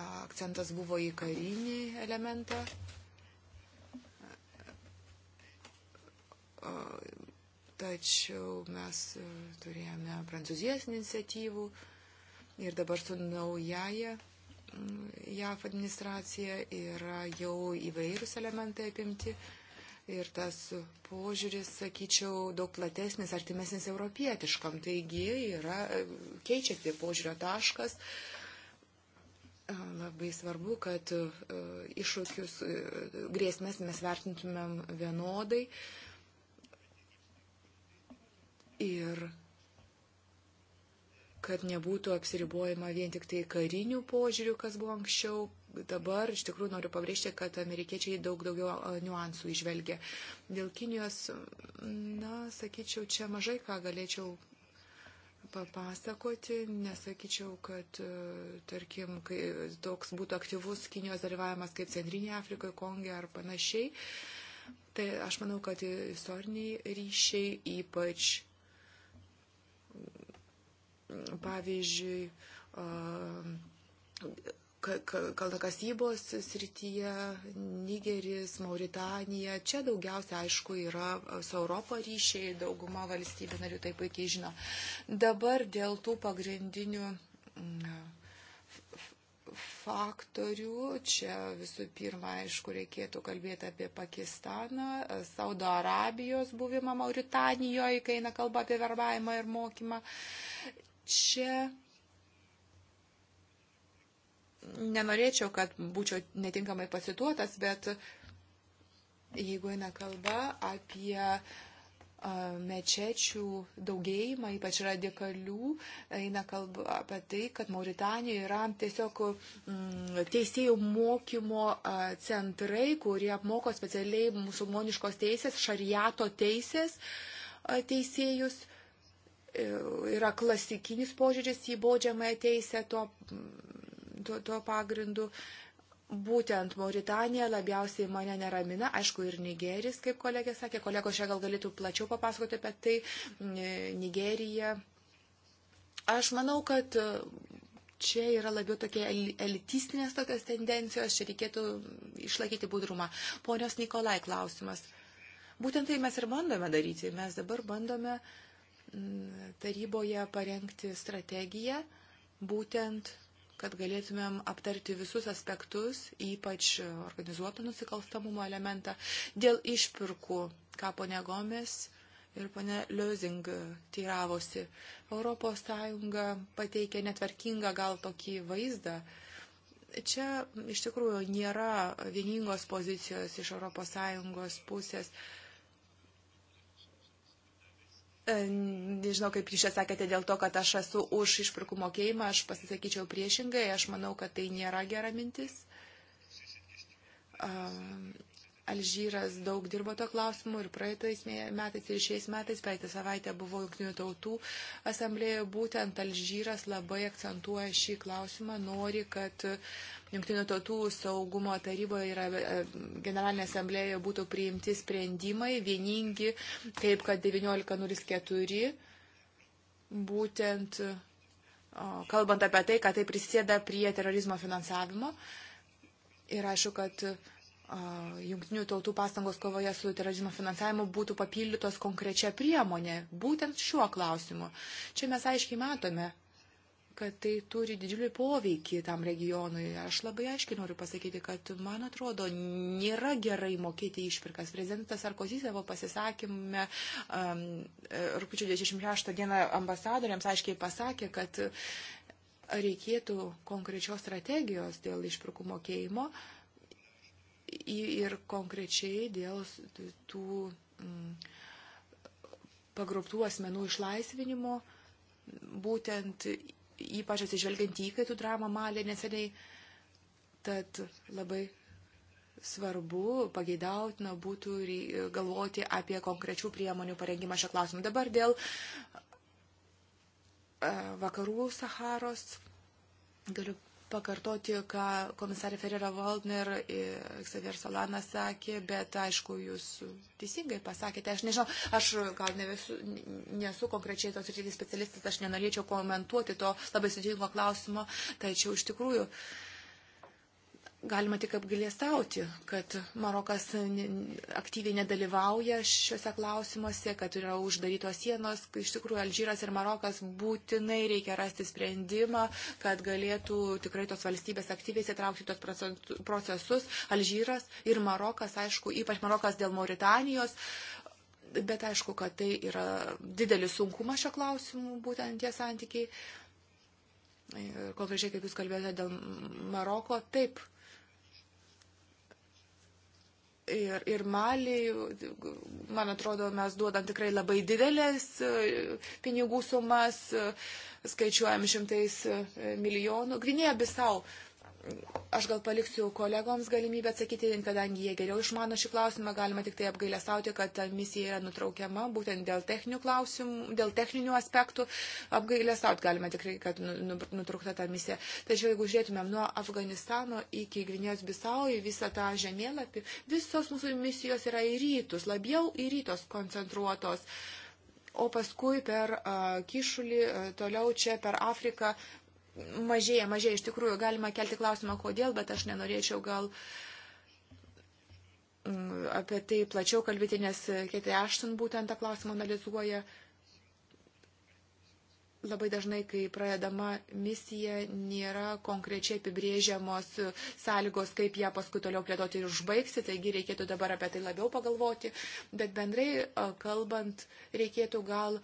Speaker 3: akcentas buvo į karinį elementą. Tačiau mes e, turėjome Prancūzijos iniciatyvų ir dabar su naujaja JAF administracija yra jau įvairūs elementai apimti ir tas požiūris, sakyčiau, daug platesnis, artimesnis europietiškam. Taigi yra, e, keičiasi požiūrio taškas. E, labai svarbu, kad iššūkius, grėsmės mes vertintumėm vienodai. Uh, ir kad nebūtų apsiribojama vien tik tai karinių požiūrių, kas buvo anksčiau. Dabar iš tikrųjų noriu pabrėžti, kad amerikiečiai daug daugiau niuansų išvelgia. Dėl Kinijos, na, sakyčiau, čia mažai ką galėčiau papasakoti, nesakyčiau, kad, e, tarkim, kai toks būtų aktyvus Kinijos dalyvavimas kaip Centrinė Afrikoje, Kongė ar panašiai. Tai aš manau, kad istoriniai ryšiai, ypač pavyzdžiui, kalnakasybos srityje, Nigeris, Mauritanija. Čia daugiausia, aišku, yra su Europo ryšiai, dauguma valstybių narių tai puikiai žino. Dabar dėl tų pagrindinių faktorių. Čia visų pirma, aišku, reikėtų kalbėti apie Pakistaną, Saudo Arabijos buvimą Mauritanijoje, kai eina kalba apie verbavimą ir mokymą. Čia nenorėčiau, kad būčiau netinkamai pasituotas, bet jeigu eina kalba apie mečečių daugėjimą, ypač radikalių, eina kalba apie tai, kad Mauritanija yra tiesiog mm, teisėjų mokymo centrai, kurie apmoko specialiai musulmoniškos teisės, šariato teisės teisėjus. E, yra klasikinis požiūris į baudžiamąją teisę tuo, mm, tuo, tuo pagrindu. Uh, būtent Mauritanija labiausiai mane neramina, aišku, ir Nigeris, kaip kolegė sakė, kolegos čia gal galėtų plačiau papasakoti apie tai, Nigerija. Aš manau, kad e, čia yra labiau tokie elitistinės tokios tendencijos, čia reikėtų išlaikyti budrumą. Ponios Nikolai klausimas. Būtent tai mes ir bandome daryti. Mes dabar bandome taryboje parengti strategiją būtent kad galėtumėm aptarti visus aspektus, ypač organizuoto nusikalstamumo elementą. Dėl išpirkų, ką ponė Gomis ir ponė Liuzing tyravosi, ES pateikė netvarkingą gal tokį vaizdą. Čia iš tikrųjų nėra vieningos pozicijos iš ES pusės. Uh, E, nežinau, kaip jūs čia sakėte dėl to, kad aš esu už išpirkų mokėjimą, aš pasisakyčiau priešingai, aš manau, kad tai nėra gera mintis. E, Alžyras daug dirbo to klausimu ir praeitais metais ir šiais metais. Praeitą savaitę buvo Junktinių tautų asamblėje. Būtent Alžyras labai akcentuoja šį klausimą, nori, kad Junktinių tautų saugumo taryboje ir e, generalinė asamblėje būtų priimti sprendimai vieningi, kaip kad 1904. Būtent kalbant apie tai, kad tai prisėda prie terorizmo finansavimo. Ir aišku, kad jungtinių tautų pastangos kovoje su terorizmo finansavimu būtų papildytos konkrečia priemonė, būtent šiuo klausimu. Čia mes aiškiai matome, kad tai turi didžiulį poveikį tam regionui. Aš labai aiškiai noriu pasakyti, kad, man atrodo, nėra gerai mokėti išpirkas. Prezidentas Sarkozy savo pasisakymę um, rūpiučio 26 dieną ambasadoriams aiškiai pasakė, kad reikėtų konkrečios strategijos dėl išpirkų mokėjimo. Uh, ir konkrečiai dėl tų mm, pagrobtų asmenų išlaisvinimo, būtent ypač atsižvelgiant į įkaitų dramą Malė neseniai, tad labai svarbu, pageidautina būtų galvoti apie konkrečių priemonių parengimą šią klausimą. Dabar dėl e, vakarų Saharos galiu pakartoti, ką komisarė Ferrera Waldner ir Xavier Solana sakė, bet aišku, jūs teisingai pasakėte. Aš nežinau, aš gal ne visu, nesu konkrečiai tos rytis specialistas, aš nenorėčiau komentuoti to labai sudėtingo klausimo, tačiau iš tikrųjų. Uh, Galima tik apgailėstauti, kad Marokas aktyviai nedalyvauja šiuose klausimuose, kad yra uždarytos sienos. Iš tikrųjų, Alžyras ir Marokas būtinai reikia rasti sprendimą, kad galėtų tikrai tos valstybės aktyviai įsitraukti tos procesus. Alžyras ir Marokas, aišku, ypač Marokas dėl Mauritanijos. Bet aišku, kad tai yra didelis sunkumas šio klausimu, būtent tie santykiai. Ir konkrečiai, kaip jūs kalbėjote dėl Maroko, taip, Ir, ir Maliai, man atrodo, mes duodam tikrai labai didelės e, pinigų sumas, e, skaičiuojam šimtais e, milijonų. Gvinėja Bisau Aš gal paliksiu kolegoms galimybę atsakyti, kadangi jie geriau išmano šį klausimą, galima tik tai apgailestauti, kad ta misija yra nutraukiama būtent dėl techninių klausimų, dėl techninių aspektų. Apgailestauti galima tikrai, kad nu, nu, nutraukta ta misija. Tačiau jeigu žiūrėtumėm nuo Afganistano iki Gvinėjos Bisau į visą tą žemėlapį, visos mūsų misijos yra į rytus, labiau į rytos koncentruotos o paskui per uh, kišulį uh, toliau čia per Afriką mažėja, mažėja iš tikrųjų. Galima kelti klausimą, kodėl, bet aš nenorėčiau gal mm, apie tai plačiau kalbėti, nes Ketri Ašton būtent tą klausimą analizuoja. Labai dažnai, kai pradedama misija, nėra konkrečiai apibrėžiamos sąlygos, kaip ją paskui toliau plėtoti ir užbaigsi, taigi reikėtų dabar apie tai labiau pagalvoti. Bet bendrai kalbant, reikėtų gal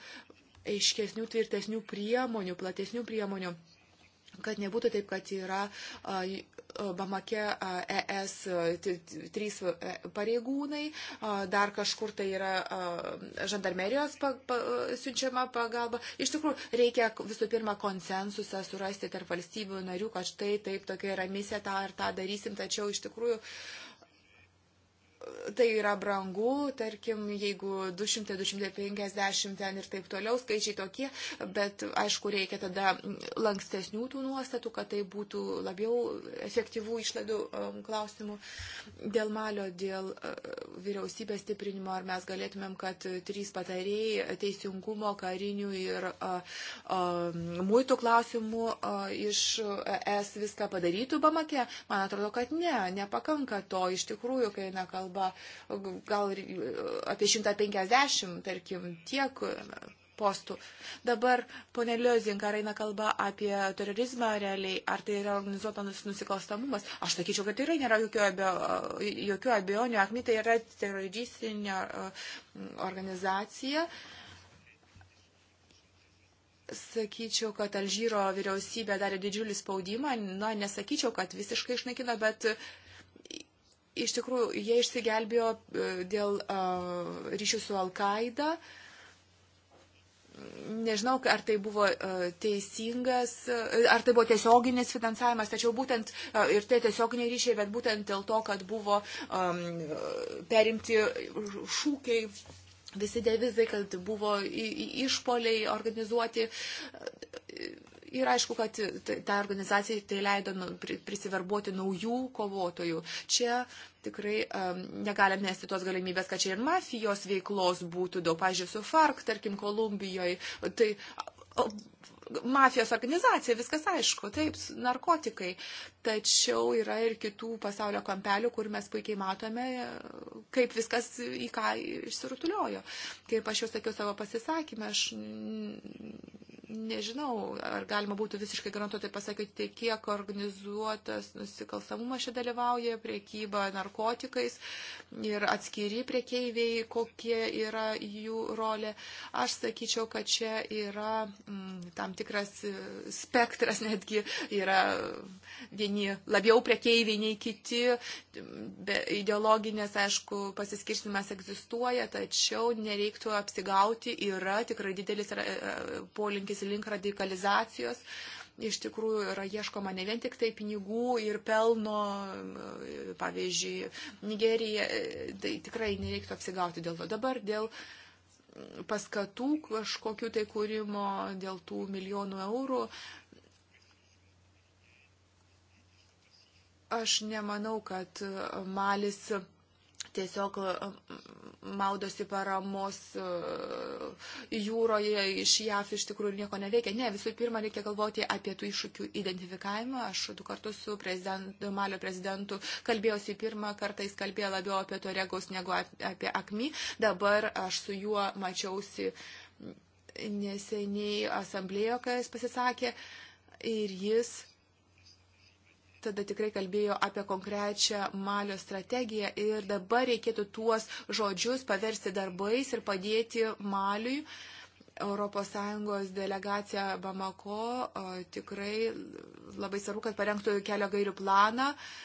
Speaker 3: aiškesnių, tvirtesnių priemonių, platesnių priemonių kad nebūtų taip, kad yra Bamake ES trys pareigūnai, dar kažkur tai yra žandarmerijos pa, pa, siunčiama pagalba. Iš tikrųjų, reikia visų pirma konsensusą surasti tarp valstybių narių, kad štai taip tokia yra misija, tą ir tą darysim, tačiau iš tikrųjų uh, tai yra brangu, tarkim, jeigu 200, 250 ten ir taip toliau, skaičiai tokie, bet aišku, reikia tada lankstesnių tų nuostatų, kad tai būtų labiau efektyvų išlaidų um, klausimų. Dėl malio, dėl uh, vyriausybės stiprinimo, ar mes galėtumėm, kad trys patarėjai teisingumo, karinių ir a, uh, a, um, muitų klausimų a, uh, iš ES viską padarytų Bamake? Man atrodo, kad ne, nepakanka to iš tikrųjų, kai nekalba kalba gal e, apie 150, tarkim, tiek e, postų. Dabar, ponė Liozink, ar eina kalba apie terorizmą realiai, ar tai yra organizuotas nusikalstamumas? Aš sakyčiau, kad tikrai nėra jokių, abio, e, jokių abejonių. Akmi tai yra teroristinė organizacija. Sakyčiau, kad Alžyro vyriausybė darė didžiulį spaudimą. Na, nesakyčiau, kad visiškai išnaikino, bet uh, iš tikrųjų, jie išsigelbėjo e, dėl uh, ryšių su Al-Qaida. Nežinau, ar tai buvo uh, teisingas, uh, ar tai buvo tiesioginis finansavimas, tačiau būtent uh, ir tai tiesioginiai ryšiai, bet būtent dėl to, kad buvo um, perimti šūkiai, visi devizai, kad buvo išpoliai organizuoti. Uh, Ir aišku, kad ta tai organizacija tai leido nu, prisiverbuoti naujų kovotojų. Čia tikrai um, negalime nesti tos galimybės, kad čia ir mafijos veiklos būtų daug. Pavyzdžiui, su FARC, tarkim, Kolumbijoje. Tai mafijos organizacija, viskas aišku, taip, narkotikai. Tačiau yra ir kitų pasaulio kampelių, kur mes puikiai matome, kaip viskas į ką išsirutuliojo. Kaip aš jau sakiau savo pasisakymę, aš nežinau, ar galima būtų visiškai garantuoti pasakyti, kiek organizuotas nusikalstamumas čia dalyvauja, priekyba narkotikais ir atskiri priekeiviai, kokie yra jų rolė. Aš sakyčiau, kad čia yra mm, tam tikras e, spektras, netgi yra vieni labiau priekeiviai nei kiti, Be ideologinės, aišku, pasiskirstimas egzistuoja, tačiau nereiktų apsigauti, yra tikrai didelis e, e, polinkis kryptis link radikalizacijos. Iš tikrųjų yra ieškoma ne vien tik tai pinigų ir pelno, pavyzdžiui, Nigerija, tai tikrai nereiktų apsigauti dėl to. Dabar dėl paskatų kažkokiu tai kūrimo, dėl tų milijonų eurų, aš nemanau, kad Malis tiesiog maudosi paramos e, jūroje iš JAF iš tikrųjų nieko neveikia. Ne, visų pirma, reikia galvoti apie tų iššūkių identifikavimą. Aš du kartus su prezident, Malio prezidentu kalbėjausi pirmą kartą, jis kalbėjo labiau apie to regaus negu apie akmi. Dabar aš su juo mačiausi neseniai asamblėjo, kai jis pasisakė ir jis tada tikrai kalbėjo apie konkrečią Malio strategiją ir dabar reikėtų tuos žodžius paversti darbais ir padėti Maliui. ES delegacija Bamako tikrai labai svarbu, kad parengtų kelio gairių planą, uh,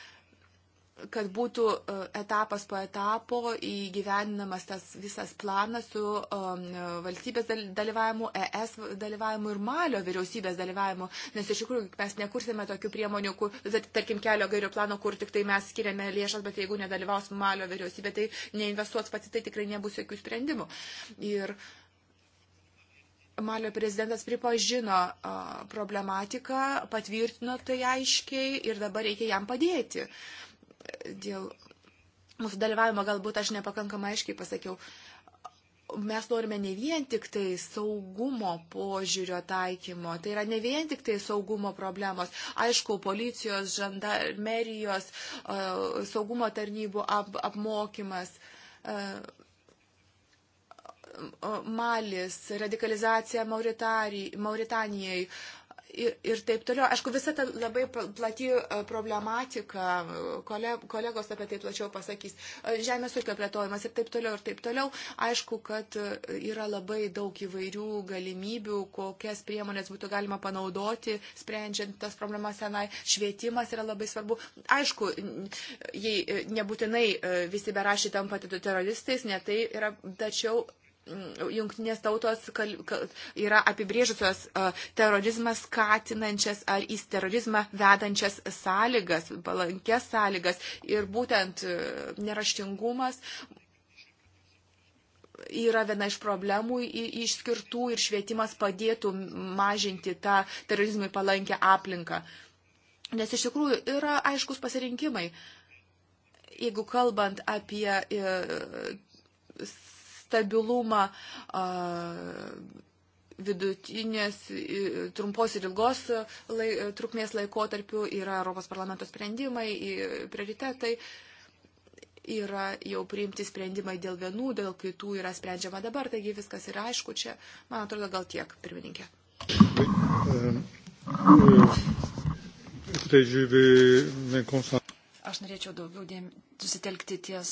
Speaker 3: kad būtų e, etapas po etapo įgyvendinamas tas visas planas su um, valstybės dalyvavimu, ES dalyvavimu ir Malio vyriausybės dalyvavimu, nes iš tikrųjų mes nekursime tokių priemonių, kur, tarkim, kelio gairių plano, kur tik tai mes skiriame lėšas, bet jeigu nedalyvaus Malio vyriausybė, tai neinvestuos pati, tai tikrai nebus jokių sprendimų. Ir Malio prezidentas pripažino problematiką, patvirtino tai aiškiai ir dabar reikia jam padėti. Uh, dėl mūsų dalyvavimo galbūt aš nepakankamai aiškiai pasakiau. Mes norime ne vien tik tai saugumo požiūrio taikymo, tai yra ne vien tik tai saugumo problemos, aišku, policijos, žandarmerijos, saugumo tarnybų ap, apmokymas, Malis, radikalizacija Mauritanijai, ir, ir taip toliau. Aišku, visa ta labai plati e, problematika, kole, kolegos apie tai plačiau pasakys, e, žemės ūkio plėtojimas ir taip toliau, ir taip toliau. Aišku, kad e, yra labai daug įvairių galimybių, kokias priemonės būtų galima panaudoti, sprendžiant tas problemas senai. Švietimas yra labai svarbu. Aišku, jei nebūtinai visi berašiai tampa teroristais, ne tai yra, tačiau Mm, jungtinės tautos yra apibrėžusios terorizmą skatinančias ar į terorizmą vedančias sąlygas, palankės sąlygas ir būtent neraštingumas. Yra viena iš problemų išskirtų ir švietimas padėtų mažinti tą terorizmui palankę aplinką. Nes iš tikrųjų yra aiškus pasirinkimai. Jeigu kalbant apie e, stabilumą vidutinės, trumpos ir ilgos lai, trukmės laikotarpių, yra Europos parlamento sprendimai, prioritetai, yra jau priimti sprendimai dėl vienų, dėl kitų yra sprendžiama dabar, taigi viskas yra aišku čia, man atrodo, gal tiek, pirmininkė.
Speaker 6: Aš norėčiau daugiau dėm... susitelkti ties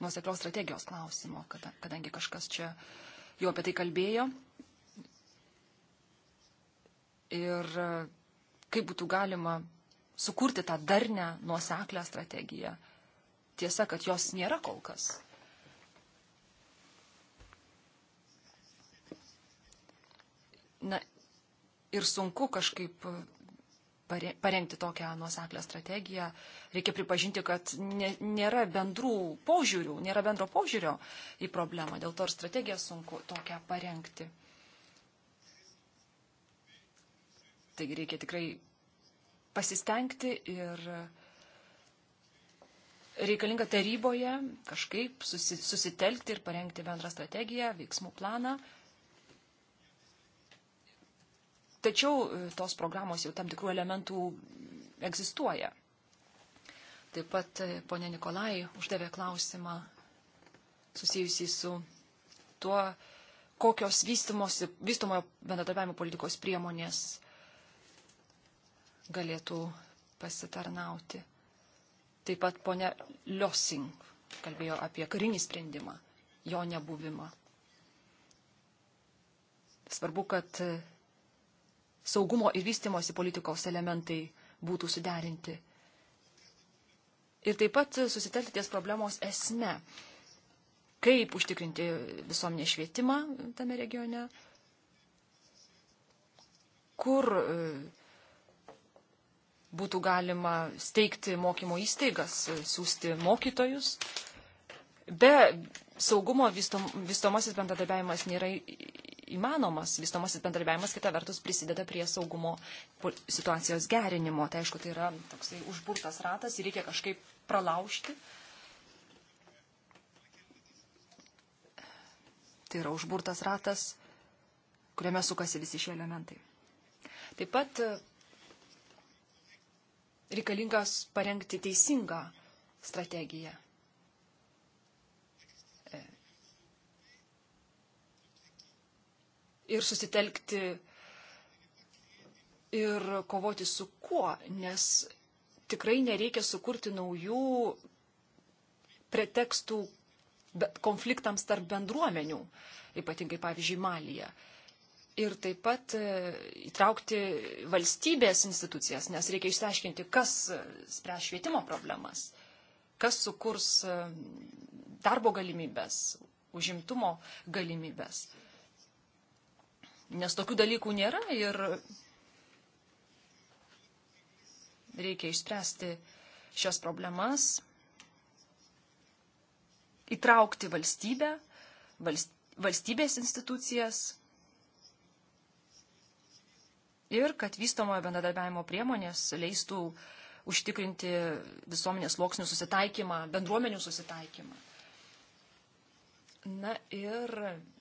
Speaker 6: nuoseklios strategijos klausimo, kadangi kažkas čia jau apie tai kalbėjo. Ir e, kaip būtų galima sukurti tą darnę, nuoseklę strategiją. Tiesa, kad jos nėra kol kas. Na, ir sunku kažkaip parengti tokią nuoseklę strategiją, reikia pripažinti, kad nėra bendrų požiūrių, nėra bendro požiūrio į problemą, dėl to ir strategiją sunku tokią parengti. Taigi reikia tikrai pasistengti ir reikalinga taryboje kažkaip susitelkti ir parengti bendrą strategiją, veiksmų planą, Tačiau e, tos programos jau tam tikrų elementų egzistuoja. Taip pat e, ponė Nikolai uždavė klausimą susijusį su tuo, kokios vystomojo bendradarbiavimo politikos priemonės galėtų pasitarnauti. Taip pat ponė Liosing kalbėjo apie karinį sprendimą, jo nebuvimą. Svarbu, kad e, saugumo ir vystimosi politikos elementai būtų suderinti. Ir taip pat susitelti ties problemos esme. Kaip užtikrinti visuomenę švietimą tame regione, kur e, būtų galima steigti mokymo įstaigas, siūsti mokytojus. Be saugumo vystomasis bendradarbiavimas nėra įmanomas. Vystomasis bendradarbiavimas kita vertus prisideda prie saugumo situacijos gerinimo. Tai aišku, tai yra toksai užburtas ratas, jį reikia kažkaip pralaužti. Tai yra užburtas ratas, kuriame sukasi visi šie elementai. Taip pat e, reikalingas parengti teisingą strategiją ir susitelkti ir kovoti su kuo, nes tikrai nereikia sukurti naujų pretekstų konfliktams tarp bendruomenių, ypatingai pavyzdžiui Malyje. Ir taip pat e, įtraukti valstybės institucijas, nes reikia išsiaiškinti, kas spręs švietimo problemas, kas sukurs e, darbo galimybės, užimtumo galimybės. Nes tokių dalykų nėra ir reikia išspręsti šias problemas, įtraukti valstybę, valstybės institucijas ir kad vystomojo bendradarbiavimo priemonės leistų užtikrinti visuomenės sluoksnių susitaikymą, bendruomenių susitaikymą. Na ir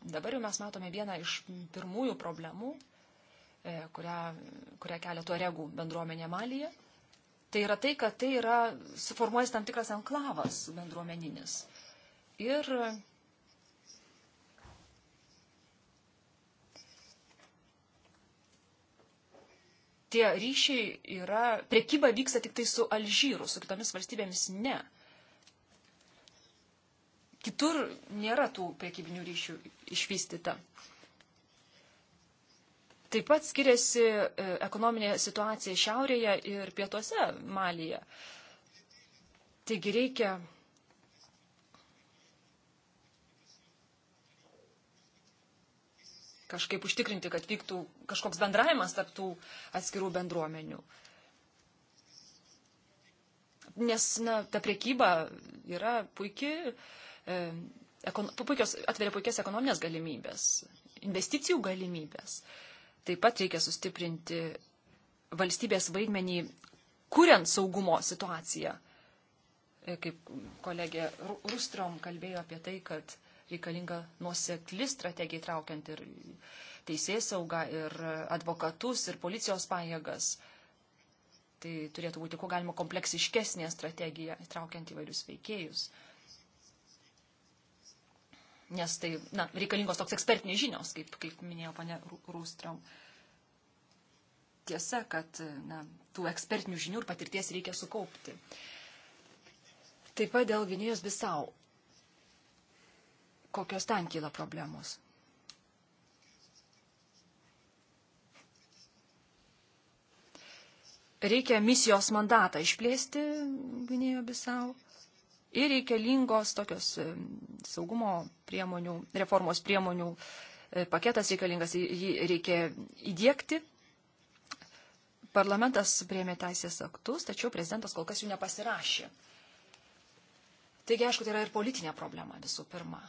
Speaker 6: dabar jau mes matome vieną iš pirmųjų problemų, e, kurią, kurią kelia tuoregų bendruomenė Malija. Tai yra tai, kad tai yra suformuojasi tam tikras enklavas bendruomeninis. Ir tie ryšiai yra, priekyba vyksta tik tai su Alžyru, su kitomis valstybėmis ne. Kitur nėra tų priekybinių ryšių išvystyta. Taip pat skiriasi e, ekonominė situacija šiaurėje ir pietuose Malyje. Taigi reikia kažkaip užtikrinti, kad vyktų kažkoks bendravimas tarp tų atskirų bendruomenių. Nes na, ta priekyba yra puikiai E, puikios, atveria puikias ekonominės galimybės, investicijų galimybės. Taip pat reikia sustiprinti valstybės vaidmenį, kuriant saugumo situaciją. E, kaip kolegė Rustrom kalbėjo apie tai, kad reikalinga nuosekli strategija traukiant ir teisės saugą, ir advokatus, ir policijos pajėgas. Tai turėtų būti kuo galima kompleksiškesnė strategija, traukiant įvairius veikėjus nes tai na, reikalingos toks ekspertinės žinios, kaip, kaip minėjo pane Rūstrom. Tiesa, kad na, tų ekspertinių žinių ir patirties reikia sukaupti. Taip pat dėl Gvinėjos visau. Kokios ten kyla problemos? Reikia misijos mandatą išplėsti Gvinėjo visau ir reikalingos tokios e, saugumo priemonių, reformos priemonių e, paketas reikalingas, jį reikia įdėkti. Parlamentas priemė teisės aktus, tačiau prezidentas kol kas jų nepasirašė. Taigi, aišku, tai yra ir politinė problema visų pirma.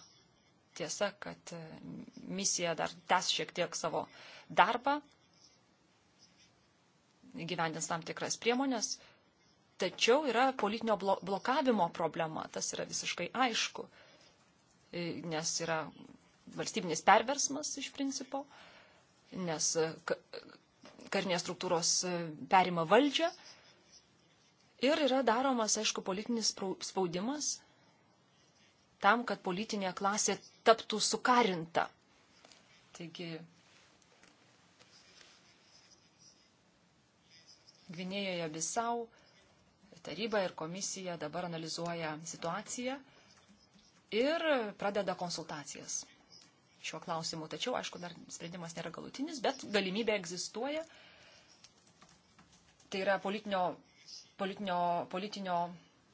Speaker 6: Tiesa, kad e, misija dar tęs šiek tiek savo darbą, gyvendins tam tikras priemonės, Tačiau yra politinio blokavimo problema, tas yra visiškai aišku, e, nes yra valstybinis perversmas iš principo, nes e, karinės struktūros e, perima valdžią ir yra daromas, aišku, politinis spaudimas tam, kad politinė klasė taptų sukarinta. Taigi Gvinėjoje Bisau taryba ir komisija dabar analizuoja situaciją ir pradeda konsultacijas šiuo klausimu. Tačiau, aišku, dar sprendimas nėra galutinis, bet galimybė egzistuoja. Tai yra politinio, politinio, politinio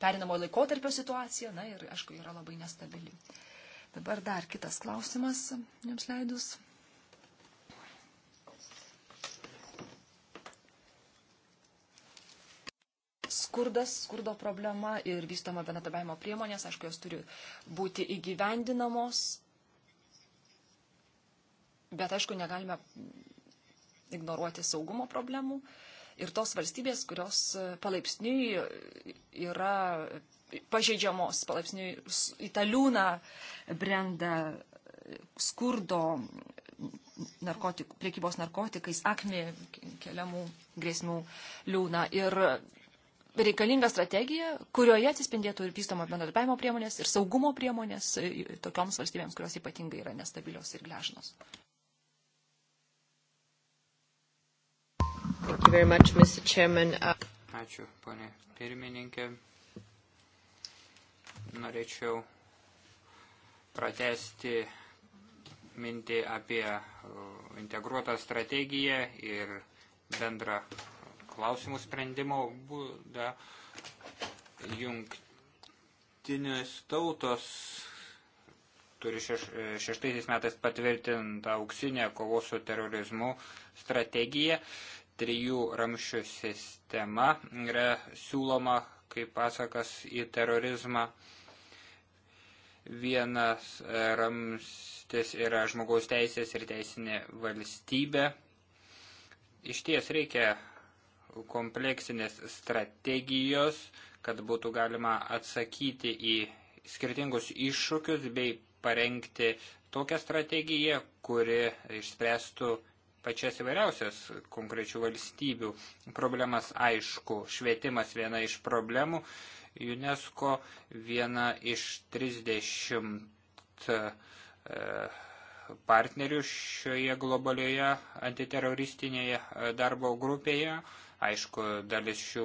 Speaker 6: perinamojo laikotarpio situacija, na ir, aišku, yra labai nestabili. Dabar dar kitas klausimas, jums leidus. skurdas, skurdo problema ir vystoma bendradarbiavimo priemonės, aišku, jos turi būti įgyvendinamos, bet aišku, negalime ignoruoti saugumo problemų. Ir tos valstybės, kurios palaipsniui yra pažeidžiamos, palaipsniui į tą liūną brenda skurdo, narkotik, priekybos narkotikais, akmi keliamų grėsmių liūną. Ir reikalinga strategija, kurioje atsispindėtų ir vystoma bendradarbiavimo priemonės, ir saugumo priemonės e, tokioms valstybėms, kurios ypatingai yra nestabilios ir gležnos.
Speaker 5: Much, Ačiū, ponė pirmininkė. Norėčiau pratesti mintį apie integruotą strategiją ir bendrą klausimų sprendimo būdą. Jungtinės tautos turi šeš, e, šeštaisiais metais patvirtintą auksinę kovos su terorizmu strategiją. Trijų ramščių sistema yra siūloma kaip pasakas į terorizmą. Vienas ramstis yra žmogaus teisės ir teisinė valstybė. Iš ties reikia kompleksinės strategijos, kad būtų galima atsakyti į skirtingus iššūkius bei parengti tokią strategiją, kuri išspręstų pačias įvairiausias konkrečių valstybių problemas. Aišku, švietimas viena iš problemų, UNESCO viena iš 30 e, partnerių šioje globalioje antiteroristinėje e, darbo grupėje Aišku, dalis šių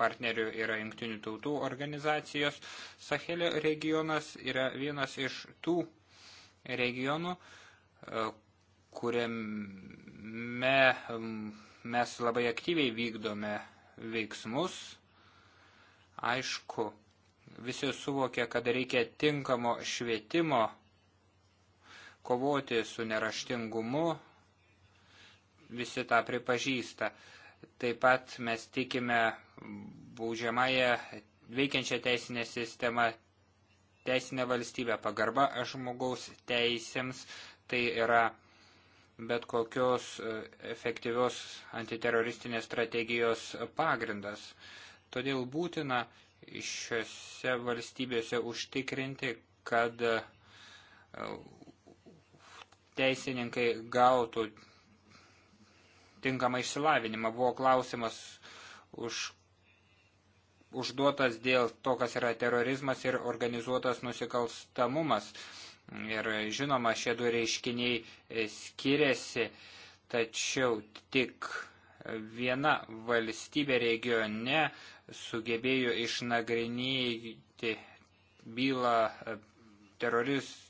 Speaker 5: partnerių yra jungtinių tautų organizacijos. Sahelio regionas yra vienas iš tų regionų, kuriame mes labai aktyviai vykdome veiksmus. Aišku, visi suvokia, kad reikia tinkamo švietimo, kovoti su neraštingumu, visi tą pripažįsta. Taip pat mes tikime baudžiamąją veikiančią teisinę sistemą, teisinę valstybę, pagarba žmogaus teisėms. Tai yra bet kokios e, efektyvios antiteroristinės strategijos pagrindas. Todėl būtina šiuose valstybėse užtikrinti, kad e, teisininkai gautų tinkamą išsilavinimą. Buvo klausimas už, užduotas dėl to, kas yra terorizmas ir organizuotas nusikalstamumas. Ir žinoma, šie du reiškiniai e, skiriasi, tačiau tik viena valstybė regione sugebėjo išnagrinėti bylą e, terorist,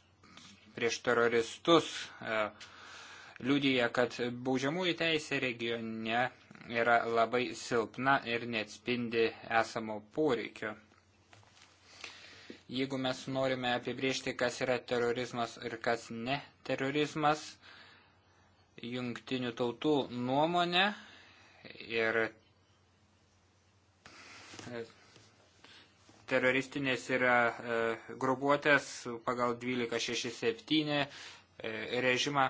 Speaker 5: prieš teroristus. E, liudyja, kad baudžiamųjų teisė regione yra labai silpna ir neatspindi esamo poreikio. Jeigu mes norime apibriežti, kas yra terorizmas ir kas ne terorizmas, jungtinių tautų nuomonė ir teroristinės yra e, grubuotės pagal 1267 e, režimą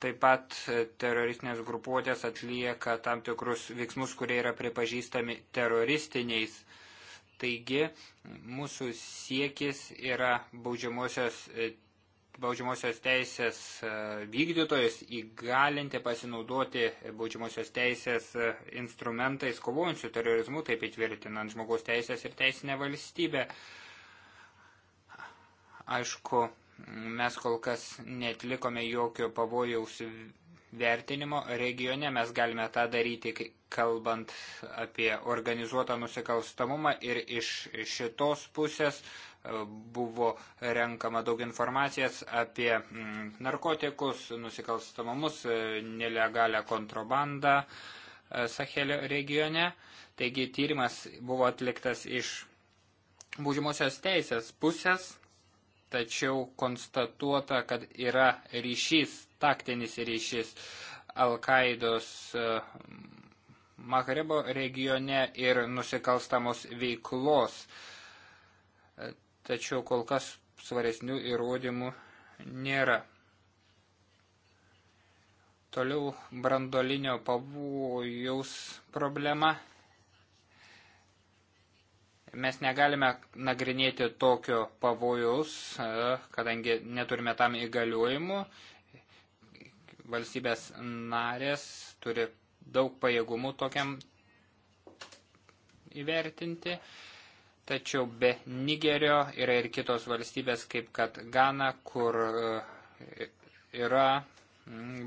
Speaker 5: Taip pat e, teroristinės grupuotės atlieka tam tikrus veiksmus, kurie yra pripažįstami teroristiniais. Taigi mūsų siekis yra baudžiamosios, e, baudžiamosios teisės e, vykdytojus įgalinti pasinaudoti baudžiamosios teisės instrumentais kovojant su terorizmu, taip įtvirtinant žmogaus teisės ir teisinę valstybę. Aišku, Mes kol kas netlikome jokio pavojaus vertinimo regione, mes galime tą daryti, kalbant apie organizuotą nusikalstamumą ir iš šitos pusės e, buvo renkama daug informacijas apie mm, narkotikus, nusikalstamumus, e, nelegalią kontrabandą e, Sahelio regione. Taigi tyrimas buvo atliktas iš būžimosios teisės pusės tačiau konstatuota, kad yra ryšys, taktinis ryšys Al-Qaidos e, Makarebo regione ir nusikalstamos veiklos. E, tačiau kol kas svaresnių įrodymų nėra. Toliau brandolinio pavojaus problema Mes negalime nagrinėti tokio pavojus, e, kadangi neturime tam įgaliojimų. Valstybės narės turi daug pajėgumų tokiam įvertinti, tačiau be Nigerio yra ir kitos valstybės, kaip kad Gana, kur e, yra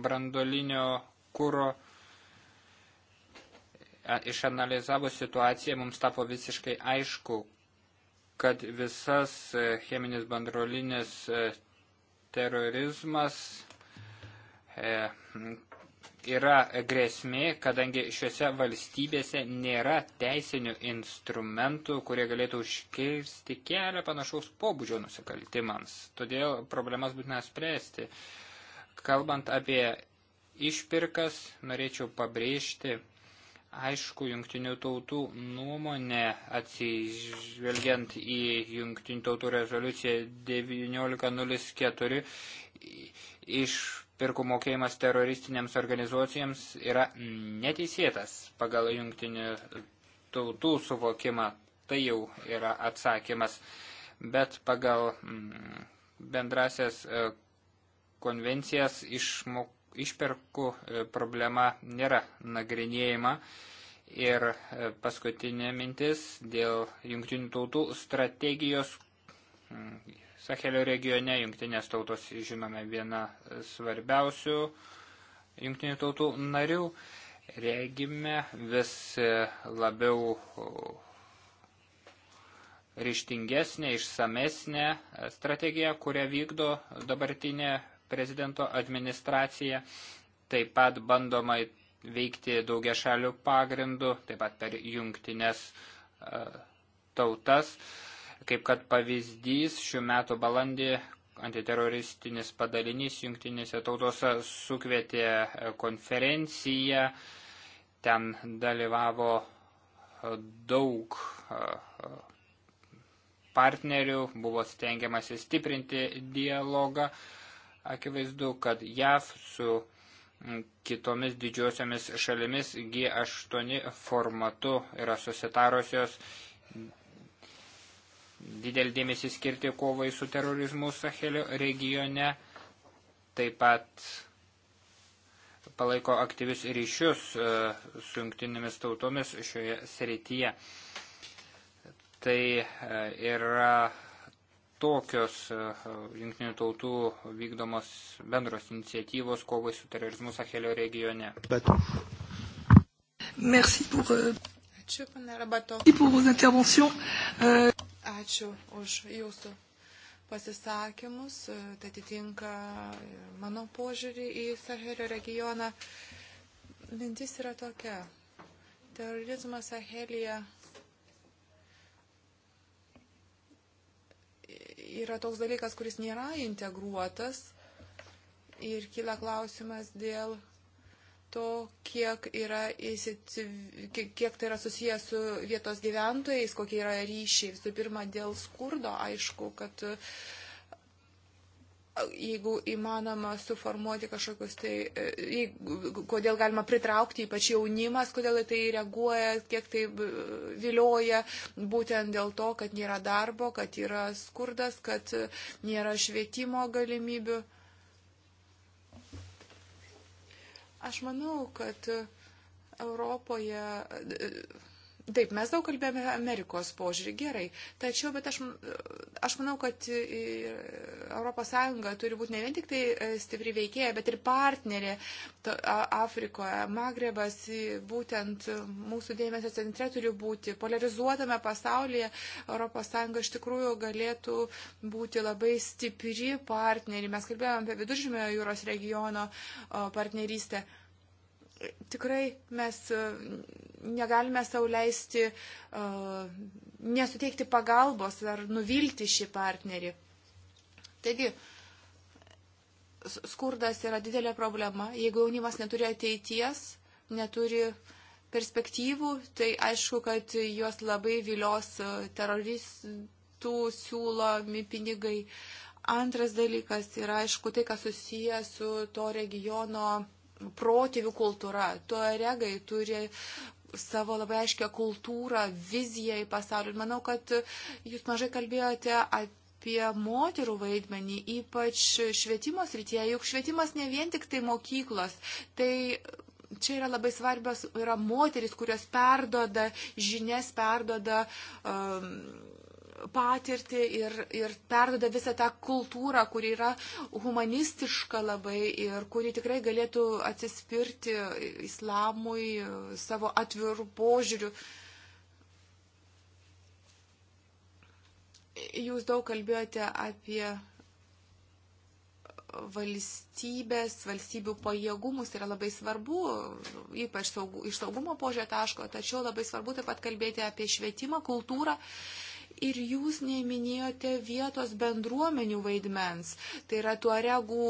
Speaker 5: brandolinio kūro išanalizavus situaciją, mums tapo visiškai aišku, kad visas e, cheminis bandrolinis e, terorizmas e, yra grėsmė, kadangi šiuose valstybėse nėra teisinių instrumentų, kurie galėtų užkirsti kelią panašaus pobūdžio nusikaltimams. Todėl problemas būtina spręsti. Kalbant apie išpirkas, norėčiau pabrėžti, aišku, jungtinių tautų nuomonė, atsižvelgiant į jungtinių tautų rezoliuciją 1904, iš pirkų mokėjimas teroristinėms organizuocijams yra neteisėtas pagal jungtinių tautų suvokimą. Tai jau yra atsakymas. Bet pagal mm, bendrasias e, konvencijas išmok išperkų e, problema nėra nagrinėjama. Ir e, paskutinė mintis dėl jungtinių tautų strategijos mm, Sahelio regione. Jungtinės tautos, žinome, viena svarbiausių jungtinių tautų narių. Regime vis e, labiau ryštingesnė, išsamesnė strategija, kurią vykdo dabartinė prezidento administracija. Taip pat bandoma veikti daugia šalių pagrindų, taip pat per jungtinės e, tautas. Kaip kad pavyzdys, šių metų balandį antiteroristinis padalinys jungtinėse tautose sukvietė e, konferenciją, ten dalyvavo e, daug partnerių, buvo stengiamasi stiprinti dialogą. Akivaizdu, kad JAV su mm, kitomis didžiosiomis šalimis G8 formatu yra susitarusios didelį dėmesį skirti kovai su terorizmu Sahelio regione, taip pat palaiko aktyvius ryšius e, su jungtinėmis tautomis šioje srityje. Tai e, yra tokios e, jungtinių tautų vykdomos bendros iniciatyvos kovai su terorizmu Sahelio regione. Bet.
Speaker 3: Merci pour, e, Ačiū, pana Rabato. E, Ačiū už jūsų pasisakymus. Tai atitinka mano požiūrį į Sahelio regioną. Mintis yra tokia. Terorizmas Sahelija yra toks dalykas, kuris nėra integruotas ir kyla klausimas dėl to, kiek, yra, kiek tai yra susijęs su vietos gyventojais, kokie yra ryšiai. Visų pirma, dėl skurdo aišku, kad uh, jeigu įmanoma suformuoti kažkokius tai, e, jeigu, kodėl galima pritraukti ypač jaunimas, kodėl tai reaguoja, kiek tai e, vilioja, būtent dėl to, kad nėra darbo, kad yra skurdas, kad e, nėra švietimo galimybių. Aš manau, kad Europoje Taip, mes daug kalbėjome Amerikos požiūrį, gerai. Tačiau, bet aš, aš manau, kad ES turi būti ne vien tik tai e, stipri veikėja, bet ir partnerė Afrikoje. Magrebas būtent mūsų dėmesio centre turi būti. Polarizuotame pasaulyje ES iš tikrųjų galėtų būti labai stipri partnerė. Mes kalbėjome apie viduržymio jūros regiono partnerystę tikrai mes e, negalime sauliaisti uh, e, nesuteikti pagalbos ar nuvilti šį partnerį. Taigi, skurdas yra didelė problema. Jeigu jaunimas neturi ateities, neturi perspektyvų, tai aišku, kad juos labai vilios e, teroristų siūlomi pinigai. Antras dalykas yra, aišku, tai, kas susijęs su to regiono protėvių kultūra. Tuaregai turi savo labai aiškę kultūrą, viziją į pasaulį. Ir manau, kad jūs mažai kalbėjote apie apie moterų vaidmenį, ypač švietimo srityje, juk švietimas ne vien tik tai mokyklos, tai čia yra labai svarbios, yra moteris, kurios perdoda žinias, perdoda um, patirtį ir, ir perdoda visą tą kultūrą, kuri yra humanistiška labai ir kuri tikrai galėtų atsispirti islamui e, savo atvirų požiūrių. Jūs daug kalbėjote apie valstybės, valstybių pajėgumus tai yra labai svarbu, ypač saugų, iš saugumo požiūrio taško, tačiau labai svarbu taip pat kalbėti apie švietimą, kultūrą. Uh, ir jūs neminėjote vietos bendruomenių vaidmens. Tai yra tuaregų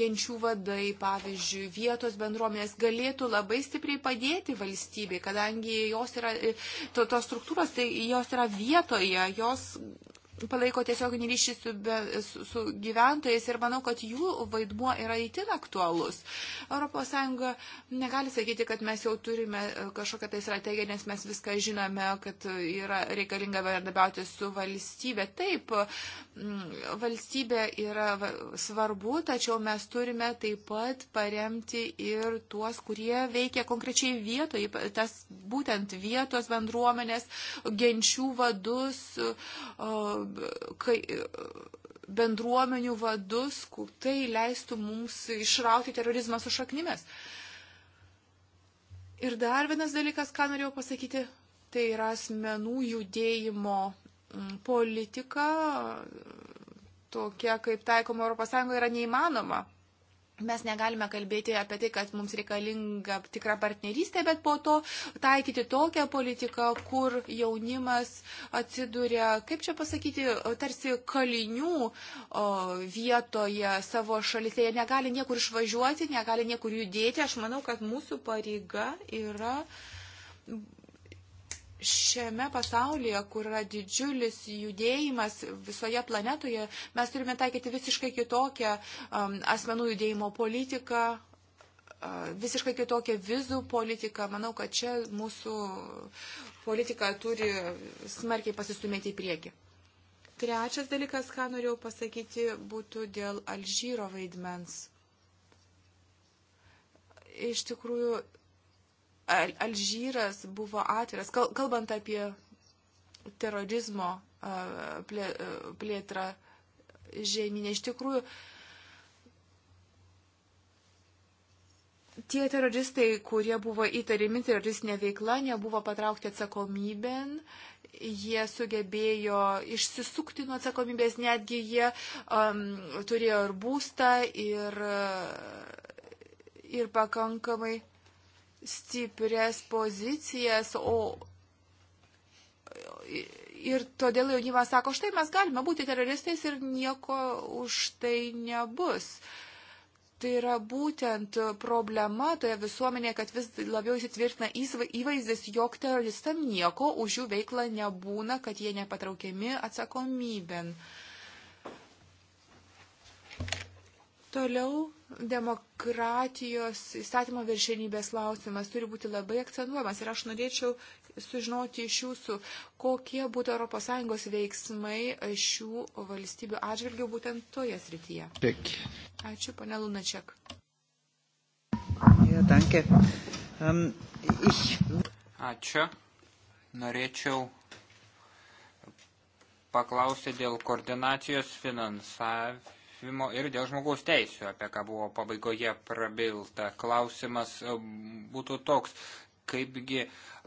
Speaker 3: genčių vadai, pavyzdžiui, vietos bendruomenės galėtų labai stipriai padėti valstybei, kadangi jos yra, e, to, tos struktūros, tai jos yra vietoje, jos palaiko tiesioginį ryšį su, be, su, su gyventojais ir manau, kad jų vaidmuo yra įtin aktualus. ES negali sakyti, kad mes jau turime e, kažkokią tai strategiją, nes mes viską žinome, kad yra reikalinga bendrabiauti su valstybė. Taip, valstybė yra svarbu, tačiau mes turime taip pat paremti ir tuos, kurie veikia konkrečiai vietoje, tas būtent vietos bendruomenės, genčių vadus. O, kai, bendruomenių vadus, tai leistų mums išrauti terorizmą su šaknimis. Ir dar vienas dalykas, ką norėjau pasakyti, tai yra asmenų judėjimo politika, tokia kaip taikoma ES, yra neįmanoma. Mes negalime kalbėti apie tai, kad mums reikalinga tikra partnerystė, bet po to taikyti tokią politiką, kur jaunimas atsiduria, kaip čia pasakyti, tarsi kalinių o, vietoje savo šalise. Jie negali niekur išvažiuoti, negali niekur judėti. Aš manau, kad mūsų pareiga yra šiame pasaulyje, kur yra didžiulis judėjimas visoje planetoje, mes turime taikyti visiškai kitokią um, asmenų judėjimo politiką, uh, visiškai kitokią vizų politiką. Manau, kad čia mūsų politika turi smarkiai pasistumėti į priekį. Trečias dalykas, ką norėjau pasakyti, būtų dėl Alžyro vaidmens. Iš tikrųjų, Al Alžyras buvo atviras, kal kalbant apie terorizmo plė plėtrą žemynė. Iš tikrųjų, tie teroristai, kurie buvo įtarimi teroristinė veikla, nebuvo patraukti atsakomybėn. Jie sugebėjo išsisukti nuo atsakomybės, netgi jie um, turėjo ir būstą, ir, ir pakankamai stiprias pozicijas, o ir todėl jaunimas sako, štai mes galime būti teroristais ir nieko už tai nebus. Tai yra būtent problema toje visuomenėje, kad vis labiau įsitvirtina įvaizdis, jog teroristam nieko už jų veiklą nebūna, kad jie nepatraukiami atsakomybėn. Uh, Toliau demokratijos įstatymo viršenybės klausimas turi būti labai akcentuojamas ir aš norėčiau sužinoti iš jūsų, kokie būtų ES veiksmai šių valstybių atžvilgių būtent toje srityje.
Speaker 5: Tik. Ačiū, pane Lunačiak. Ja, danke. Um, ich... Ačiū. Norėčiau paklausti dėl koordinacijos finansavimo laisvimo ir dėl žmogaus teisų, apie ką buvo pabaigoje prabilta. Klausimas e, būtų toks, kaipgi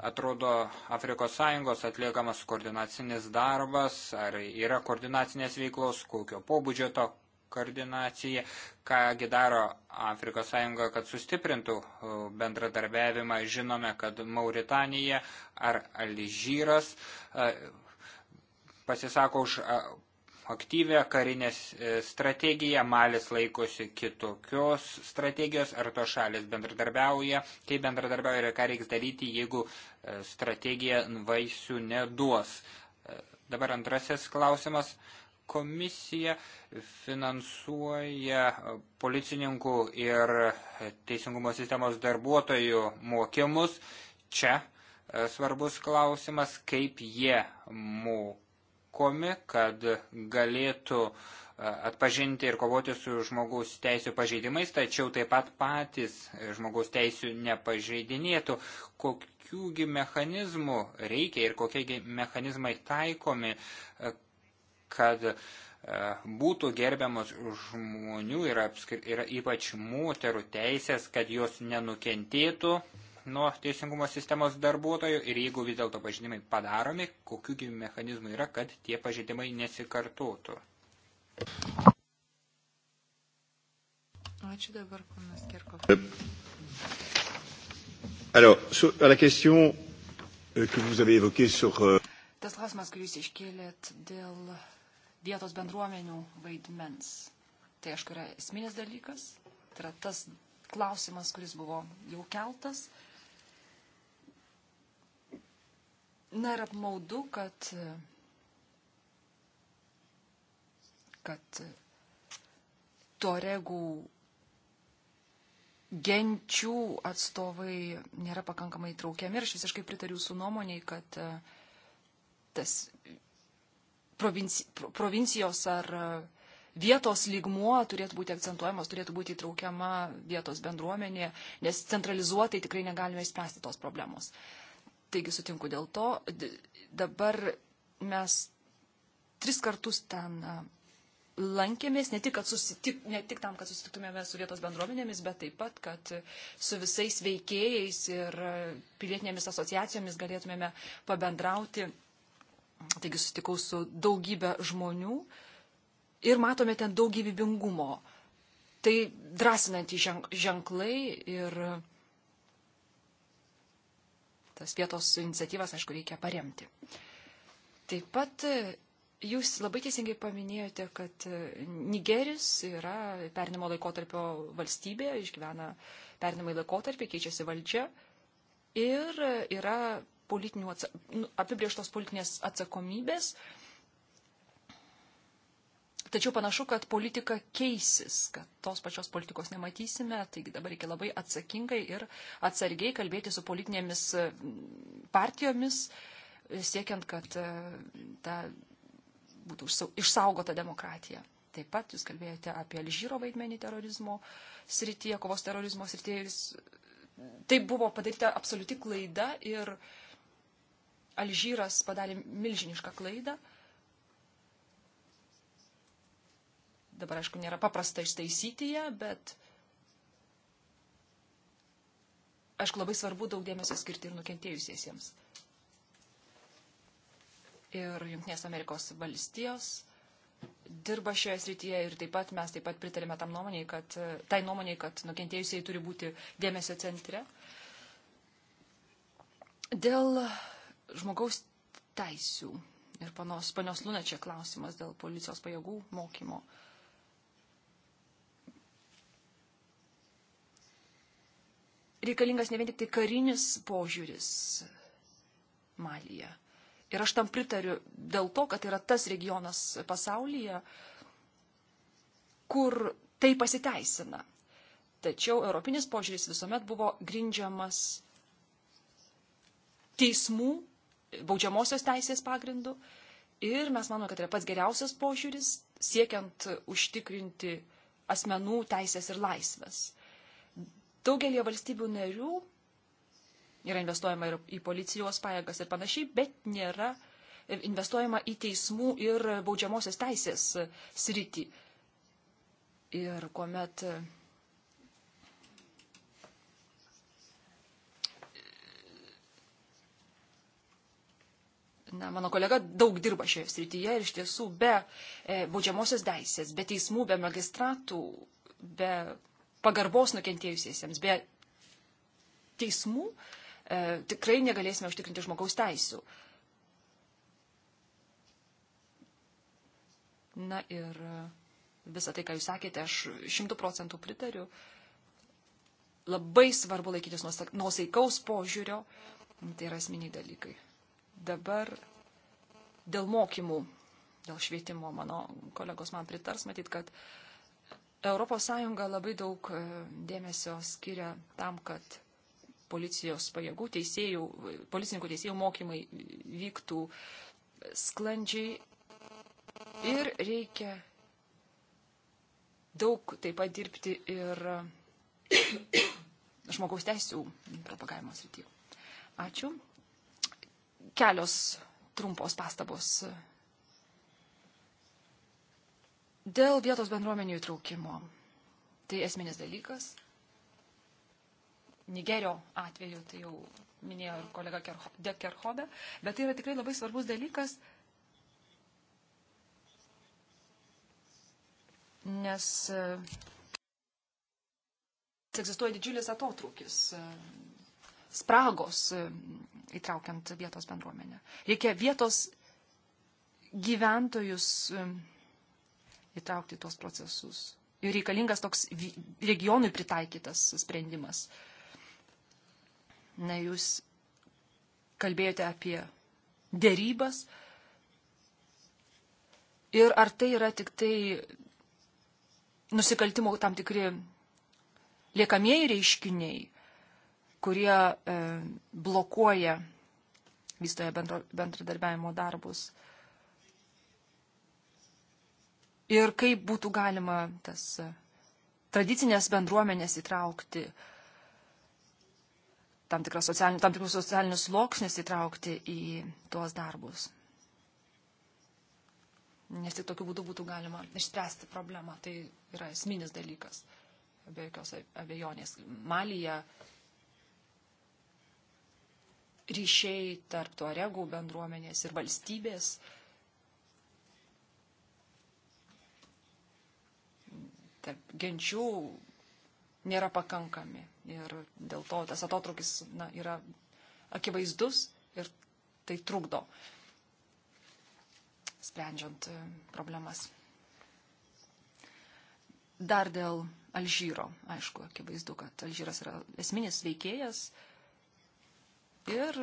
Speaker 5: atrodo Afrikos Sąjungos atliekamas koordinacinis darbas, ar yra koordinacinės veiklos, kokio pobūdžio to koordinacija, kągi daro Afrikos Sąjunga, kad sustiprintų e, bendradarbiavimą. Žinome, kad Mauritanija ar Alžyras e, pasisako už aktyvę karinę e, strategiją, Malis laikosi kitokios strategijos, ar to šalis bendradarbiauja, kaip bendradarbiauja ir ką reiks daryti, jeigu e, strategija vaisių neduos. E, dabar antrasis klausimas. Komisija finansuoja policininkų ir teisingumo sistemos darbuotojų mokymus. Čia svarbus klausimas, kaip jie moko taikomi, kad galėtų e, atpažinti ir kovoti su žmogaus teisų pažeidimais, tačiau taip pat patys žmogaus teisų nepažeidinėtų. Kokiųgi mechanizmų reikia ir kokiegi mechanizmai taikomi, e, kad e, būtų gerbiamos žmonių ir, apskri, ir ypač moterų teisės, kad jos nenukentėtų nuo teisingumo sistemos darbuotojų ir jeigu vis dėlto pažeidimai padaromi, kokiųgi mechanizmų yra, kad tie pažeidimai nesikartotų.
Speaker 6: Ačiū dabar, ponas Kirkov. Euh,
Speaker 2: alors, sur, à la question euh, que vous avez évoquée sur... Euh...
Speaker 6: Tas klausimas, kurį jūs iškėlėt dėl vietos bendruomenių vaidmens, tai aišku yra esminis dalykas, tai yra tas klausimas, kuris buvo jau keltas Na ir apmaudu, kad, kad toregų genčių atstovai nėra pakankamai traukiami ir aš visiškai pritariu su nuomoniai, kad e, tas provinci, provincijos ar e, vietos lygmuo turėtų būti akcentuojamas, turėtų būti įtraukiama vietos bendruomenė, nes centralizuotai tikrai negalime įspręsti tos problemos. Taigi sutinku dėl to. Dabar mes tris kartus ten lankėmės, ne tik, kad susitik, ne tik tam, kad susitiktumėme su vietos bendruomenėmis, bet taip pat, kad su visais veikėjais ir pilietinėmis asociacijomis galėtumėme pabendrauti. Taigi susitikau su daugybė žmonių ir matome ten daug gyvybingumo. Tai drąsinantys ženklai ir tas vietos iniciatyvas, aišku, reikia paremti. Taip pat e, jūs labai teisingai paminėjote, kad e, Nigeris yra pernimo laikotarpio valstybė, išgyvena pernimai laikotarpį, keičiasi valdžia ir yra politinių, nu, apibrieštos politinės atsakomybės. Uh, Tačiau panašu, kad politika keisis, kad tos pačios politikos nematysime, taigi dabar reikia labai atsakingai ir atsargiai kalbėti su politinėmis mm, partijomis, siekiant, kad e, ta būtų išsaugota demokratija. Taip pat jūs kalbėjote apie Alžyro vaidmenį terorizmo srityje, kovos terorizmo srityje. Tai buvo padaryta absoliuti klaida ir Alžyras padarė milžinišką klaidą. Uh, Dabar, aišku, nėra paprasta ištaisyti ją, bet, aišku, labai svarbu daug dėmesio skirti ir nukentėjusiesiems. Ir Junktinės Amerikos valstijos dirba šioje srityje ir taip pat mes taip pat pritarėme tam nuomonėj, kad, tai nuomonėj, kad nukentėjusiai turi būti dėmesio centre. Dėl žmogaus teisių ir panos, panios Lunačia klausimas dėl policijos pajėgų mokymo. Uh, reikalingas ne vien tik tai karinis požiūris Malyje. Ir aš tam pritariu dėl to, kad tai yra tas regionas pasaulyje, kur tai pasiteisina. Tačiau europinis požiūris visuomet buvo grindžiamas teismų, baudžiamosios teisės pagrindu. Ir mes manome, kad tai yra pats geriausias požiūris siekiant užtikrinti asmenų teisės ir laisvės. Daugelio valstybių narių yra investuojama ir į policijos pajėgas ir panašiai, bet nėra investuojama į teismų ir baudžiamosios teisės sritį. Ir kuomet na, mano kolega daug dirba šioje srityje ir iš tiesų be e, baudžiamosios teisės, be teismų, be magistratų, be pagarbos nukentėjusiesiems, be teismų e, tikrai negalėsime užtikrinti žmogaus teisų. Na ir e, visą tai, ką jūs sakėte, aš šimtų procentų pritariu. Labai svarbu laikytis nuosaikaus požiūrio. Tai yra asmeniai dalykai. Dabar dėl mokymų, dėl švietimo, mano kolegos man pritars, matyt, kad uh, ES labai daug e, dėmesio skiria tam, kad policijos pajėgų, teisėjų, policininkų teisėjų mokymai vyktų sklandžiai ir reikia daug taip pat dirbti ir žmogaus teisų propagavimo srityje. Ačiū. Kelios trumpos pastabos Dėl vietos bendruomenių įtraukimo. Tai esminis dalykas. Nigerio atveju, tai jau minėjo ir kolega Dekerhobe, bet tai yra tikrai labai svarbus dalykas, nes e, egzistuoja didžiulis atotrūkis, e, spragos e, įtraukiant vietos bendruomenę. Reikia vietos gyventojus įtraukti tuos procesus. Ir reikalingas toks regionui pritaikytas sprendimas. Na, jūs kalbėjote apie dėrybas. Ir ar tai yra tik tai nusikaltimo tam tikri liekamieji reiškiniai, kurie e, blokuoja vystoje bendro, bendradarbiavimo darbus. E, ir kaip būtų galima tas e, tradicinės bendruomenės įtraukti, tam, socialinių, tam tikrus socialinius sluoksnius įtraukti į tuos darbus. Nes tik tokiu būdu būtų galima išspręsti problemą. Tai yra esminis dalykas, be jokios abejonės. Malyje ryšiai tarp tuaregų bendruomenės ir valstybės uh, tarp genčių nėra pakankami. Ir dėl to tas atotrukis na, yra akivaizdus ir tai trukdo sprendžiant e, problemas. Dar dėl Alžyro. Aišku, akivaizdu, kad Alžyras yra esminis veikėjas. Ir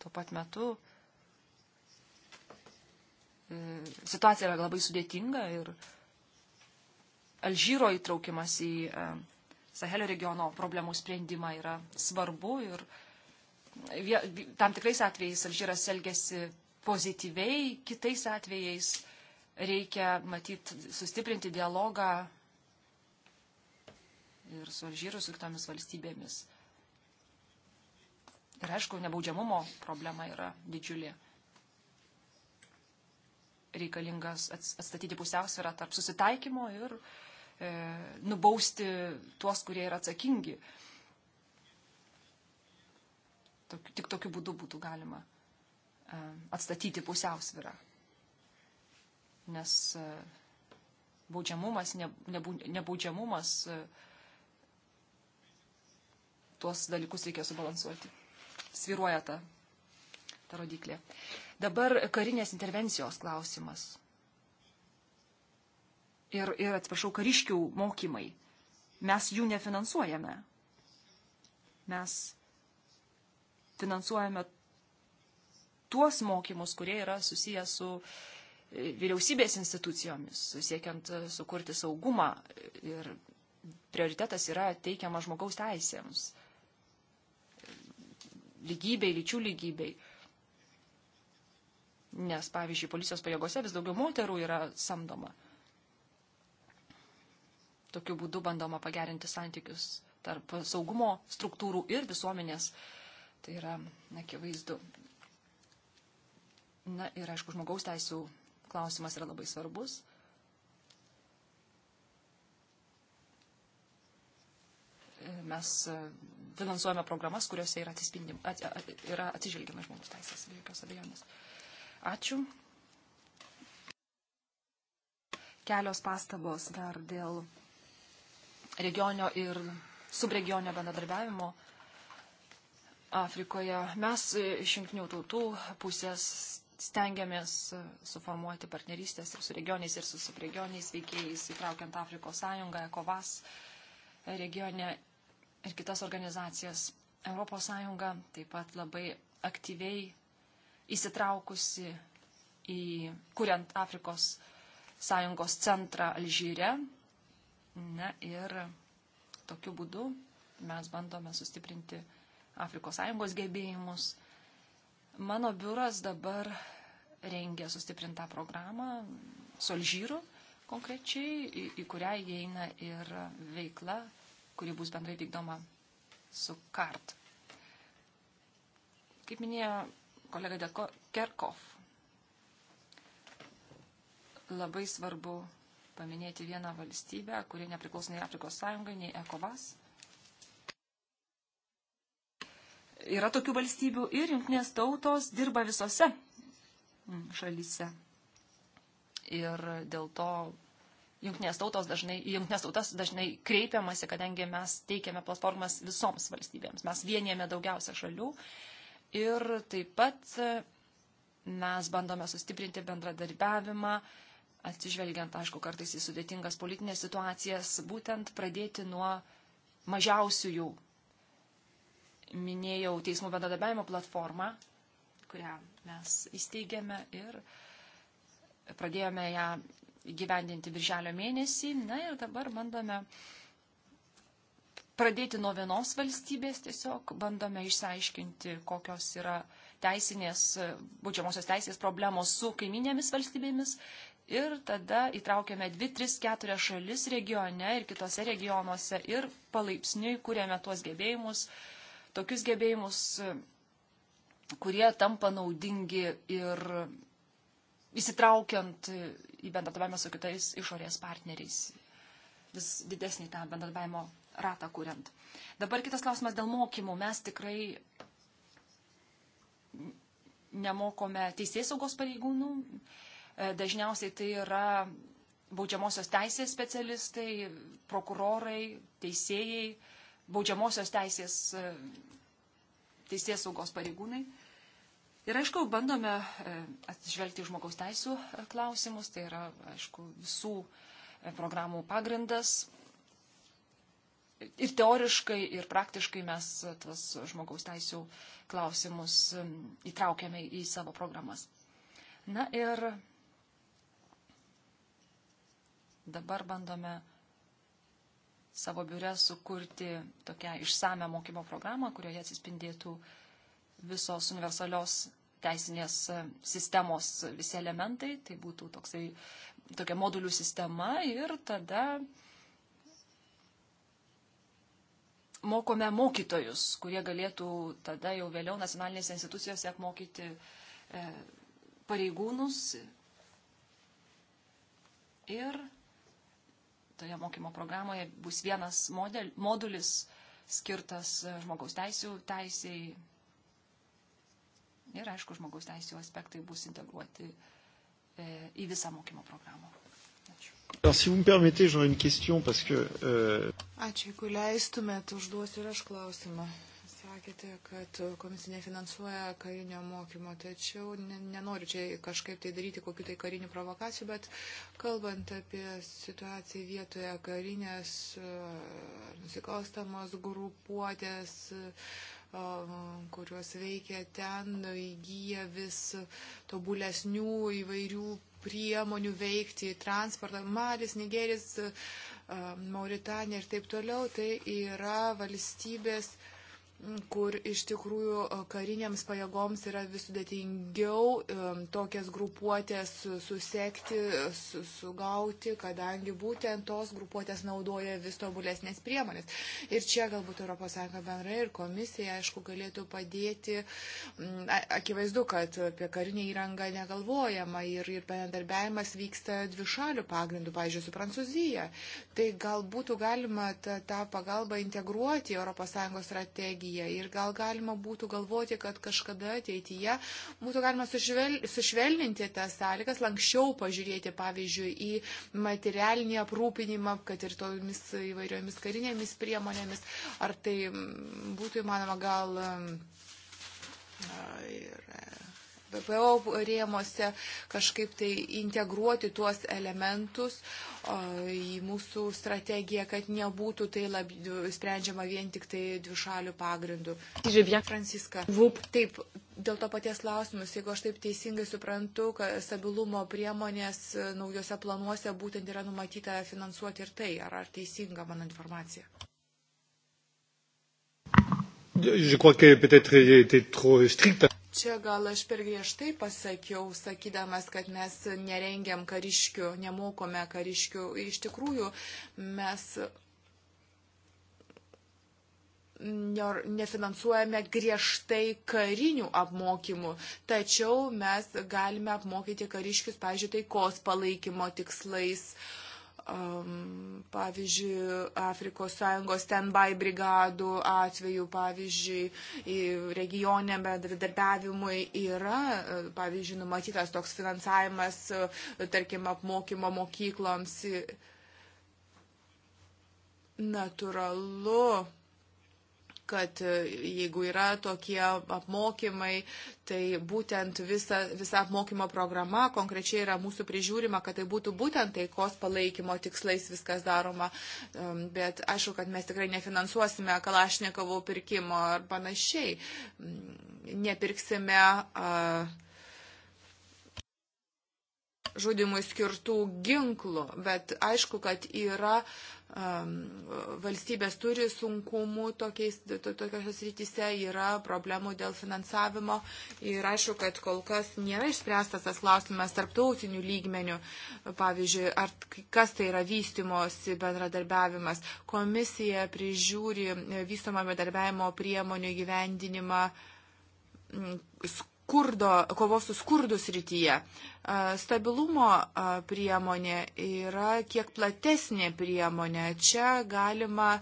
Speaker 6: tuo pat metu Mm, situacija yra labai sudėtinga ir Alžyro įtraukimas į Sahelio regiono problemų sprendimą yra svarbu ir tam tikrais atvejais Alžyras elgesi pozityviai, kitais atvejais reikia matyti, sustiprinti dialogą ir su Alžyru, su kitomis valstybėmis. Ir aišku, nebaudžiamumo problema yra didžiulė reikalingas atstatyti pusiausvyrą tarp susitaikymo ir e, nubausti tuos, kurie yra atsakingi. Tok, tik tokiu būdu būtų galima e, atstatyti pusiausvyrą. Nes e, baudžiamumas, ne, nebu, nebaudžiamumas, e, tuos dalykus reikia subalansuoti. Sviruoja ta, ta rodiklė. E, Dabar karinės intervencijos klausimas. Ir, ir atsiprašau, kariškių mokymai. Mes jų nefinansuojame. Mes finansuojame tuos mokymus, kurie yra susiję su e, vyriausybės institucijomis, siekiant e, sukurti saugumą ir prioritetas yra teikiama žmogaus teisėms, lygybei, lyčių lygybei nes, pavyzdžiui, policijos pajėgose vis daugiau moterų yra samdoma. Tokiu būdu bandoma pagerinti santykius tarp saugumo struktūrų ir visuomenės. Tai yra akivaizdu. Na ir, aišku, žmogaus teisų klausimas yra labai svarbus. Mes e, finansuojame programas, kuriuose yra, at, at, yra atsižvelgiama žmogus teisės, be jokios abejonės. Uh, Ačiū. Kelios pastabos dar dėl regionio ir subregionio bendradarbiavimo Afrikoje. Mes iš jungtinių tautų pusės stengiamės suformuoti partnerystės ir su regioniais, ir su subregioniais veikėjais, įtraukiant Afrikos sąjungą, ECOVAS regione ir kitas organizacijas. Europos sąjunga taip pat labai aktyviai įsitraukusi į kuriant Afrikos sąjungos centrą Alžyre. Na ir tokiu būdu mes bandome sustiprinti Afrikos sąjungos gebėjimus. Mano biuras dabar rengia sustiprintą programą su Alžyru konkrečiai, į, į kurią įeina ir veikla, kuri bus bendrai vykdoma su kart. Kaip minėjo kolega Deko Kerkov. Labai svarbu paminėti vieną valstybę, kurie nepriklauso nei Afrikos sąjungai, nei ECOVAS. Yra tokių valstybių ir jungtinės tautos dirba visose mm, šalyse. Ir dėl to jungtinės tautos dažnai, jungtinės tautas dažnai kreipiamasi, kadangi mes teikiame platformas visoms valstybėms. Mes vienijame daugiausia šalių Ir taip pat mes bandome sustiprinti bendradarbiavimą, atsižvelgiant, aišku, kartais į sudėtingas politinės situacijas, būtent pradėti nuo mažiausiųjų. Minėjau teismų bendradarbiavimo platformą, kurią mes įsteigėme ir pradėjome ją gyvendinti birželio mėnesį. Na ir dabar bandome uh, pradėti nuo vienos valstybės, tiesiog bandome išsiaiškinti, kokios yra teisinės, būdžiamosios teisės problemos su kaiminėmis valstybėmis. Ir tada įtraukėme 2, 3, 4 šalis regione ir kitose regionuose ir palaipsniui kūrėme tuos gebėjimus, tokius gebėjimus, kurie tampa naudingi ir įsitraukiant į bendradarbiavimą su kitais išorės partneriais. Vis didesnį tą bendradarbiavimo ratą kuriant. Dabar kitas klausimas dėl mokymų. Mes tikrai nemokome teisės saugos pareigūnų. E, dažniausiai tai yra baudžiamosios teisės specialistai, prokurorai, teisėjai, baudžiamosios teisės, e, teisės saugos pareigūnai. Ir aišku, bandome e, atsižvelgti žmogaus teisų klausimus, tai yra, aišku, visų programų pagrindas ir teoriškai, ir praktiškai mes tas žmogaus teisų klausimus įtraukiame į savo programas. Na ir dabar bandome savo biure sukurti tokią išsame mokymo programą, kurioje atsispindėtų visos universalios teisinės sistemos visi elementai, tai būtų toksai, tokia modulių sistema ir tada uh, mokome mokytojus, kurie galėtų tada jau vėliau nacionalinėse institucijose apmokyti e, pareigūnus. Ir toje mokymo programoje bus vienas model, modulis skirtas e, žmogaus teisų teisiai. Ir aišku, žmogaus teisų aspektai bus integruoti e, į visą mokymo programą.
Speaker 1: Alors, si vous me permettez, j'aurais une question parce que. Euh...
Speaker 6: Ačiū, jeigu leistumėt, užduosiu ir aš
Speaker 3: klausimą. Sakėte, kad komisija nefinansuoja karinio mokymo, tačiau nenoriu čia kažkaip tai daryti kokiu tai kariniu provokacijų, bet kalbant apie situaciją vietoje karinės e, nusikalstamos grupuotės, e, kuriuos veikia ten, įgyja vis tobulesnių įvairių priemonių veikti, transportą, Malis, Nigeris, e, Mauritanija ir taip toliau, tai yra valstybės kur iš tikrųjų e, kariniams pajėgoms yra vis sudėtingiau e, tokias grupuotės susekti, sugauti, kadangi būtent tos grupuotės naudoja vis tobulesnės priemonės. Ir čia galbūt ES bendrai ir komisija, aišku, galėtų padėti. Mm, akivaizdu, kad apie karinę įrangą negalvojama ir, ir bendarbiavimas vyksta dvišalių pagrindų, pavyzdžiui, su Prancūzija. Tai galbūt galima tą, tą pagalbą integruoti į ES strategiją strategiją ir gal galima būtų galvoti, kad kažkada ateityje būtų galima sušvel, sušvelninti tas sąlygas, lankščiau pažiūrėti, pavyzdžiui, į materialinį aprūpinimą, kad ir tomis įvairiomis karinėmis priemonėmis, ar tai būtų įmanoma gal ir e, PPO rėmose kažkaip tai integruoti tuos elementus į mūsų strategiją, kad nebūtų tai lab, sprendžiama vien tik tai dvišalių pagrindų. Franciska, taip, dėl to paties klausimus, jeigu aš taip teisingai suprantu, kad stabilumo priemonės e, naujose planuose būtent yra numatyta finansuoti ir tai, ar, ar teisinga mano informacija?
Speaker 4: Je crois que peut-être été trop stricte
Speaker 3: čia gal aš per griežtai pasakiau, sakydamas, kad mes nerengiam kariškių, nemokome kariškių. Iš tikrųjų, mes nefinansuojame griežtai karinių apmokymų, tačiau mes galime apmokyti kariškius, pažiūrėjau, taikos palaikymo tikslais. Uh, um, pavyzdžiui, Afrikos Sąjungos stand-by brigadų atveju, pavyzdžiui, regioniam bendradarbiavimui yra, pavyzdžiui, numatytas toks finansavimas, tarkim, apmokymo mokykloms. Natūralu, kad e, jeigu yra tokie apmokymai, tai būtent visa, visa apmokymo programa konkrečiai yra mūsų prižiūrima, kad tai būtų būtent taikos palaikymo tikslais viskas daroma. Bet aišku, kad mes tikrai nefinansuosime kalašnikovų pirkimo ar panašiai. Nepirksime. Uh, žudimui skirtų ginklų, bet aišku, kad yra valstybės turi sunkumų tokiais, to, tokios rytise, yra problemų dėl finansavimo ir aišku, kad kol kas nėra išspręstas tas klausimas tarptautinių lygmenių, pavyzdžiui, ar kas tai yra vystimosi bendradarbiavimas. Komisija prižiūri vystomą bendradarbiavimo priemonių gyvendinimą skurdo, kovos su skurdu srityje. Stabilumo priemonė yra kiek platesnė priemonė. Čia galima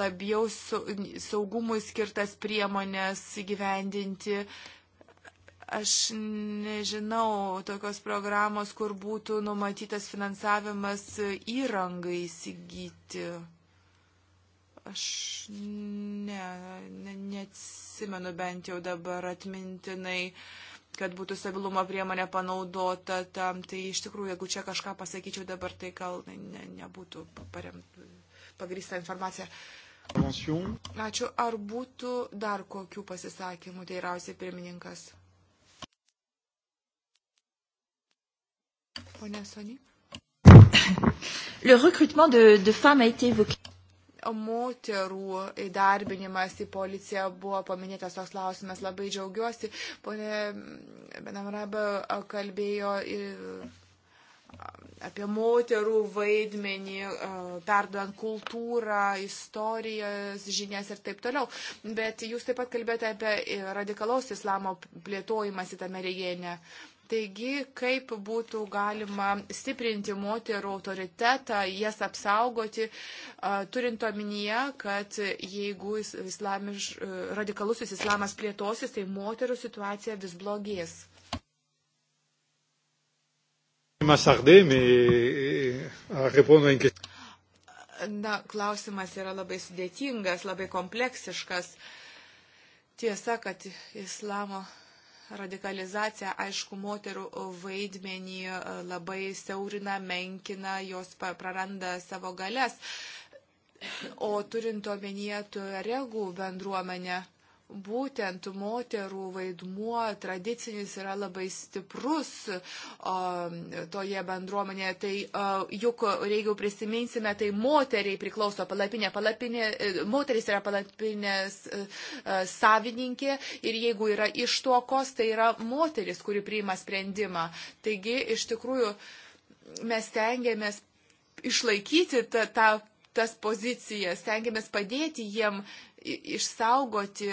Speaker 3: labiau saugumui skirtas priemonės įgyvendinti. Aš nežinau tokios programos, kur būtų numatytas finansavimas įrangai įsigyti. Aš ne, ne, neatsimenu bent jau dabar atmintinai, kad būtų stabilumo priemonė panaudota tam. Tai iš tikrųjų, jeigu čia kažką pasakyčiau dabar, tai gal ne, nebūtų paremt, pagrįsta informacija. Ačiū. Ar būtų dar kokių pasisakymų, teirausiai pirmininkas? Pone Sony.
Speaker 6: Le recrutement de, de femmes a été évoqué
Speaker 3: moterų įdarbinimas į policiją buvo paminėtas tos klausimas. Labai džiaugiuosi. Pone Benamraba kalbėjo apie moterų vaidmenį, perduodant kultūrą, istorijas, žinias ir taip toliau. Bet jūs taip pat kalbėjote apie radikalaus islamo plėtojimąsi tame regione. Taigi, kaip būtų galima stiprinti moterų autoritetą, jas apsaugoti, turint omenyje, kad jeigu islamiš, radikalusis islamas plėtosis, tai moterų situacija vis blogės. Eh, Na, klausimas yra labai sudėtingas, labai kompleksiškas. Tiesa, kad islamo radikalizacija, aišku, moterų vaidmenį e, labai siaurina, menkina, jos praranda savo galias. O turint omenyje tuaregų bendruomenę, būtent moterų vaidmuo tradicinis yra labai stiprus o, toje bendruomenėje. Tai o, juk, jeigu prisiminsime, tai moteriai priklauso palapinė. palapinė e, moteris yra palapinės e, e, savininkė ir jeigu yra ištuokos, tai yra moteris, kuri priima sprendimą. Taigi, iš tikrųjų, mes tengiamės išlaikyti tą, tą tas pozicijas, tengiamės padėti jiem išsaugoti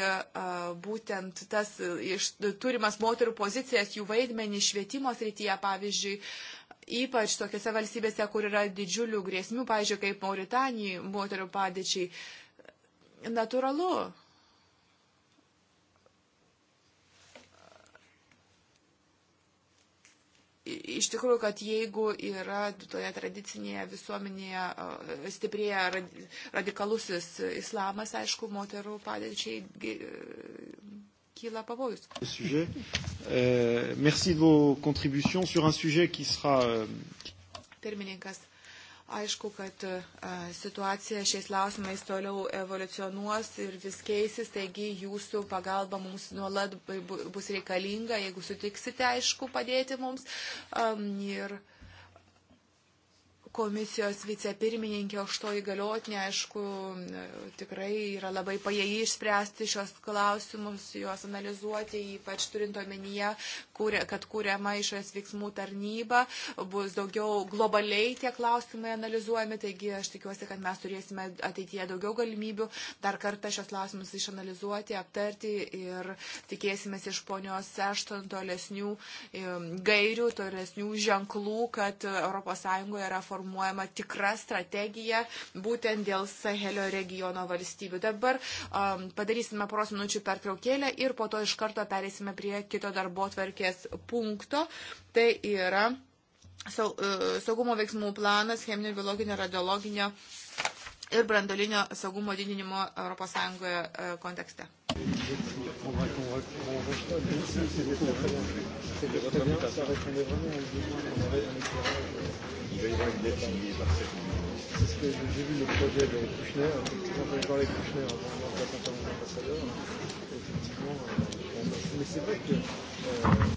Speaker 3: būtent tas iš, turimas moterų pozicijas, jų vaidmenį švietimo srityje, pavyzdžiui, ypač tokiuose valstybėse, kur yra didžiulių grėsmių, pavyzdžiui, kaip Mauritanijai, moterų padėčiai. Naturalu, iš tikrųjų, kad jeigu yra toje tradicinėje visuomenėje e, stiprėja radikalusis islamas, aišku, moterų padėčiai e, kyla pavojus.
Speaker 1: Sujet, euh, merci de vos contributions sur un sujet qui sera. Euh,
Speaker 3: Pirmininkas, Aišku, kad e, situacija šiais klausimais toliau evoliucionuos ir vis keisis, taigi jūsų pagalba mums nuolat bus reikalinga, jeigu sutiksite, aišku, padėti mums. Ir, um, komisijos vicepirmininkė, aukštoji galiotinė, aišku, tikrai yra labai pajėgi išspręsti šios klausimus, juos analizuoti, ypač turint omenyje, kad kūriama išorės veiksmų tarnyba, bus daugiau globaliai tie klausimai analizuojami, taigi aš tikiuosi, kad mes turėsime ateityje daugiau galimybių dar kartą šios klausimus išanalizuoti, aptarti ir tikėsime iš ponios Ešton tolesnių gairių, tolesnių ženklų, kad ES yra formuojama formuojama tikra strategija būtent dėl Sahelio regiono valstybių. Dabar um, padarysime poros minučių pertraukėlę ir po to iš karto perėsime prie kito darbo tvarkės punkto. Tai yra uh, saugumo veiksmų planas cheminio, biologinio, radiologinio ir brandolinio saugumo didinimo ES uh, kontekste
Speaker 1: c'était votre bien, ça répondait vraiment aux besoins qu'on avait dans l'éclairage. Euh, Il va y avoir une dette signée par cette C'est ce que j'ai vu le projet de Kouchner, effectivement, quand je parlais de Kouchner avant de remplacer un ambassadeur, effectivement, euh, mais c'est vrai que. Euh,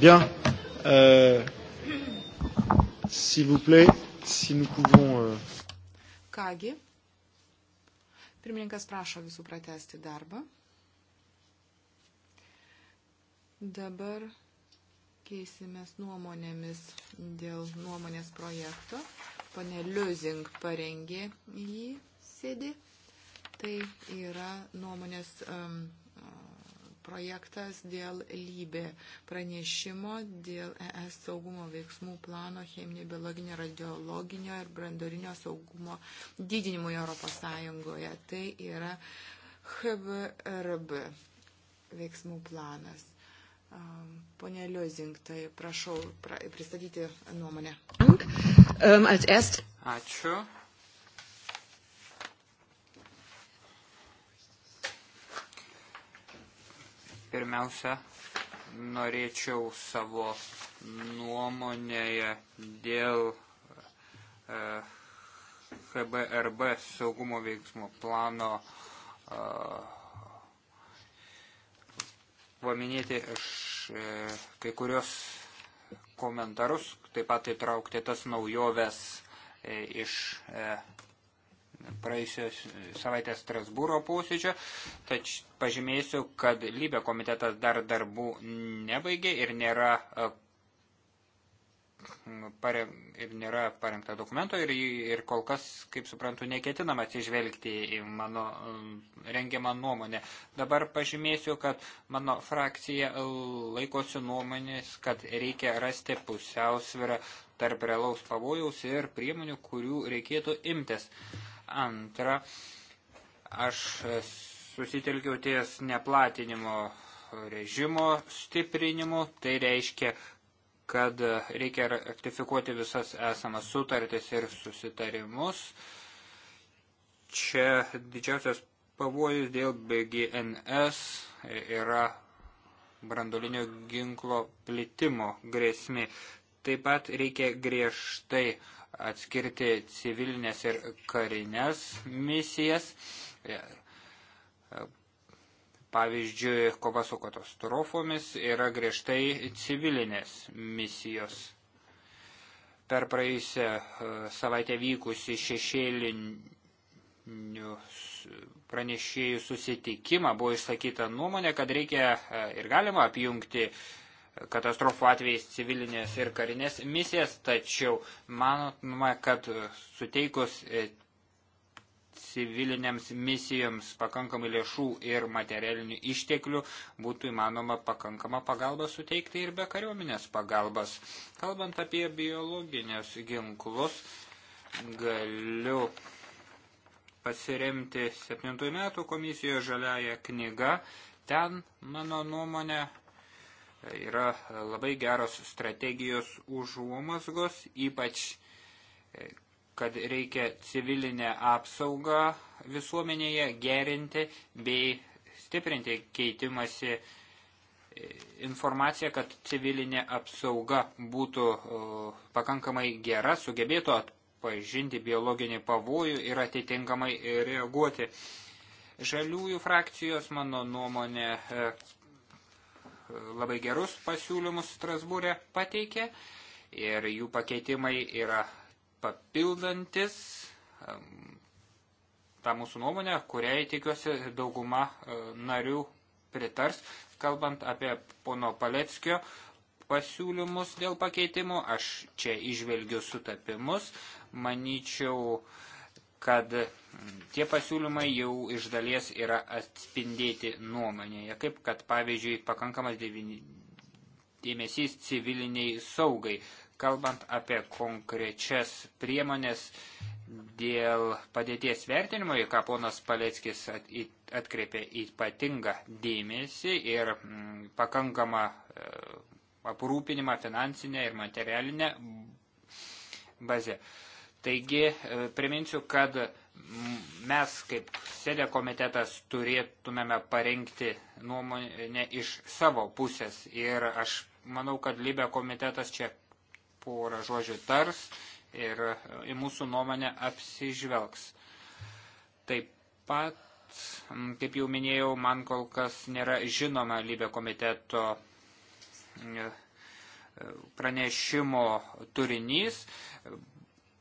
Speaker 1: Bien. Euh, S'il vous plaît, si nous pouvons. Euh...
Speaker 3: Kągi. Pirmininkas prašo visų pratesti darbą. Dabar keisimės nuomonėmis dėl nuomonės projekto. Pane Liuzing parengė jį sėdi. Tai yra nuomonės um, projektas dėl lybė pranešimo dėl ES saugumo veiksmų plano cheminio, biologinio, radiologinio ir brandorinio saugumo didinimui ES. Tai yra HBRB veiksmų planas. Um, Pone Liozing, tai prašau pra, pristatyti nuomonę.
Speaker 5: Ähm, Ačiū. Pirmiausia, norėčiau savo nuomonėje dėl e, HBRB saugumo veiksmų plano e, paminėti e, kai kurios komentarus, taip pat įtraukti tas naujoves iš praėjusios e, savaitės Strasbūro posėdžio, tač pažymėsiu, kad Lybė komitetas dar darbų nebaigė ir nėra, e, pareng, ir nėra parengta dokumento ir, ir kol kas, kaip suprantu, neketinama atsižvelgti į mano rengiamą nuomonę. Dabar pažymėsiu, kad mano frakcija laikosi nuomonės, kad reikia rasti pusiausvirą tarp realaus pavojaus ir priemonių, kurių reikėtų imtis. Antra, aš susitelkiau ties neplatinimo režimo stiprinimu, tai reiškia, kad reikia ratifikuoti visas esamas sutartis ir susitarimus. Čia didžiausias pavojus dėl BGNS yra brandolinio ginklo plitimo grėsmi. Taip pat reikia griežtai atskirti civilinės ir karinės misijas. E, Pavyzdžiui, kova su katastrofomis yra griežtai civilinės misijos. Per praėjusią e, savaitę vykusi šešėlinių pranešėjų susitikimą buvo išsakyta nuomonė, kad reikia e, ir galima apjungti uh, katastrofų atvejais civilinės ir karinės misijas, tačiau manoma, kad suteikus e, civiliniams misijoms pakankamai lėšų ir materialinių išteklių būtų įmanoma pakankama pagalba suteikti ir be kariuomenės pagalbas. Kalbant apie biologinius ginklus, galiu pasiremti 7 metų komisijos žaliaja knyga. Ten, mano nuomonė, yra labai geros strategijos užuomasgos, ypač e, kad reikia civilinę apsaugą visuomenėje gerinti bei stiprinti keitimasi e, informaciją, kad civilinė apsauga būtų pakankamai gera, sugebėtų atpažinti biologinį pavojų ir atitinkamai reaguoti. Žaliųjų frakcijos, mano nuomonė, e, labai gerus pasiūlymus Strasbūrė pateikė ir jų pakeitimai yra papildantis tą mūsų nuomonę, kuriai tikiuosi dauguma e, narių pritars, kalbant apie pono Paleckio pasiūlymus dėl pakeitimo. Aš čia išvelgiu sutapimus. Manyčiau, uh, kad tie pasiūlymai jau iš dalies yra atspindėti nuomonėje, kaip kad pavyzdžiui pakankamas dėmesys civiliniai saugai, kalbant apie konkrečias priemonės dėl padėties vertinimo, į ką ponas Paleckis atkreipė ypatingą dėmesį ir mm, pakankamą e, aprūpinimą finansinę ir materialinę bazę. Taigi, e, priminsiu, kad mes kaip sėdė komitetas turėtumėme parengti nuomonę iš savo pusės ir aš manau, kad Libė komitetas čia porą žodžių tars ir e, į mūsų nuomonę apsižvelgs. Taip pat, kaip jau minėjau, man kol kas nėra žinoma Libė komiteto e, pranešimo turinys,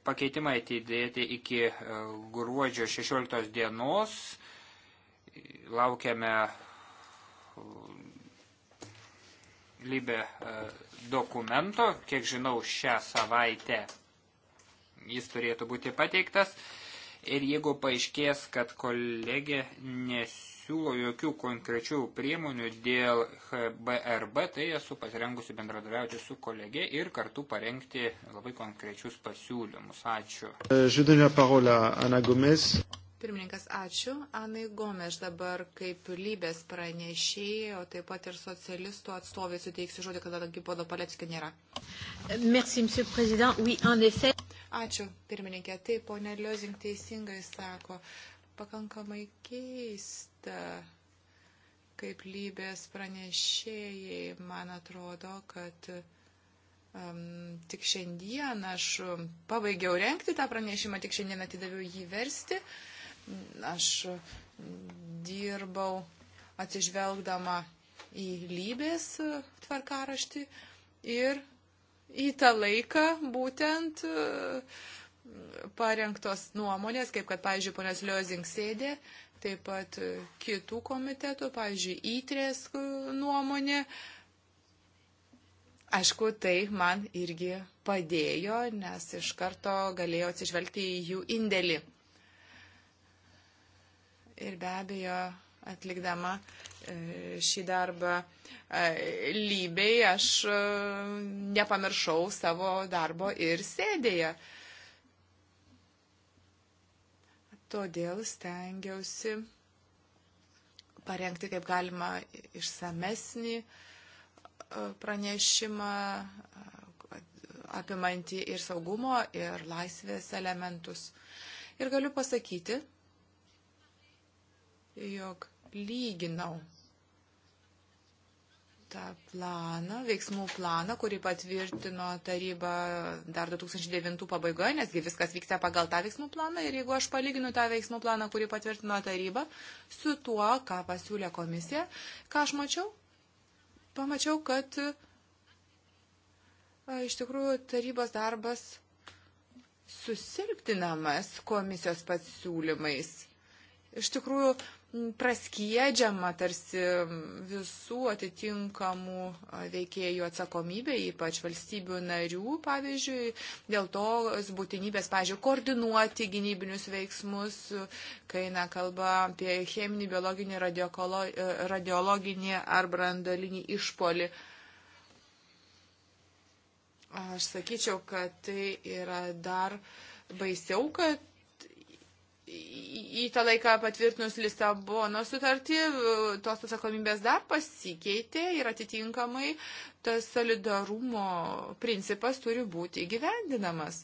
Speaker 5: pakeitimai atidėti iki e, gruodžio 16 dienos. Laukiame e, Libė e, dokumento, kiek žinau, šią savaitę jis turėtų būti pateiktas. Ir jeigu paaiškės, kad kolegė nes nesiūlo jokių konkrečių priemonių dėl BRB, tai esu pasirengusi bendradarbiauti su kolegė ir kartu parengti labai konkrečius pasiūlymus. Ačiū.
Speaker 1: E,
Speaker 3: Pirmininkas, ačiū. Anai Gomes dabar kaip lybės pranešėjo, taip pat ir socialistų atstovai suteiksiu žodį, kadangi podo Paleckio nėra. Merci, monsieur président. Oui, en effet. Ačiū, pirmininkė. Taip, ponė Liozing teisingai sako. Pakankamai keista kaip lybės pranešėjai, man atrodo, kad um, tik šiandien aš pabaigiau renkti tą pranešimą, tik šiandien atidaviau jį versti. Aš dirbau atsižvelgdama į lybės tvarkaraštį ir į tą laiką būtent uh, parengtos nuomonės, kaip kad, pavyzdžiui, ponios Liozing sėdė taip pat kitų komitetų, pavyzdžiui, įtrės nuomonė. Aišku, tai man irgi padėjo, nes iš karto galėjau atsižvelgti į jų indėlį. Ir be abejo, atlikdama e, šį darbą e, lybei, aš e, nepamiršau savo darbo ir sėdėje. Todėl stengiausi parengti kaip galima išsamesnį e, pranešimą e, apimantį ir saugumo, ir laisvės elementus. Ir galiu pasakyti, jog lyginau tą planą, veiksmų planą, kurį patvirtino taryba dar 2009 pabaigoje, nesgi viskas vyksta pagal tą veiksmų planą ir jeigu aš palyginu tą veiksmų planą, kurį patvirtino taryba, su tuo, ką pasiūlė komisija, ką aš mačiau, pamačiau, kad iš tikrųjų tarybos darbas susilptinamas komisijos pasiūlymais. Iš tikrųjų, praskiedžiama tarsi visų atitinkamų veikėjų atsakomybė, ypač valstybių narių, pavyzdžiui, dėl to būtinybės, pavyzdžiui, koordinuoti gynybinius veiksmus, kai eina kalba apie cheminį, biologinį, e, radiologinį ar brandolinį išpolį. Aš sakyčiau, kad tai yra dar baisiau, kad į tą laiką patvirtinus Lisabono sutartį, tos atsakomybės dar pasikeitė ir atitinkamai tas solidarumo principas turi būti įgyvendinamas.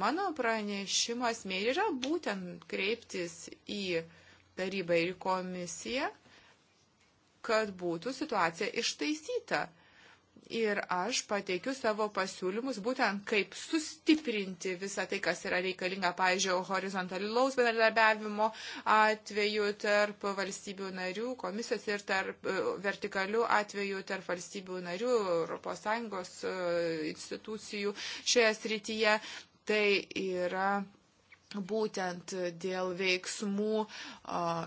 Speaker 3: Mano pranešimas mėly yra būtent kreiptis į tarybą ir komisiją, kad būtų situacija ištaisyta. Ir aš pateikiu savo pasiūlymus būtent kaip sustiprinti visą tai, kas yra reikalinga, pavyzdžiui, horizontalilaus bendradarbiavimo atveju tarp valstybių narių, komisijos ir tarp e, vertikalių atvejų tarp valstybių narių, ES e, institucijų šioje srityje. Tai yra būtent dėl veiksmų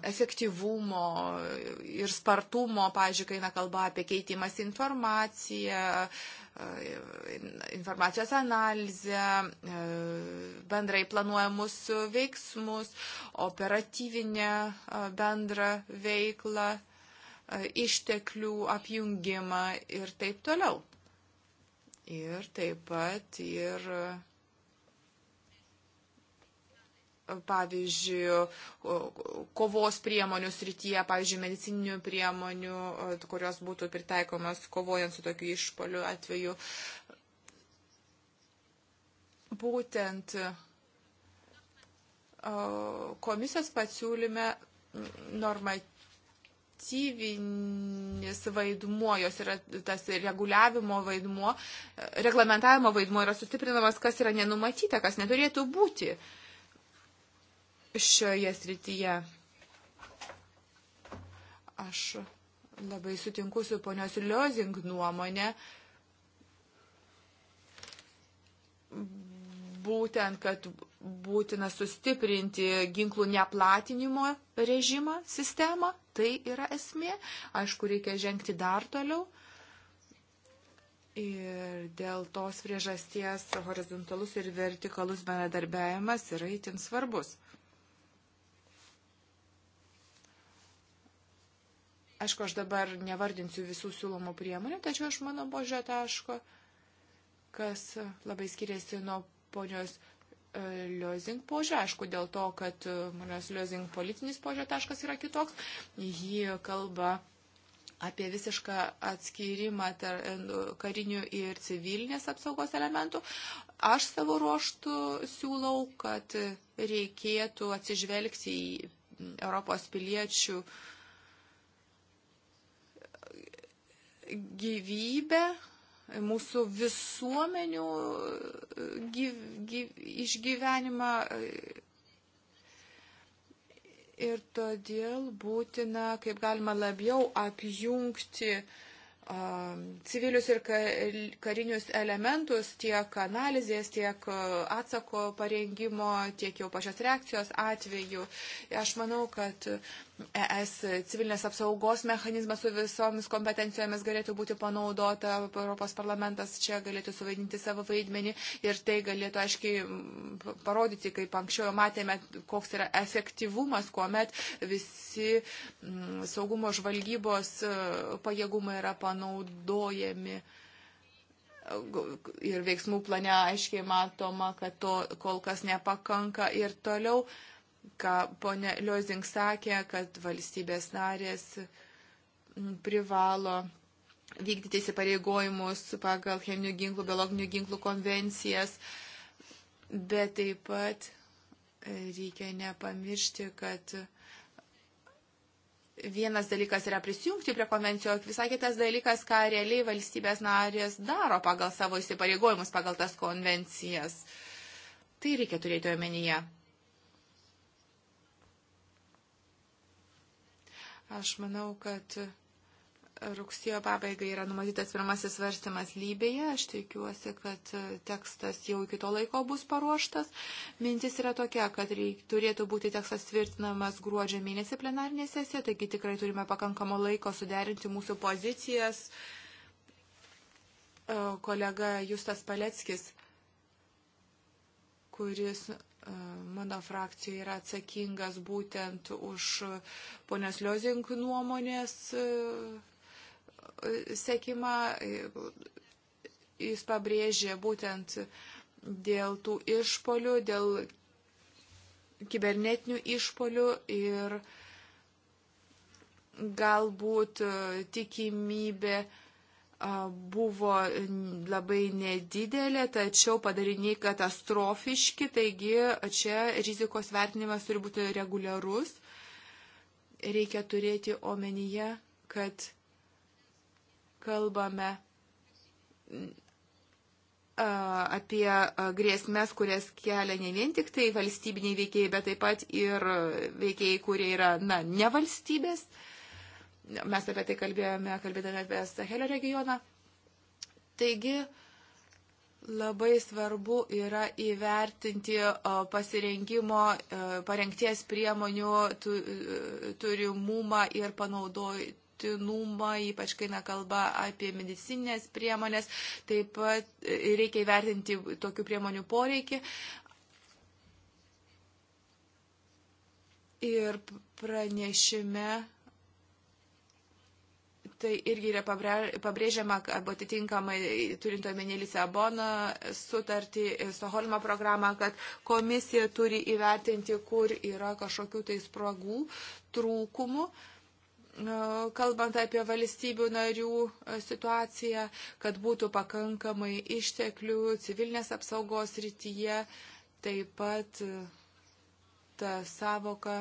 Speaker 3: efektyvumo ir spartumo, pažiūrėk, kai eina kalba apie keitimas informaciją, informacijos analizę, bendrai planuojamus veiksmus, operatyvinę bendrą veiklą, išteklių apjungimą ir taip toliau. Ir taip pat ir pavyzdžiui, kovos priemonių srityje, pavyzdžiui, medicininių priemonių, kurios būtų pritaikomas kovojant su tokiu išpoliu atveju. Būtent komisijos pasiūlyme normatyvų normatyvinis vaidmuo, jos yra tas reguliavimo vaidmuo, reglamentavimo vaidmuo yra sustiprinamas, kas yra nenumatyta, kas neturėtų būti. Uh, šioje srityje. Aš labai sutinku su ponios Liozing nuomonė. Būtent, kad būtina sustiprinti ginklų neplatinimo režimą, sistemą, tai yra esmė. Aišku, reikia žengti dar toliau. Ir dėl tos priežasties horizontalus ir vertikalus bendradarbiavimas yra itin svarbus. Aišku, aš dabar nevardinsiu visų siūlomų priemonių, tačiau aš mano požiūrė taško, kas labai skiriasi nuo ponios e, Liozing požiūrė, aišku, dėl to, kad e, ponios Liozing politinis požiūrė taškas yra kitoks, ji kalba apie visišką atskirimą e, nu, karinių ir civilinės apsaugos elementų. Aš savo ruoštų siūlau, kad reikėtų atsižvelgti į Europos piliečių uh, gyvybę, mūsų visuomenių e, gyv, gyv, išgyvenimą. E, ir todėl būtina, kaip galima labiau apjungti civilius ir karinius elementus tiek analizės, tiek e, atsako parengimo, tiek jau pačios reakcijos atveju. Aš manau, kad ES civilinės apsaugos mechanizmas su visomis kompetencijomis galėtų būti panaudota, Europos parlamentas čia galėtų suvaidinti savo vaidmenį ir tai galėtų aiškiai parodyti, kaip anksčiau matėme, koks yra efektyvumas, kuomet visi saugumo žvalgybos e, pajėgumai yra panaudojami ir veiksmų plane aiškiai matoma, kad to kol kas nepakanka ir toliau ką ponė Liozing sakė, kad valstybės narės privalo vykdyti įsipareigojimus pagal cheminių ginklų, biologinių ginklų konvencijas, bet taip pat e, reikia nepamiršti, kad vienas dalykas yra prisijungti prie konvencijos, visai kitas dalykas, ką realiai valstybės narės daro pagal savo įsipareigojimus, pagal tas konvencijas. Tai reikia turėti omenyje. Aš manau, kad rugsėjo pabaigai yra numatytas pirmasis svarstymas lybėje. Aš tikiuosi, kad tekstas jau iki to laiko bus paruoštas. Mintis yra tokia, kad reik, turėtų būti tekstas tvirtinamas gruodžio mėnesį plenarinė sesija, taigi tikrai turime pakankamo laiko suderinti mūsų pozicijas. Kolega Justas Paleckis kuris mano frakcija yra atsakingas būtent už ponios Liozink nuomonės e, e, sekimą. Jis pabrėžė būtent dėl tų išpolių, dėl kibernetinių išpolių ir galbūt e, tikimybė uh, buvo labai nedidelė, tačiau padariniai katastrofiški, taigi čia rizikos vertinimas turi būti reguliarus. Reikia turėti omenyje, kad kalbame apie grėsmės, kurias kelia ne vien tik tai valstybiniai veikėjai, bet taip pat ir veikėjai, kurie yra, na, ne valstybės. Uh, Mes apie tai kalbėjome, kalbėdami apie Sahelio regioną. Taigi, labai svarbu yra įvertinti pasirengimo, parengties priemonių turimumą ir panaudotinumą, ypač kai kalba apie medicinės priemonės. Taip pat reikia įvertinti tokių priemonių poreikį. Ir pranešime Tai irgi yra pabrėžiama, kad atitinkamai turint omeny Lisabono sutartį, e, Stoholmo programą, kad komisija turi įvertinti, kur yra kažkokių tai spragų, trūkumų. E, kalbant apie valstybių narių e, situaciją, kad būtų pakankamai išteklių civilinės apsaugos rytyje, taip pat ta savoka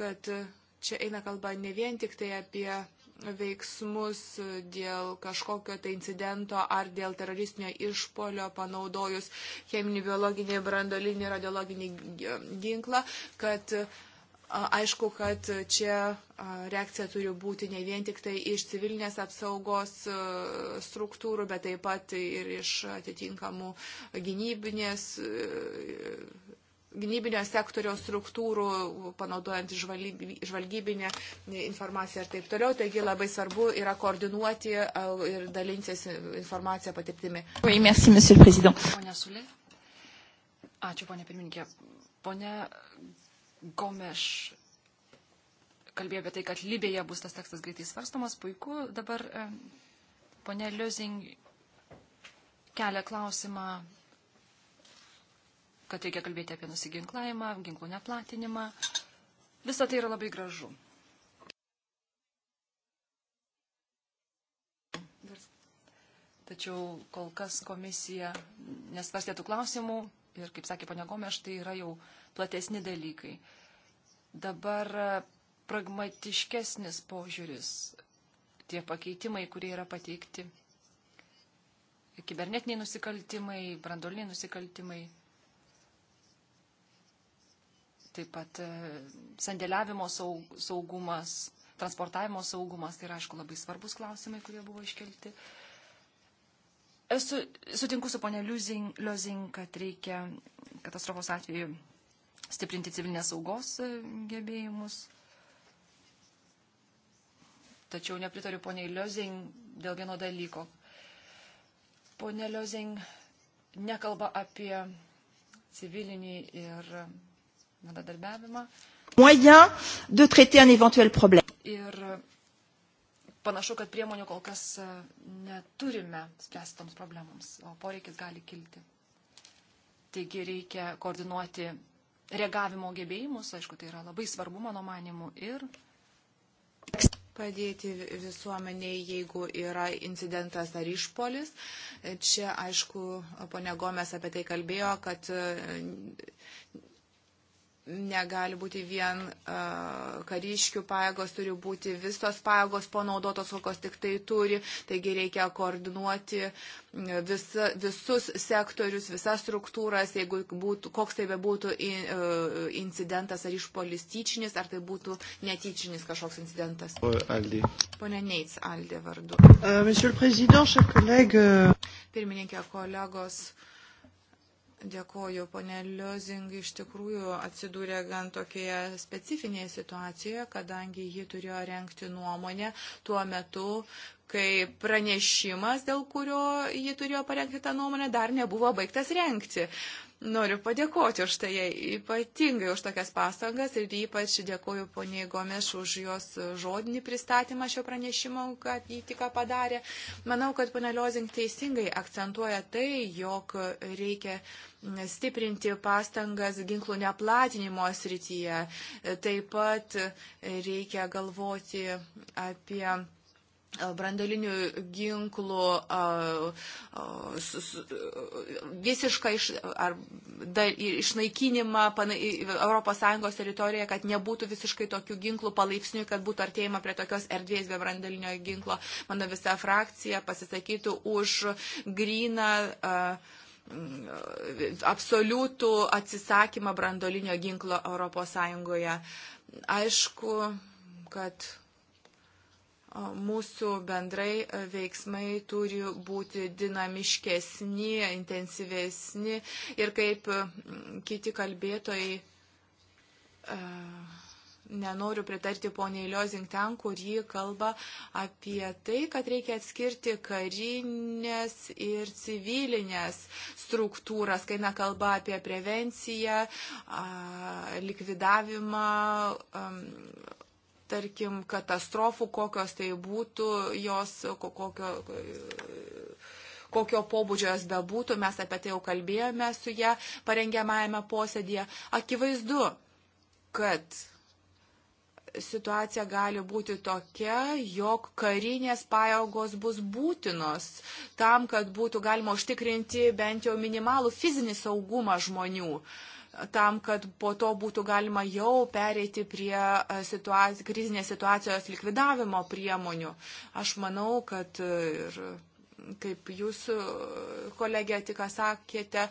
Speaker 3: kad čia eina kalba ne vien tik tai apie veiksmus dėl kažkokio tai incidento ar dėl teroristinio išpolio panaudojus cheminį, biologinį, brandolinį, radiologinį ginklą, kad aišku, kad čia reakcija turi būti ne vien tik tai iš civilinės apsaugos struktūrų, bet taip pat ir iš atitinkamų gynybinės gynybinio sektoriaus struktūrų, panaudojant žvalgybinę informaciją ir taip toliau. Taigi labai svarbu yra koordinuoti e, ir dalintis informaciją patirtimi.
Speaker 6: Oui, merci, monsieur le président. Pone Sulė. Ačiū, ponė pirmininkė. Pone Gomeš kalbėjo apie tai, kad Libėje bus tas tekstas greitai svarstamas. Puiku. Dabar e, ponė Liuzing kelia klausimą kad reikia kalbėti apie nusiginklavimą, ginklų neplatinimą. Visą tai yra labai gražu. Tačiau kol kas komisija nesvarstė tų klausimų ir, kaip sakė ponia Gomeš, tai yra jau platesni dalykai. Dabar pragmatiškesnis požiūris, tie pakeitimai, kurie yra pateikti, kibernetiniai nusikaltimai, brandoliniai nusikaltimai, taip pat e, sandėliavimo saugumas, transportavimo saugumas, tai yra, aišku, labai svarbus klausimai, kurie buvo iškelti. Esu, sutinku su ponė Liuzing, kad reikia katastrofos atveju stiprinti civilinės saugos e, gebėjimus. Tačiau nepritariu poniai Liuzing dėl vieno dalyko. Pone Liuzing nekalba apie civilinį ir bendradarbiavimą. Ir e, panašu, kad priemonių kol kas e, neturime spręsti toms problemams, o poreikis gali kilti. Taigi reikia koordinuoti reagavimo gebėjimus, aišku, tai yra labai svarbu mano manimu ir padėti visuomeniai,
Speaker 3: jeigu yra incidentas ar išpolis. Čia, aišku, ponė Gomes apie tai kalbėjo, kad e, negali būti vien uh, kariškių pajėgos, turi būti visos pajėgos panaudotos, kokios tik tai turi. Taigi reikia koordinuoti visa, visus sektorius, visas struktūras, jeigu būtų, koks tai bebūtų in, uh, e, incidentas ar išpolis tyčinis, ar tai būtų netyčinis kažkoks incidentas. Aldė. Pone Neits, Aldė
Speaker 2: vardu. Uh,
Speaker 3: Pirmininkė, kolegos. Uh, Dėkoju, ponė Liozing iš tikrųjų atsidūrė gan tokioje specifinėje situacijoje, kadangi ji turėjo renkti nuomonę tuo metu, kai pranešimas, dėl kurio ji turėjo parengti tą nuomonę, dar nebuvo baigtas renkti. Noriu padėkoti už tai, ypatingai už tokias pastangas ir ypač dėkoju poniai Gomeš už jos žodinį pristatymą šio pranešimo, kad jį tik padarė. Manau, kad ponė Liozing teisingai akcentuoja tai, jog reikia stiprinti pastangas ginklų neplatinimo srityje. Taip pat reikia galvoti apie brandalinių ginklų a, a, su, su, visišką iš, ar, da, išnaikinimą pana, ES teritorijoje, kad nebūtų visiškai tokių ginklų palaipsniui, kad būtų artėjama prie tokios erdvės be brandalinio ginklo. Mano visa frakcija pasisakytų už gryną. A, Mm, absoliutų atsisakymą brandolinio ginklo ES. Aišku, kad mūsų bendrai e, veiksmai turi būti dinamiškesni, intensyvesni ir kaip mm, kiti kalbėtojai. Uh, nenoriu pritarti poniai Liozing ten, kur ji kalba apie tai, kad reikia atskirti karinės ir civilinės struktūras, kai na kalba apie prevenciją, likvidavimą tarkim, katastrofų, kokios tai būtų, jos kokio, kokio pobūdžio jos bebūtų, mes apie tai jau kalbėjome su ją parengiamajame posėdėje. Akivaizdu, kad situacija gali būti tokia, jog karinės pajėgos bus būtinos tam, kad būtų galima užtikrinti bent jau minimalų fizinį saugumą žmonių tam, kad po to būtų galima jau pereiti prie e, situaci krizinės situacijos likvidavimo priemonių. Aš manau, kad ir kaip jūs, e, kolegė, tik sakėte,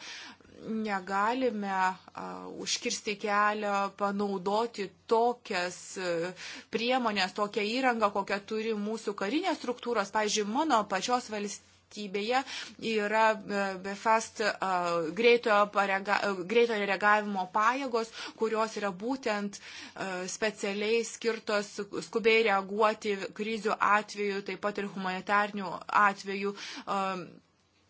Speaker 3: negalime uh, užkirsti kelią panaudoti tokias uh, priemonės, tokią įrangą, kokią turi mūsų karinės struktūros. Pavyzdžiui, mano pačios valstybėje yra uh, e, BFAST uh, e, greitojo, parega, uh, greitojo reagavimo pajėgos, kurios yra būtent uh, specialiai skirtos skubiai reaguoti krizių atveju, taip pat ir humanitarnių atveju. Uh,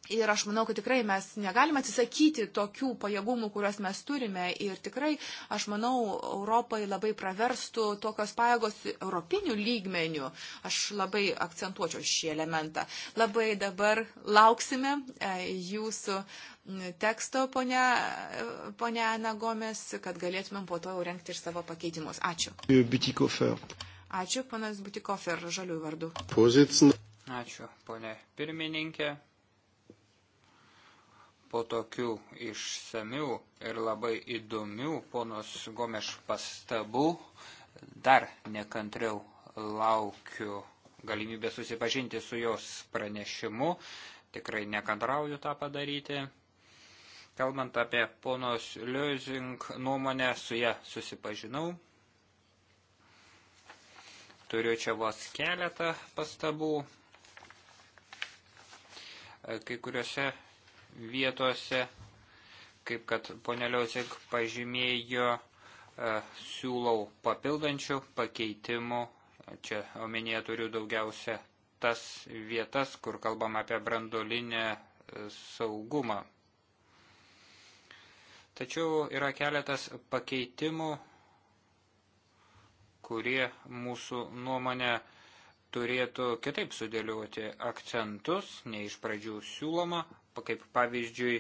Speaker 3: Ir aš manau, kad tikrai mes negalime atsisakyti tokių pajėgumų, kuriuos mes turime. Ir tikrai, aš manau, Europai labai praverstų tokios pajėgos europinių lygmenių. Aš labai akcentuočiau šį elementą. Labai dabar lauksime e, jūsų teksto, ponia, ponia Ana Gomes, kad galėtumėm po to jau renkti ir savo pakeitimus. Ačiū.
Speaker 1: Butikofer.
Speaker 5: Ačiū, panas Butikofer, žaliųjų vardu.
Speaker 1: Pozicin.
Speaker 5: Ačiū, ponė pirmininkė po tokių išsamių ir labai įdomių ponos Gomeš pastabų dar nekantriau laukiu galimybę susipažinti su jos pranešimu. Tikrai nekantrauju tą padaryti. Kalbant apie ponos Liuzing nuomonę, su ją susipažinau. Turiu čia vos keletą pastabų. Kai kuriuose vietose, kaip kad poneliausik pažymėjo, e, siūlau papildančių pakeitimų. Čia omenyje turiu daugiausia tas vietas, kur kalbam apie brandolinę e, saugumą. Tačiau yra keletas pakeitimų, kurie mūsų nuomonė turėtų kitaip sudėlioti akcentus, nei iš pradžių siūloma kaip pavyzdžiui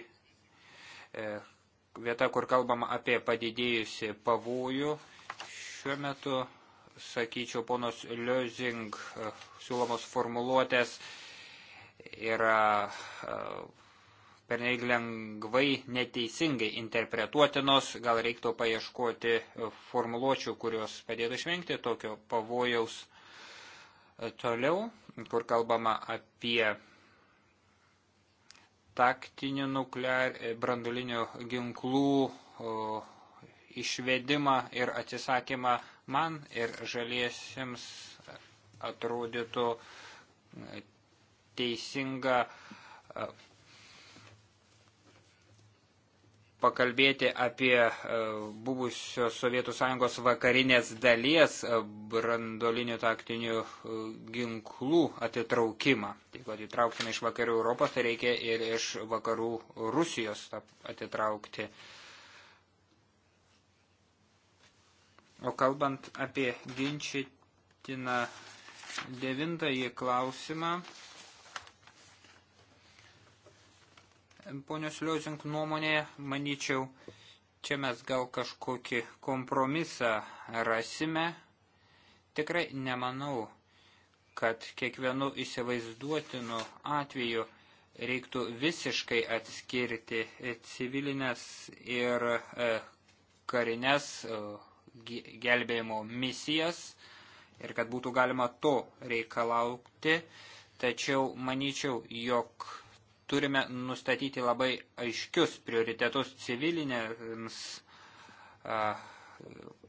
Speaker 5: e, vieta, kur kalbama apie padidėjusi pavojų. Šiuo metu, sakyčiau, ponos Liozing e, siūlomos formuluotės yra e, pernelyg lengvai neteisingai interpretuotinos, gal reiktų paieškoti formuluočių, kurios padėtų išvengti tokio pavojaus toliau, kur kalbama apie taktinių nuklear, e, brandulinių ginklų o, išvedimą ir atsisakymą man ir žaliesiems atrodytų e, teisinga e, pakalbėti apie e, buvusios Sovietų Sąjungos vakarinės dalies e, brandolinių taktinių e, ginklų atitraukimą. Tai kad įtraukime iš vakarų Europos, tai reikia ir iš vakarų Rusijos atitraukti. O kalbant apie ginčytiną devintąjį klausimą, ponios Liozink nuomonė, manyčiau, čia mes gal kažkokį kompromisą rasime. Tikrai nemanau, kad kiekvienu įsivaizduotinu atveju reiktų visiškai atskirti civilinės ir e, karinės e, gelbėjimo misijas ir kad būtų galima to reikalauti. Tačiau manyčiau, jog turime nustatyti labai aiškius prioritetus civilinėms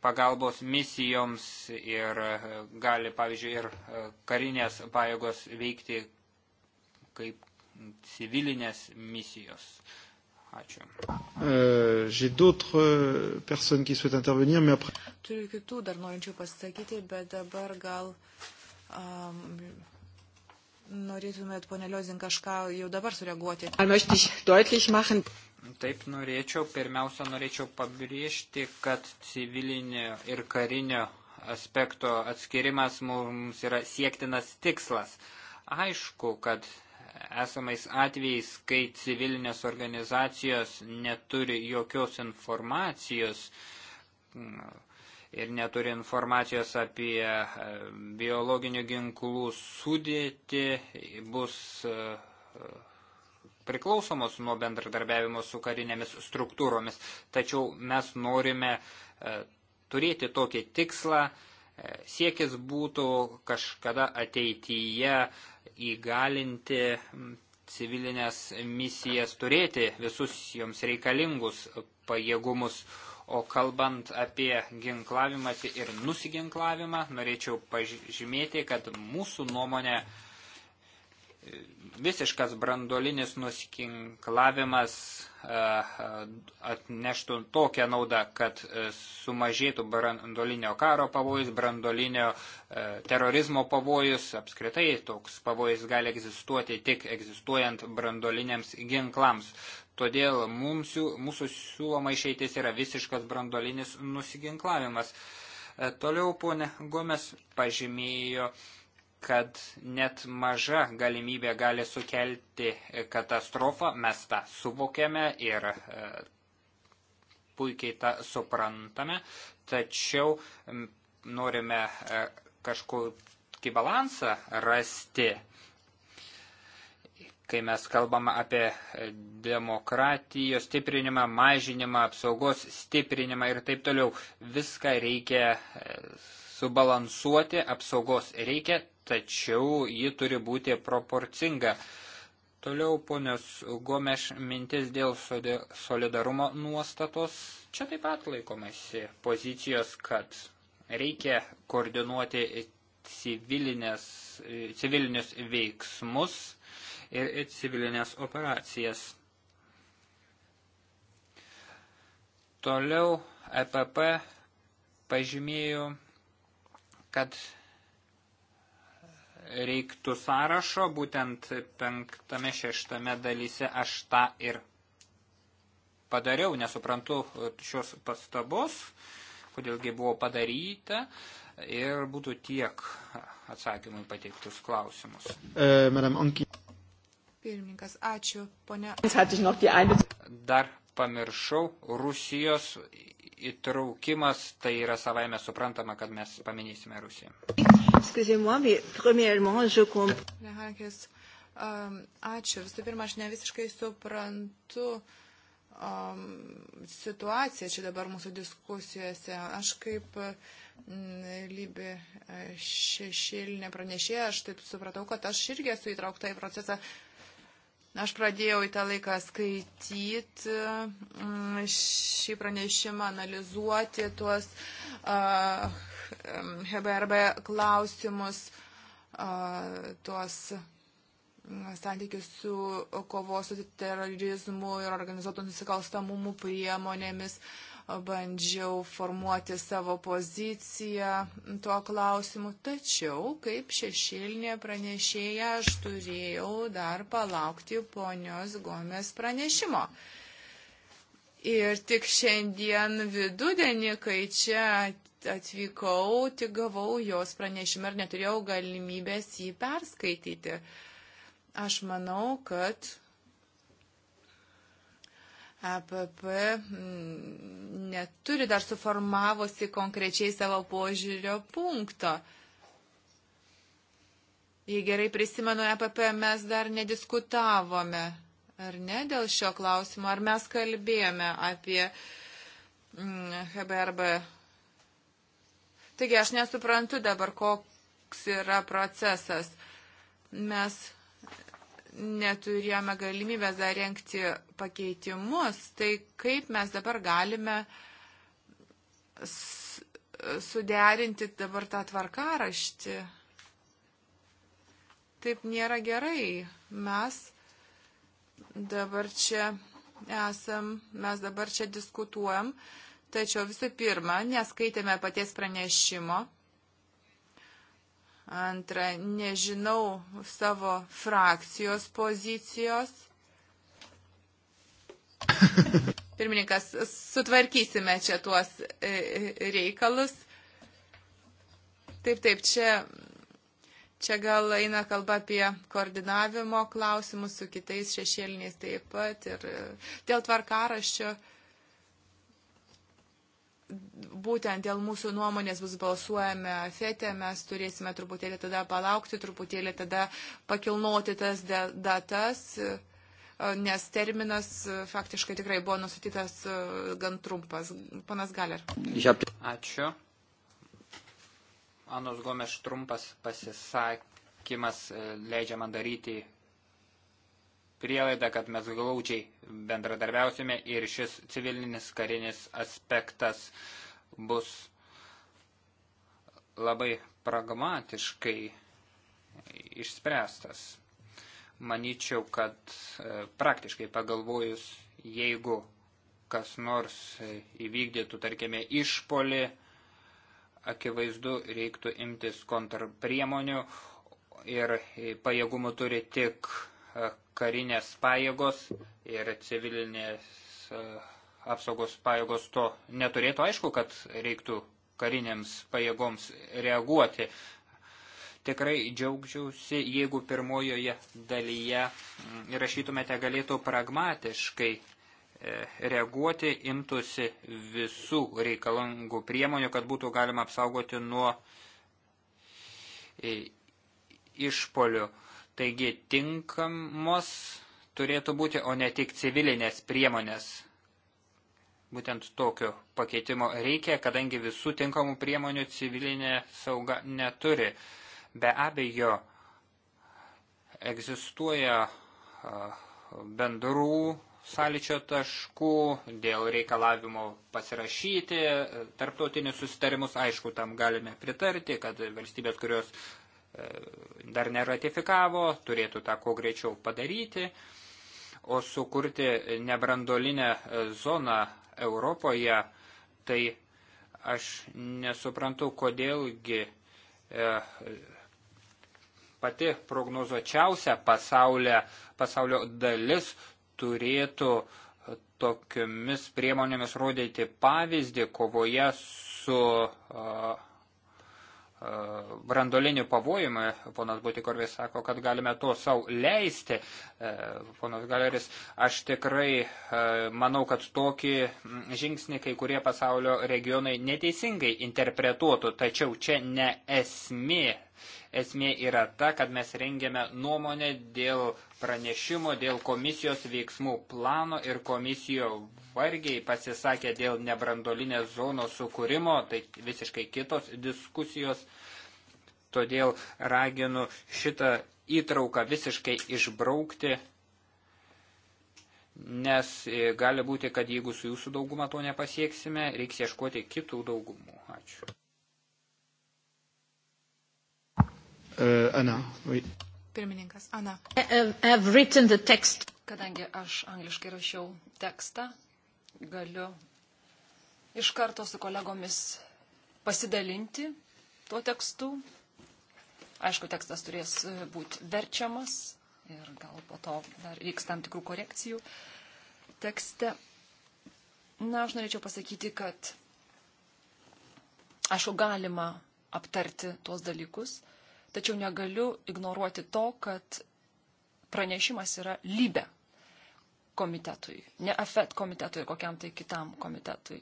Speaker 5: pagalbos misijoms ir gali, pavyzdžiui, ir karinės pajėgos veikti kaip civilinės misijos. Ačiū. Turiu kitų
Speaker 3: dar norinčių pasakyti, bet dabar gal um, Norėtumėt, ponė Liozin, kažką jau dabar sureaguoti.
Speaker 5: Taip, norėčiau. Pirmiausia, norėčiau pabrėžti, kad civilinio ir karinio aspekto atskirimas mums yra siektinas tikslas. Aišku, kad esamais atvejais, kai civilinės organizacijos neturi jokios informacijos, ir neturi informacijos apie e, biologinių ginklų sudėti, bus e, e, priklausomos nuo bendradarbiavimo su karinėmis struktūromis. Tačiau mes norime turėti tokį tikslą, siekis būtų kažkada ateityje įgalinti civilinės misijas turėti visus joms reikalingus pajėgumus, O kalbant apie ginklavimąsi tai ir nusiginklavimą, norėčiau pažymėti, kad mūsų nuomonė e, visiškas brandolinis nusikinklavimas e, atneštų tokią naudą, kad e, sumažėtų brandolinio karo pavojus, brandolinio terorizmo pavojus, apskritai toks pavojus gali egzistuoti tik egzistuojant brandoliniams ginklams. Todėl mums, mūsų siūloma išeitis yra visiškas brandolinis nusiginklavimas. E, toliau ponė Gomes pažymėjo, kad net maža galimybė gali sukelti katastrofą, mes tą suvokiame ir e, puikiai tą suprantame, tačiau norime e, kažkokį balansą rasti kai mes kalbame apie demokratijos stiprinimą, mažinimą, apsaugos stiprinimą ir taip toliau. Viską reikia e, subalansuoti, apsaugos reikia, tačiau ji turi būti proporcinga. Toliau ponios Gomeš mintis dėl solidarumo nuostatos. Čia taip pat laikomasi pozicijos, kad reikia koordinuoti e, civilinius veiksmus ir civilinės operacijas. Toliau EPP pažymėjo, kad reiktų sąrašo, būtent penktame, šeštame dalyse aš tą ir padariau, nesuprantu šios pastabos, kodėlgi buvo padaryta ir būtų tiek atsakymų į pateiktus klausimus.
Speaker 1: E,
Speaker 3: Pirmininkas, ačiū, ponia.
Speaker 5: Dar pamiršau, Rusijos įtraukimas, tai yra savaime suprantama, kad mes paminėsime Rusiją.
Speaker 2: Lehakis,
Speaker 3: um, ačiū. Visų pirma, aš ne visiškai suprantu um, situaciją čia dabar mūsų diskusijose. Aš kaip mm, Lybi e, šešėlinė pranešėja, aš taip supratau, kad aš irgi esu įtraukta į procesą Aš pradėjau į tą laiką skaityti mm, šį pranešimą, analizuoti tuos uh, HBRB klausimus, uh, tuos mm, santykius su kovos su terorizmu ir organizuotų nusikalstamumų priemonėmis. Uh, bandžiau formuoti savo poziciją tuo klausimu, tačiau kaip šešilnė pranešėja aš turėjau dar palaukti ponios Gomės pranešimo. Ir tik šiandien vidudienį, kai čia atvykau, tik gavau jos pranešimą ir neturėjau galimybės jį perskaityti. Aš manau, kad EPP mm, neturi dar suformavosi konkrečiai savo požiūrio punkto. Jei gerai prisimenu, EPP mes dar nediskutavome, ar ne, dėl šio klausimo, ar mes kalbėjome apie mm, HBRB. Taigi aš nesuprantu dabar, koks yra procesas. Mes neturėjome galimybės dar renkti pakeitimus, tai kaip mes dabar galime suderinti dabar tą tvarkaraštį. Taip nėra gerai. Mes dabar čia esam, mes dabar čia diskutuojam, tačiau visų pirma, neskaitėme paties pranešimo, Antra, nežinau savo frakcijos pozicijos. Pirmininkas, sutvarkysime čia tuos e, e, reikalus. Taip, taip, čia, čia gal eina kalba apie koordinavimo klausimus su kitais šešėliniais taip pat ir e, dėl tvarkaraščio. Šio būtent dėl mūsų nuomonės bus balsuojame fete, mes turėsime truputėlį tada palaukti, truputėlį tada pakilnoti tas datas, nes terminas e, faktiškai tikrai buvo nusatytas e, gan trumpas. Panas Galer.
Speaker 5: Ačiū. Anos Gomes trumpas pasisakymas e, leidžia man daryti prielaidą, kad mes glaudžiai bendradarbiausime ir šis civilinis karinis aspektas bus labai pragmatiškai išspręstas. Manyčiau, kad e, praktiškai pagalvojus, jeigu kas nors e, įvykdytų, tarkime, išpolį, akivaizdu reiktų imtis kontrpriemonių ir e, pajėgumų turi tik E, karinės pajėgos ir civilinės e, apsaugos pajėgos to neturėtų. Aišku, kad reiktų karinėms pajėgoms reaguoti. Tikrai džiaugčiausi, jeigu pirmojoje dalyje mm, rašytumėte galėtų pragmatiškai e, reaguoti, imtųsi visų reikalingų priemonių, kad būtų galima apsaugoti nuo išpolių. Taigi tinkamos turėtų būti, o ne tik civilinės priemonės. Būtent tokio pakeitimo reikia, kadangi visų tinkamų priemonių civilinė sauga neturi. Be abejo, egzistuoja bendrų sąlyčio taškų dėl reikalavimo pasirašyti e, tarptautinius susitarimus. Aišku, tam galime pritarti, kad valstybės, kurios dar neratifikavo, turėtų tą kuo greičiau padaryti, o sukurti nebrandolinę e, zoną Europoje, tai aš nesuprantu, kodėlgi e, pati prognozuočiausia pasaulio, pasaulio dalis turėtų tokiomis priemonėmis rodyti pavyzdį kovoje su uh, E, brandolinių pavojimų, ponas Butikorvis sako, kad galime to savo leisti, e, ponas Galeris, aš tikrai e, manau, kad tokį žingsnį kai kurie pasaulio regionai neteisingai interpretuotų, tačiau čia ne esmė Esmė yra ta, kad mes rengiame nuomonę dėl pranešimo, dėl komisijos veiksmų plano ir komisijo vargiai pasisakė dėl nebrandolinės zonos sukūrimo, tai visiškai kitos diskusijos. Todėl raginu šitą įtrauką visiškai išbraukti nes gali būti, kad jeigu su jūsų dauguma to nepasieksime, reiks ieškoti kitų daugumų. Ačiū.
Speaker 1: Uh, Ana. Oui.
Speaker 6: Pirmininkas Ana. Kadangi aš angliškai rašiau tekstą, galiu iš karto su kolegomis pasidalinti tuo tekstu. Aišku, tekstas turės e, būti verčiamas ir gal po to dar reiks tam tikrų korekcijų tekste. Na, aš norėčiau pasakyti, kad aišku, galima aptarti tuos dalykus, tačiau negaliu ignoruoti to, kad pranešimas yra lybe komitetui, ne AFET komitetui ir kokiam tai kitam komitetui.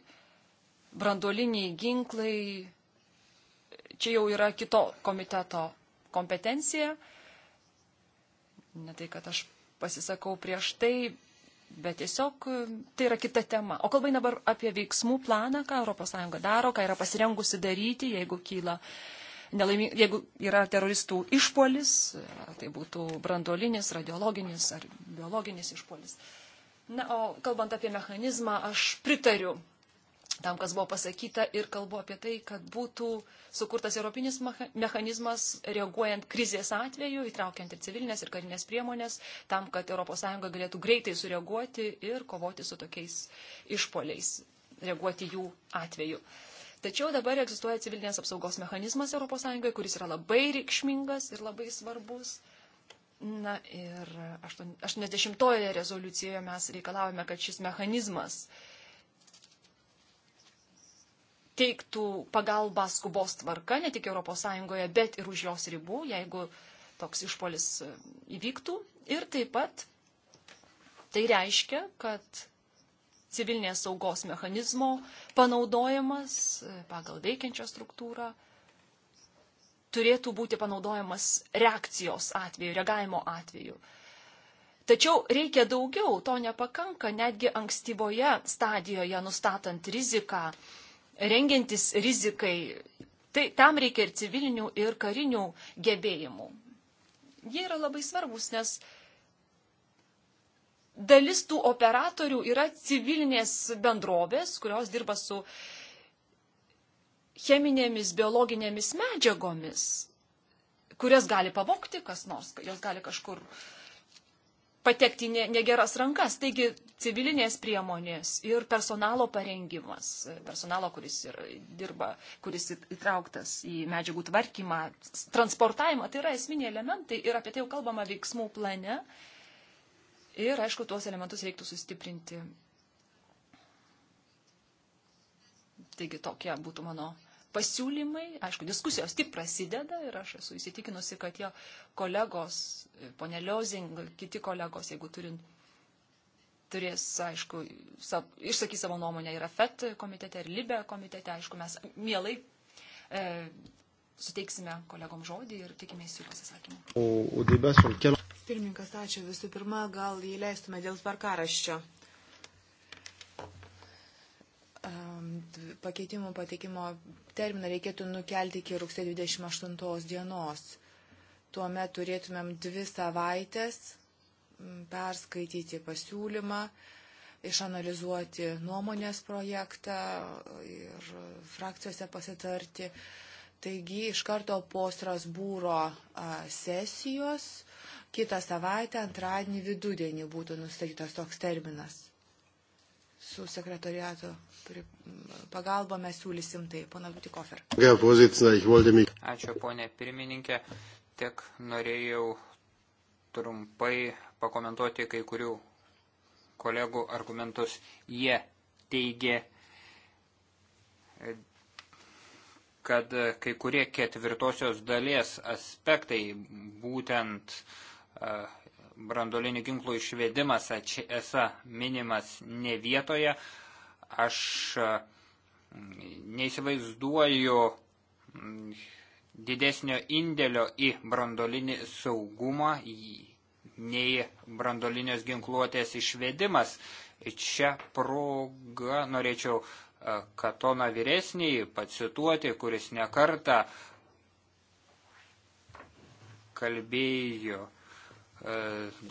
Speaker 6: Brandoliniai ginklai, čia jau yra kito komiteto kompetencija. Ne tai, kad aš pasisakau prieš tai, bet tiesiog um, tai yra kita tema. O kalbai dabar apie veiksmų planą, ką ES daro, ką yra pasirengusi daryti, jeigu kyla uh, nelaiming, jeigu yra teroristų išpolis, tai būtų brandolinis, radiologinis ar biologinis išpolis. Na, o kalbant apie mechanizmą, aš pritariu tam, kas buvo pasakyta ir kalbu apie tai, kad būtų sukurtas europinis mechanizmas reaguojant krizės atveju, įtraukiant ir civilinės, ir karinės priemonės, tam, kad ES galėtų greitai sureaguoti ir kovoti su tokiais išpoliais, reaguoti jų atveju. Uh, Tačiau dabar egzistuoja civilinės apsaugos mechanizmas ES, kuris yra labai reikšmingas ir labai svarbus. Na ir 80-oje rezoliucijoje mes reikalavome, kad šis mechanizmas teiktų pagalbą skubos tvarka ne tik ES, bet ir už jos ribų, jeigu toks išpolis e, įvyktų. Ir taip pat tai reiškia, kad civilinės saugos mechanizmo panaudojimas e, pagal veikiančią struktūrą turėtų būti panaudojamas reakcijos atveju, reagavimo atveju. Tačiau reikia daugiau, to nepakanka netgi ankstyvoje stadijoje nustatant riziką, rengiantis rizikai. Tai tam reikia ir civilinių, ir karinių gebėjimų. Jie yra labai svarbus, nes dalis tų operatorių yra civilinės bendrovės, kurios dirba su cheminėmis, biologinėmis medžiagomis, kurias gali pavokti kas nors, jos gali kažkur patekti į negeras rankas. Taigi civilinės priemonės ir personalo parengimas, personalo, kuris ir dirba, kuris įtrauktas į medžiagų tvarkymą, transportavimą, tai yra esminiai elementai ir apie tai jau kalbama veiksmų plane. Uh, Ir, aišku, tuos elementus reiktų sustiprinti. Taigi tokie būtų mano pasiūlymai. Aišku, diskusijos tik prasideda ir aš esu įsitikinusi, kad jo kolegos, ponė Liozing, kiti kolegos, jeigu turint turės, aišku, sav, išsakys savo nuomonę ir AFET komitete, ir LIBE komitete, aišku, mes mielai e, suteiksime kolegom žodį ir tikimės jų
Speaker 1: pasisakymų.
Speaker 3: Pirmininkas, ačiū. Visų pirma, gal įleistume dėl tvarkaraščio. Pakeitimų pateikimo terminą reikėtų nukelti iki rugsėjo 28 dienos. Tuomet turėtumėm dvi savaitės perskaityti pasiūlymą, išanalizuoti nuomonės projektą ir frakcijose pasitarti. Uh, Taigi iš karto po Strasbūro sesijos kitą savaitę antradienį vidudienį būtų nustatytas toks terminas. Su sekretoriato pagalba mes siūlysim tai, pana Butikofer.
Speaker 4: Ačiū,
Speaker 5: ponė pirmininkė. Tik norėjau trumpai pakomentuoti kai kurių kolegų argumentus. Jie teigė kad e, kai kurie ketvirtosios dalies aspektai, būtent e, brandolinių ginklų išvedimas esą minimas ne vietoje, aš e, neįsivaizduoju didesnio indėlio į brandolinį saugumą nei brandolinės ginkluotės išvedimas. Čia proga norėčiau Katoną vyresnįjį pacituoti, kuris nekarta kalbėjo e,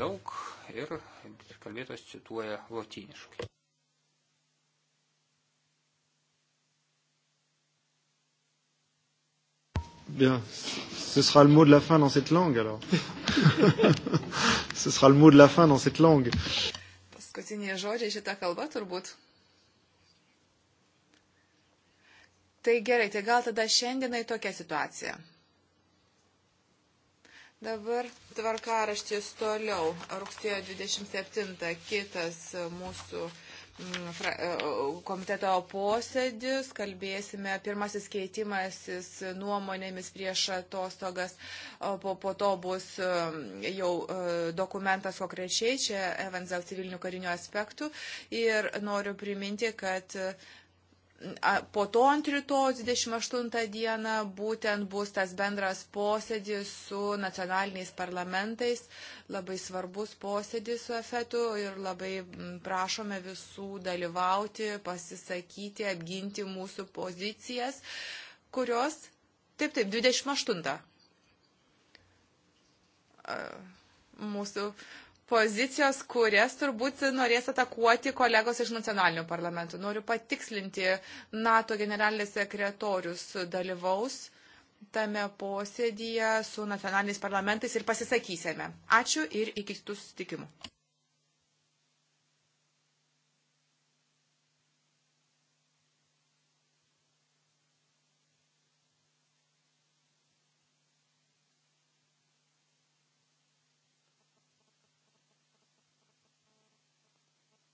Speaker 5: daug ir kalbėtos cituoja lotyniškai.
Speaker 1: Bien, ce sera le mot de la fin dans cette langue alors. ce sera le mot de la fin dans cette langue.
Speaker 3: Paskutiniai žodžiai šitą kalbą turbūt. Tai gerai, tai gal tada šiandienai tokia situacija. Dabar tvarkaraštis toliau. Rugsėjo 27 kitas mūsų mm, e, komiteto posėdis, kalbėsime pirmasis keitimasis nuomonėmis prieš atostogas, po, po to bus e, jau e, dokumentas konkrečiai, čia Evanzel civilinių karinių aspektų ir noriu priminti, kad Po to ant rytojus 28 dieną būtent bus tas bendras posėdis su nacionaliniais parlamentais, labai svarbus posėdis su efetu ir labai prašome visų dalyvauti, pasisakyti, apginti mūsų pozicijas, kurios, taip, taip, 28 mūsų pozicijos, kurias turbūt norės atakuoti kolegos iš nacionalinių parlamentų. Noriu patikslinti, NATO generalinis sekretorius dalyvaus tame posėdyje su nacionaliniais parlamentais ir pasisakysime. Ačiū ir iki kitų sustikimų.